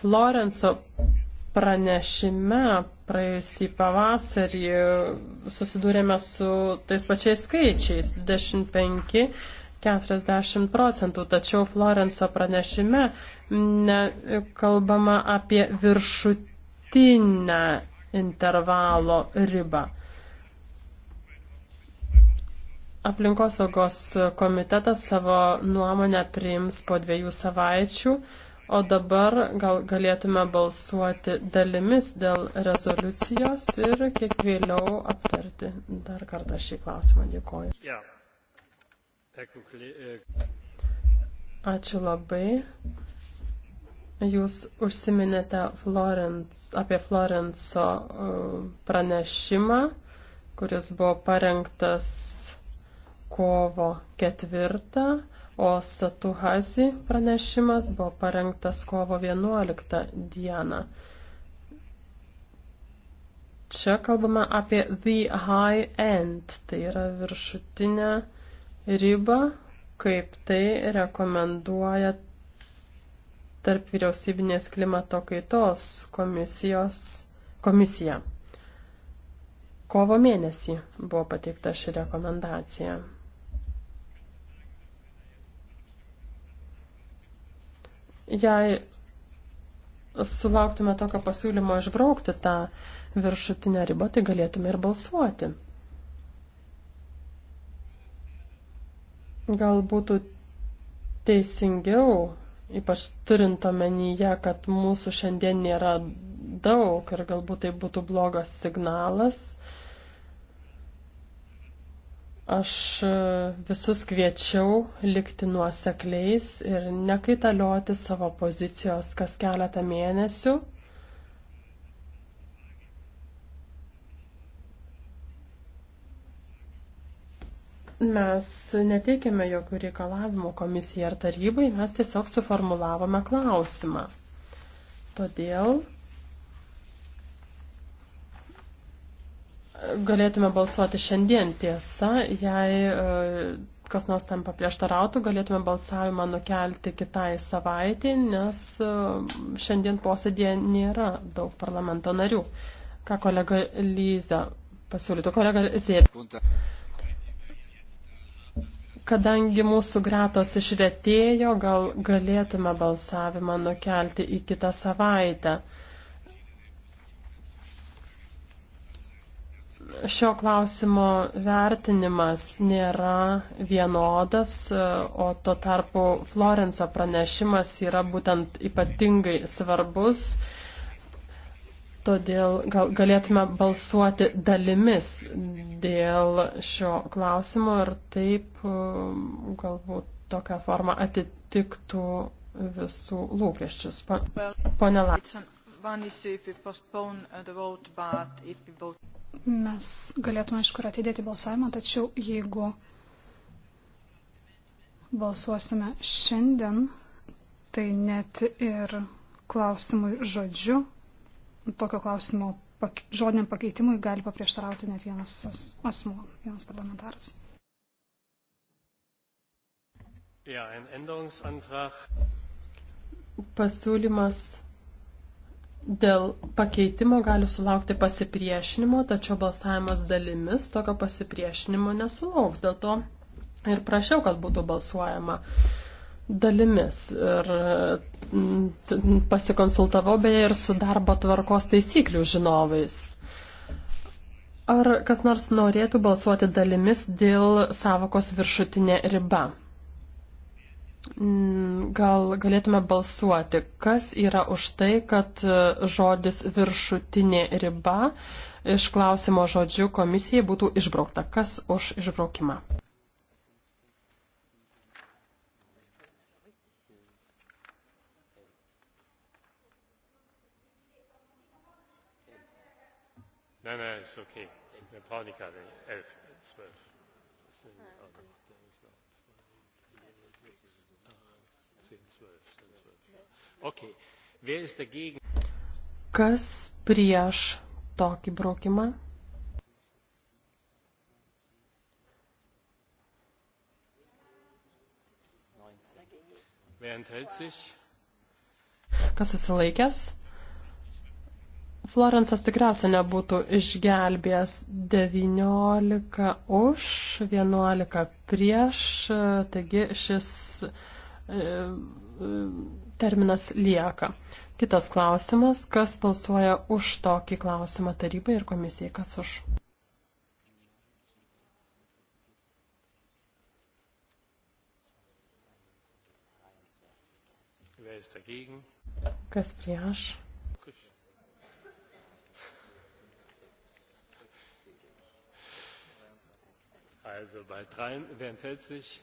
Florenco pranešime praėjusį pavasarį susidūrėme su tais pačiais skaičiais - 25, 40 procentų. Tačiau Florenso pranešime ne, kalbama apie viršutinę intervalo ribą. Aplinkosaugos komitetas savo nuomonę priims po dviejų savaičių. O dabar gal galėtume balsuoti dalimis dėl rezoliucijos ir kiek vėliau aptarti dar kartą šį klausimą. Dėkoju. Äh, Ačiū labai. Jūs užsiminėte Florence, apie Florenco e, pranešimą, kuris buvo parengtas kovo ketvirtą o Satuhasi pranešimas buvo parengtas kovo 11 dieną. Čia kalbame apie the high end, tai yra viršutinę ribą, kaip tai rekomenduoja tarp vyriausybinės klimato kaitos komisijos komisija. Kovo mėnesį buvo pateikta ši rekomendacija. jei sulauktume tokio pasiūlymo išbraukti tą viršutinę ribą, tai galėtume ir balsuoti. Gal būtų teisingiau, ypač turint omenyje, kad mūsų šiandien nėra daug ir galbūt tai būtų blogas signalas Aš e, visus kviečiau likti nuosekliais ir nekaitalioti savo pozicijos kas keletą mėnesių. Mes neteikėme jokių reikalavimų komisijai ar tarybai, mes tiesiog suformulavome klausimą. Todėl galėtume balsuoti šiandien tiesa, jei e, kas nors tam paprieštarautų, galėtume balsavimą nukelti kitai savaitė, nes e, šiandien posėdėje nėra daug parlamento narių. Ką kolega Lyza pasiūlytų, kolega Zėdė. Kadangi mūsų gretos išretėjo, gal galėtume balsavimą nukelti į kitą savaitę. šio klausimo vertinimas nėra vienodas, o tuo tarpu Florenco pranešimas yra būtent ypatingai svarbus. Todėl gal galėtume balsuoti dalimis dėl šio klausimo ir taip um, galbūt tokia forma atitiktų visų lūkesčius. Pone Latvija. Mes galėtume, aišku, ir atidėti balsavimą, tačiau jeigu balsuosime šiandien, tai net ir klausimui žodžiu, tokio klausimo pake, žodiniam pakeitimui gali paprieštarauti net vienas asmuo, vienas parlamentaras. Ja, pasiūlymas dėl pakeitimo gali sulaukti pasipriešinimo, tačiau balsavimas dalimis tokio pasipriešinimo nesulauks. Dėl to ir prašiau, kad būtų balsuojama dalimis. Ir mm, pasikonsultavau beje ir su darbo tvarkos taisyklių žinovais. Ar kas nors norėtų balsuoti dalimis dėl savokos viršutinė riba? Mm, gal galėtume balsuoti, kas yra už tai, kad e, žodis viršutinė riba iš klausimo žodžių komisijai būtų išbraukta. Kas už išbraukimą? Nein, nein, ist okay. Wir brauchen die Karte. 11, 12. Kas prieš tokį braukimą? Kas susilaikęs? Florensas tikriausiai nebūtų išgelbėjęs 19 už, 11 prieš, taigi šis e, terminas lieka. Kitas klausimas, kas balsuoja už tokį klausimą tarybai ir komisijai, kas už? Kas prieš? Also bei 43.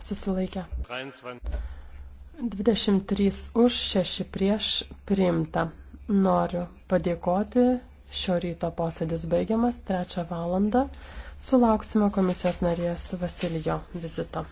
Susilaikę. 23. 23 už 6 prieš priimta. Noriu padėkoti. Šio ryto posėdis baigiamas 3 valandą. Sulauksime komisijos narės Vasilijo vizito.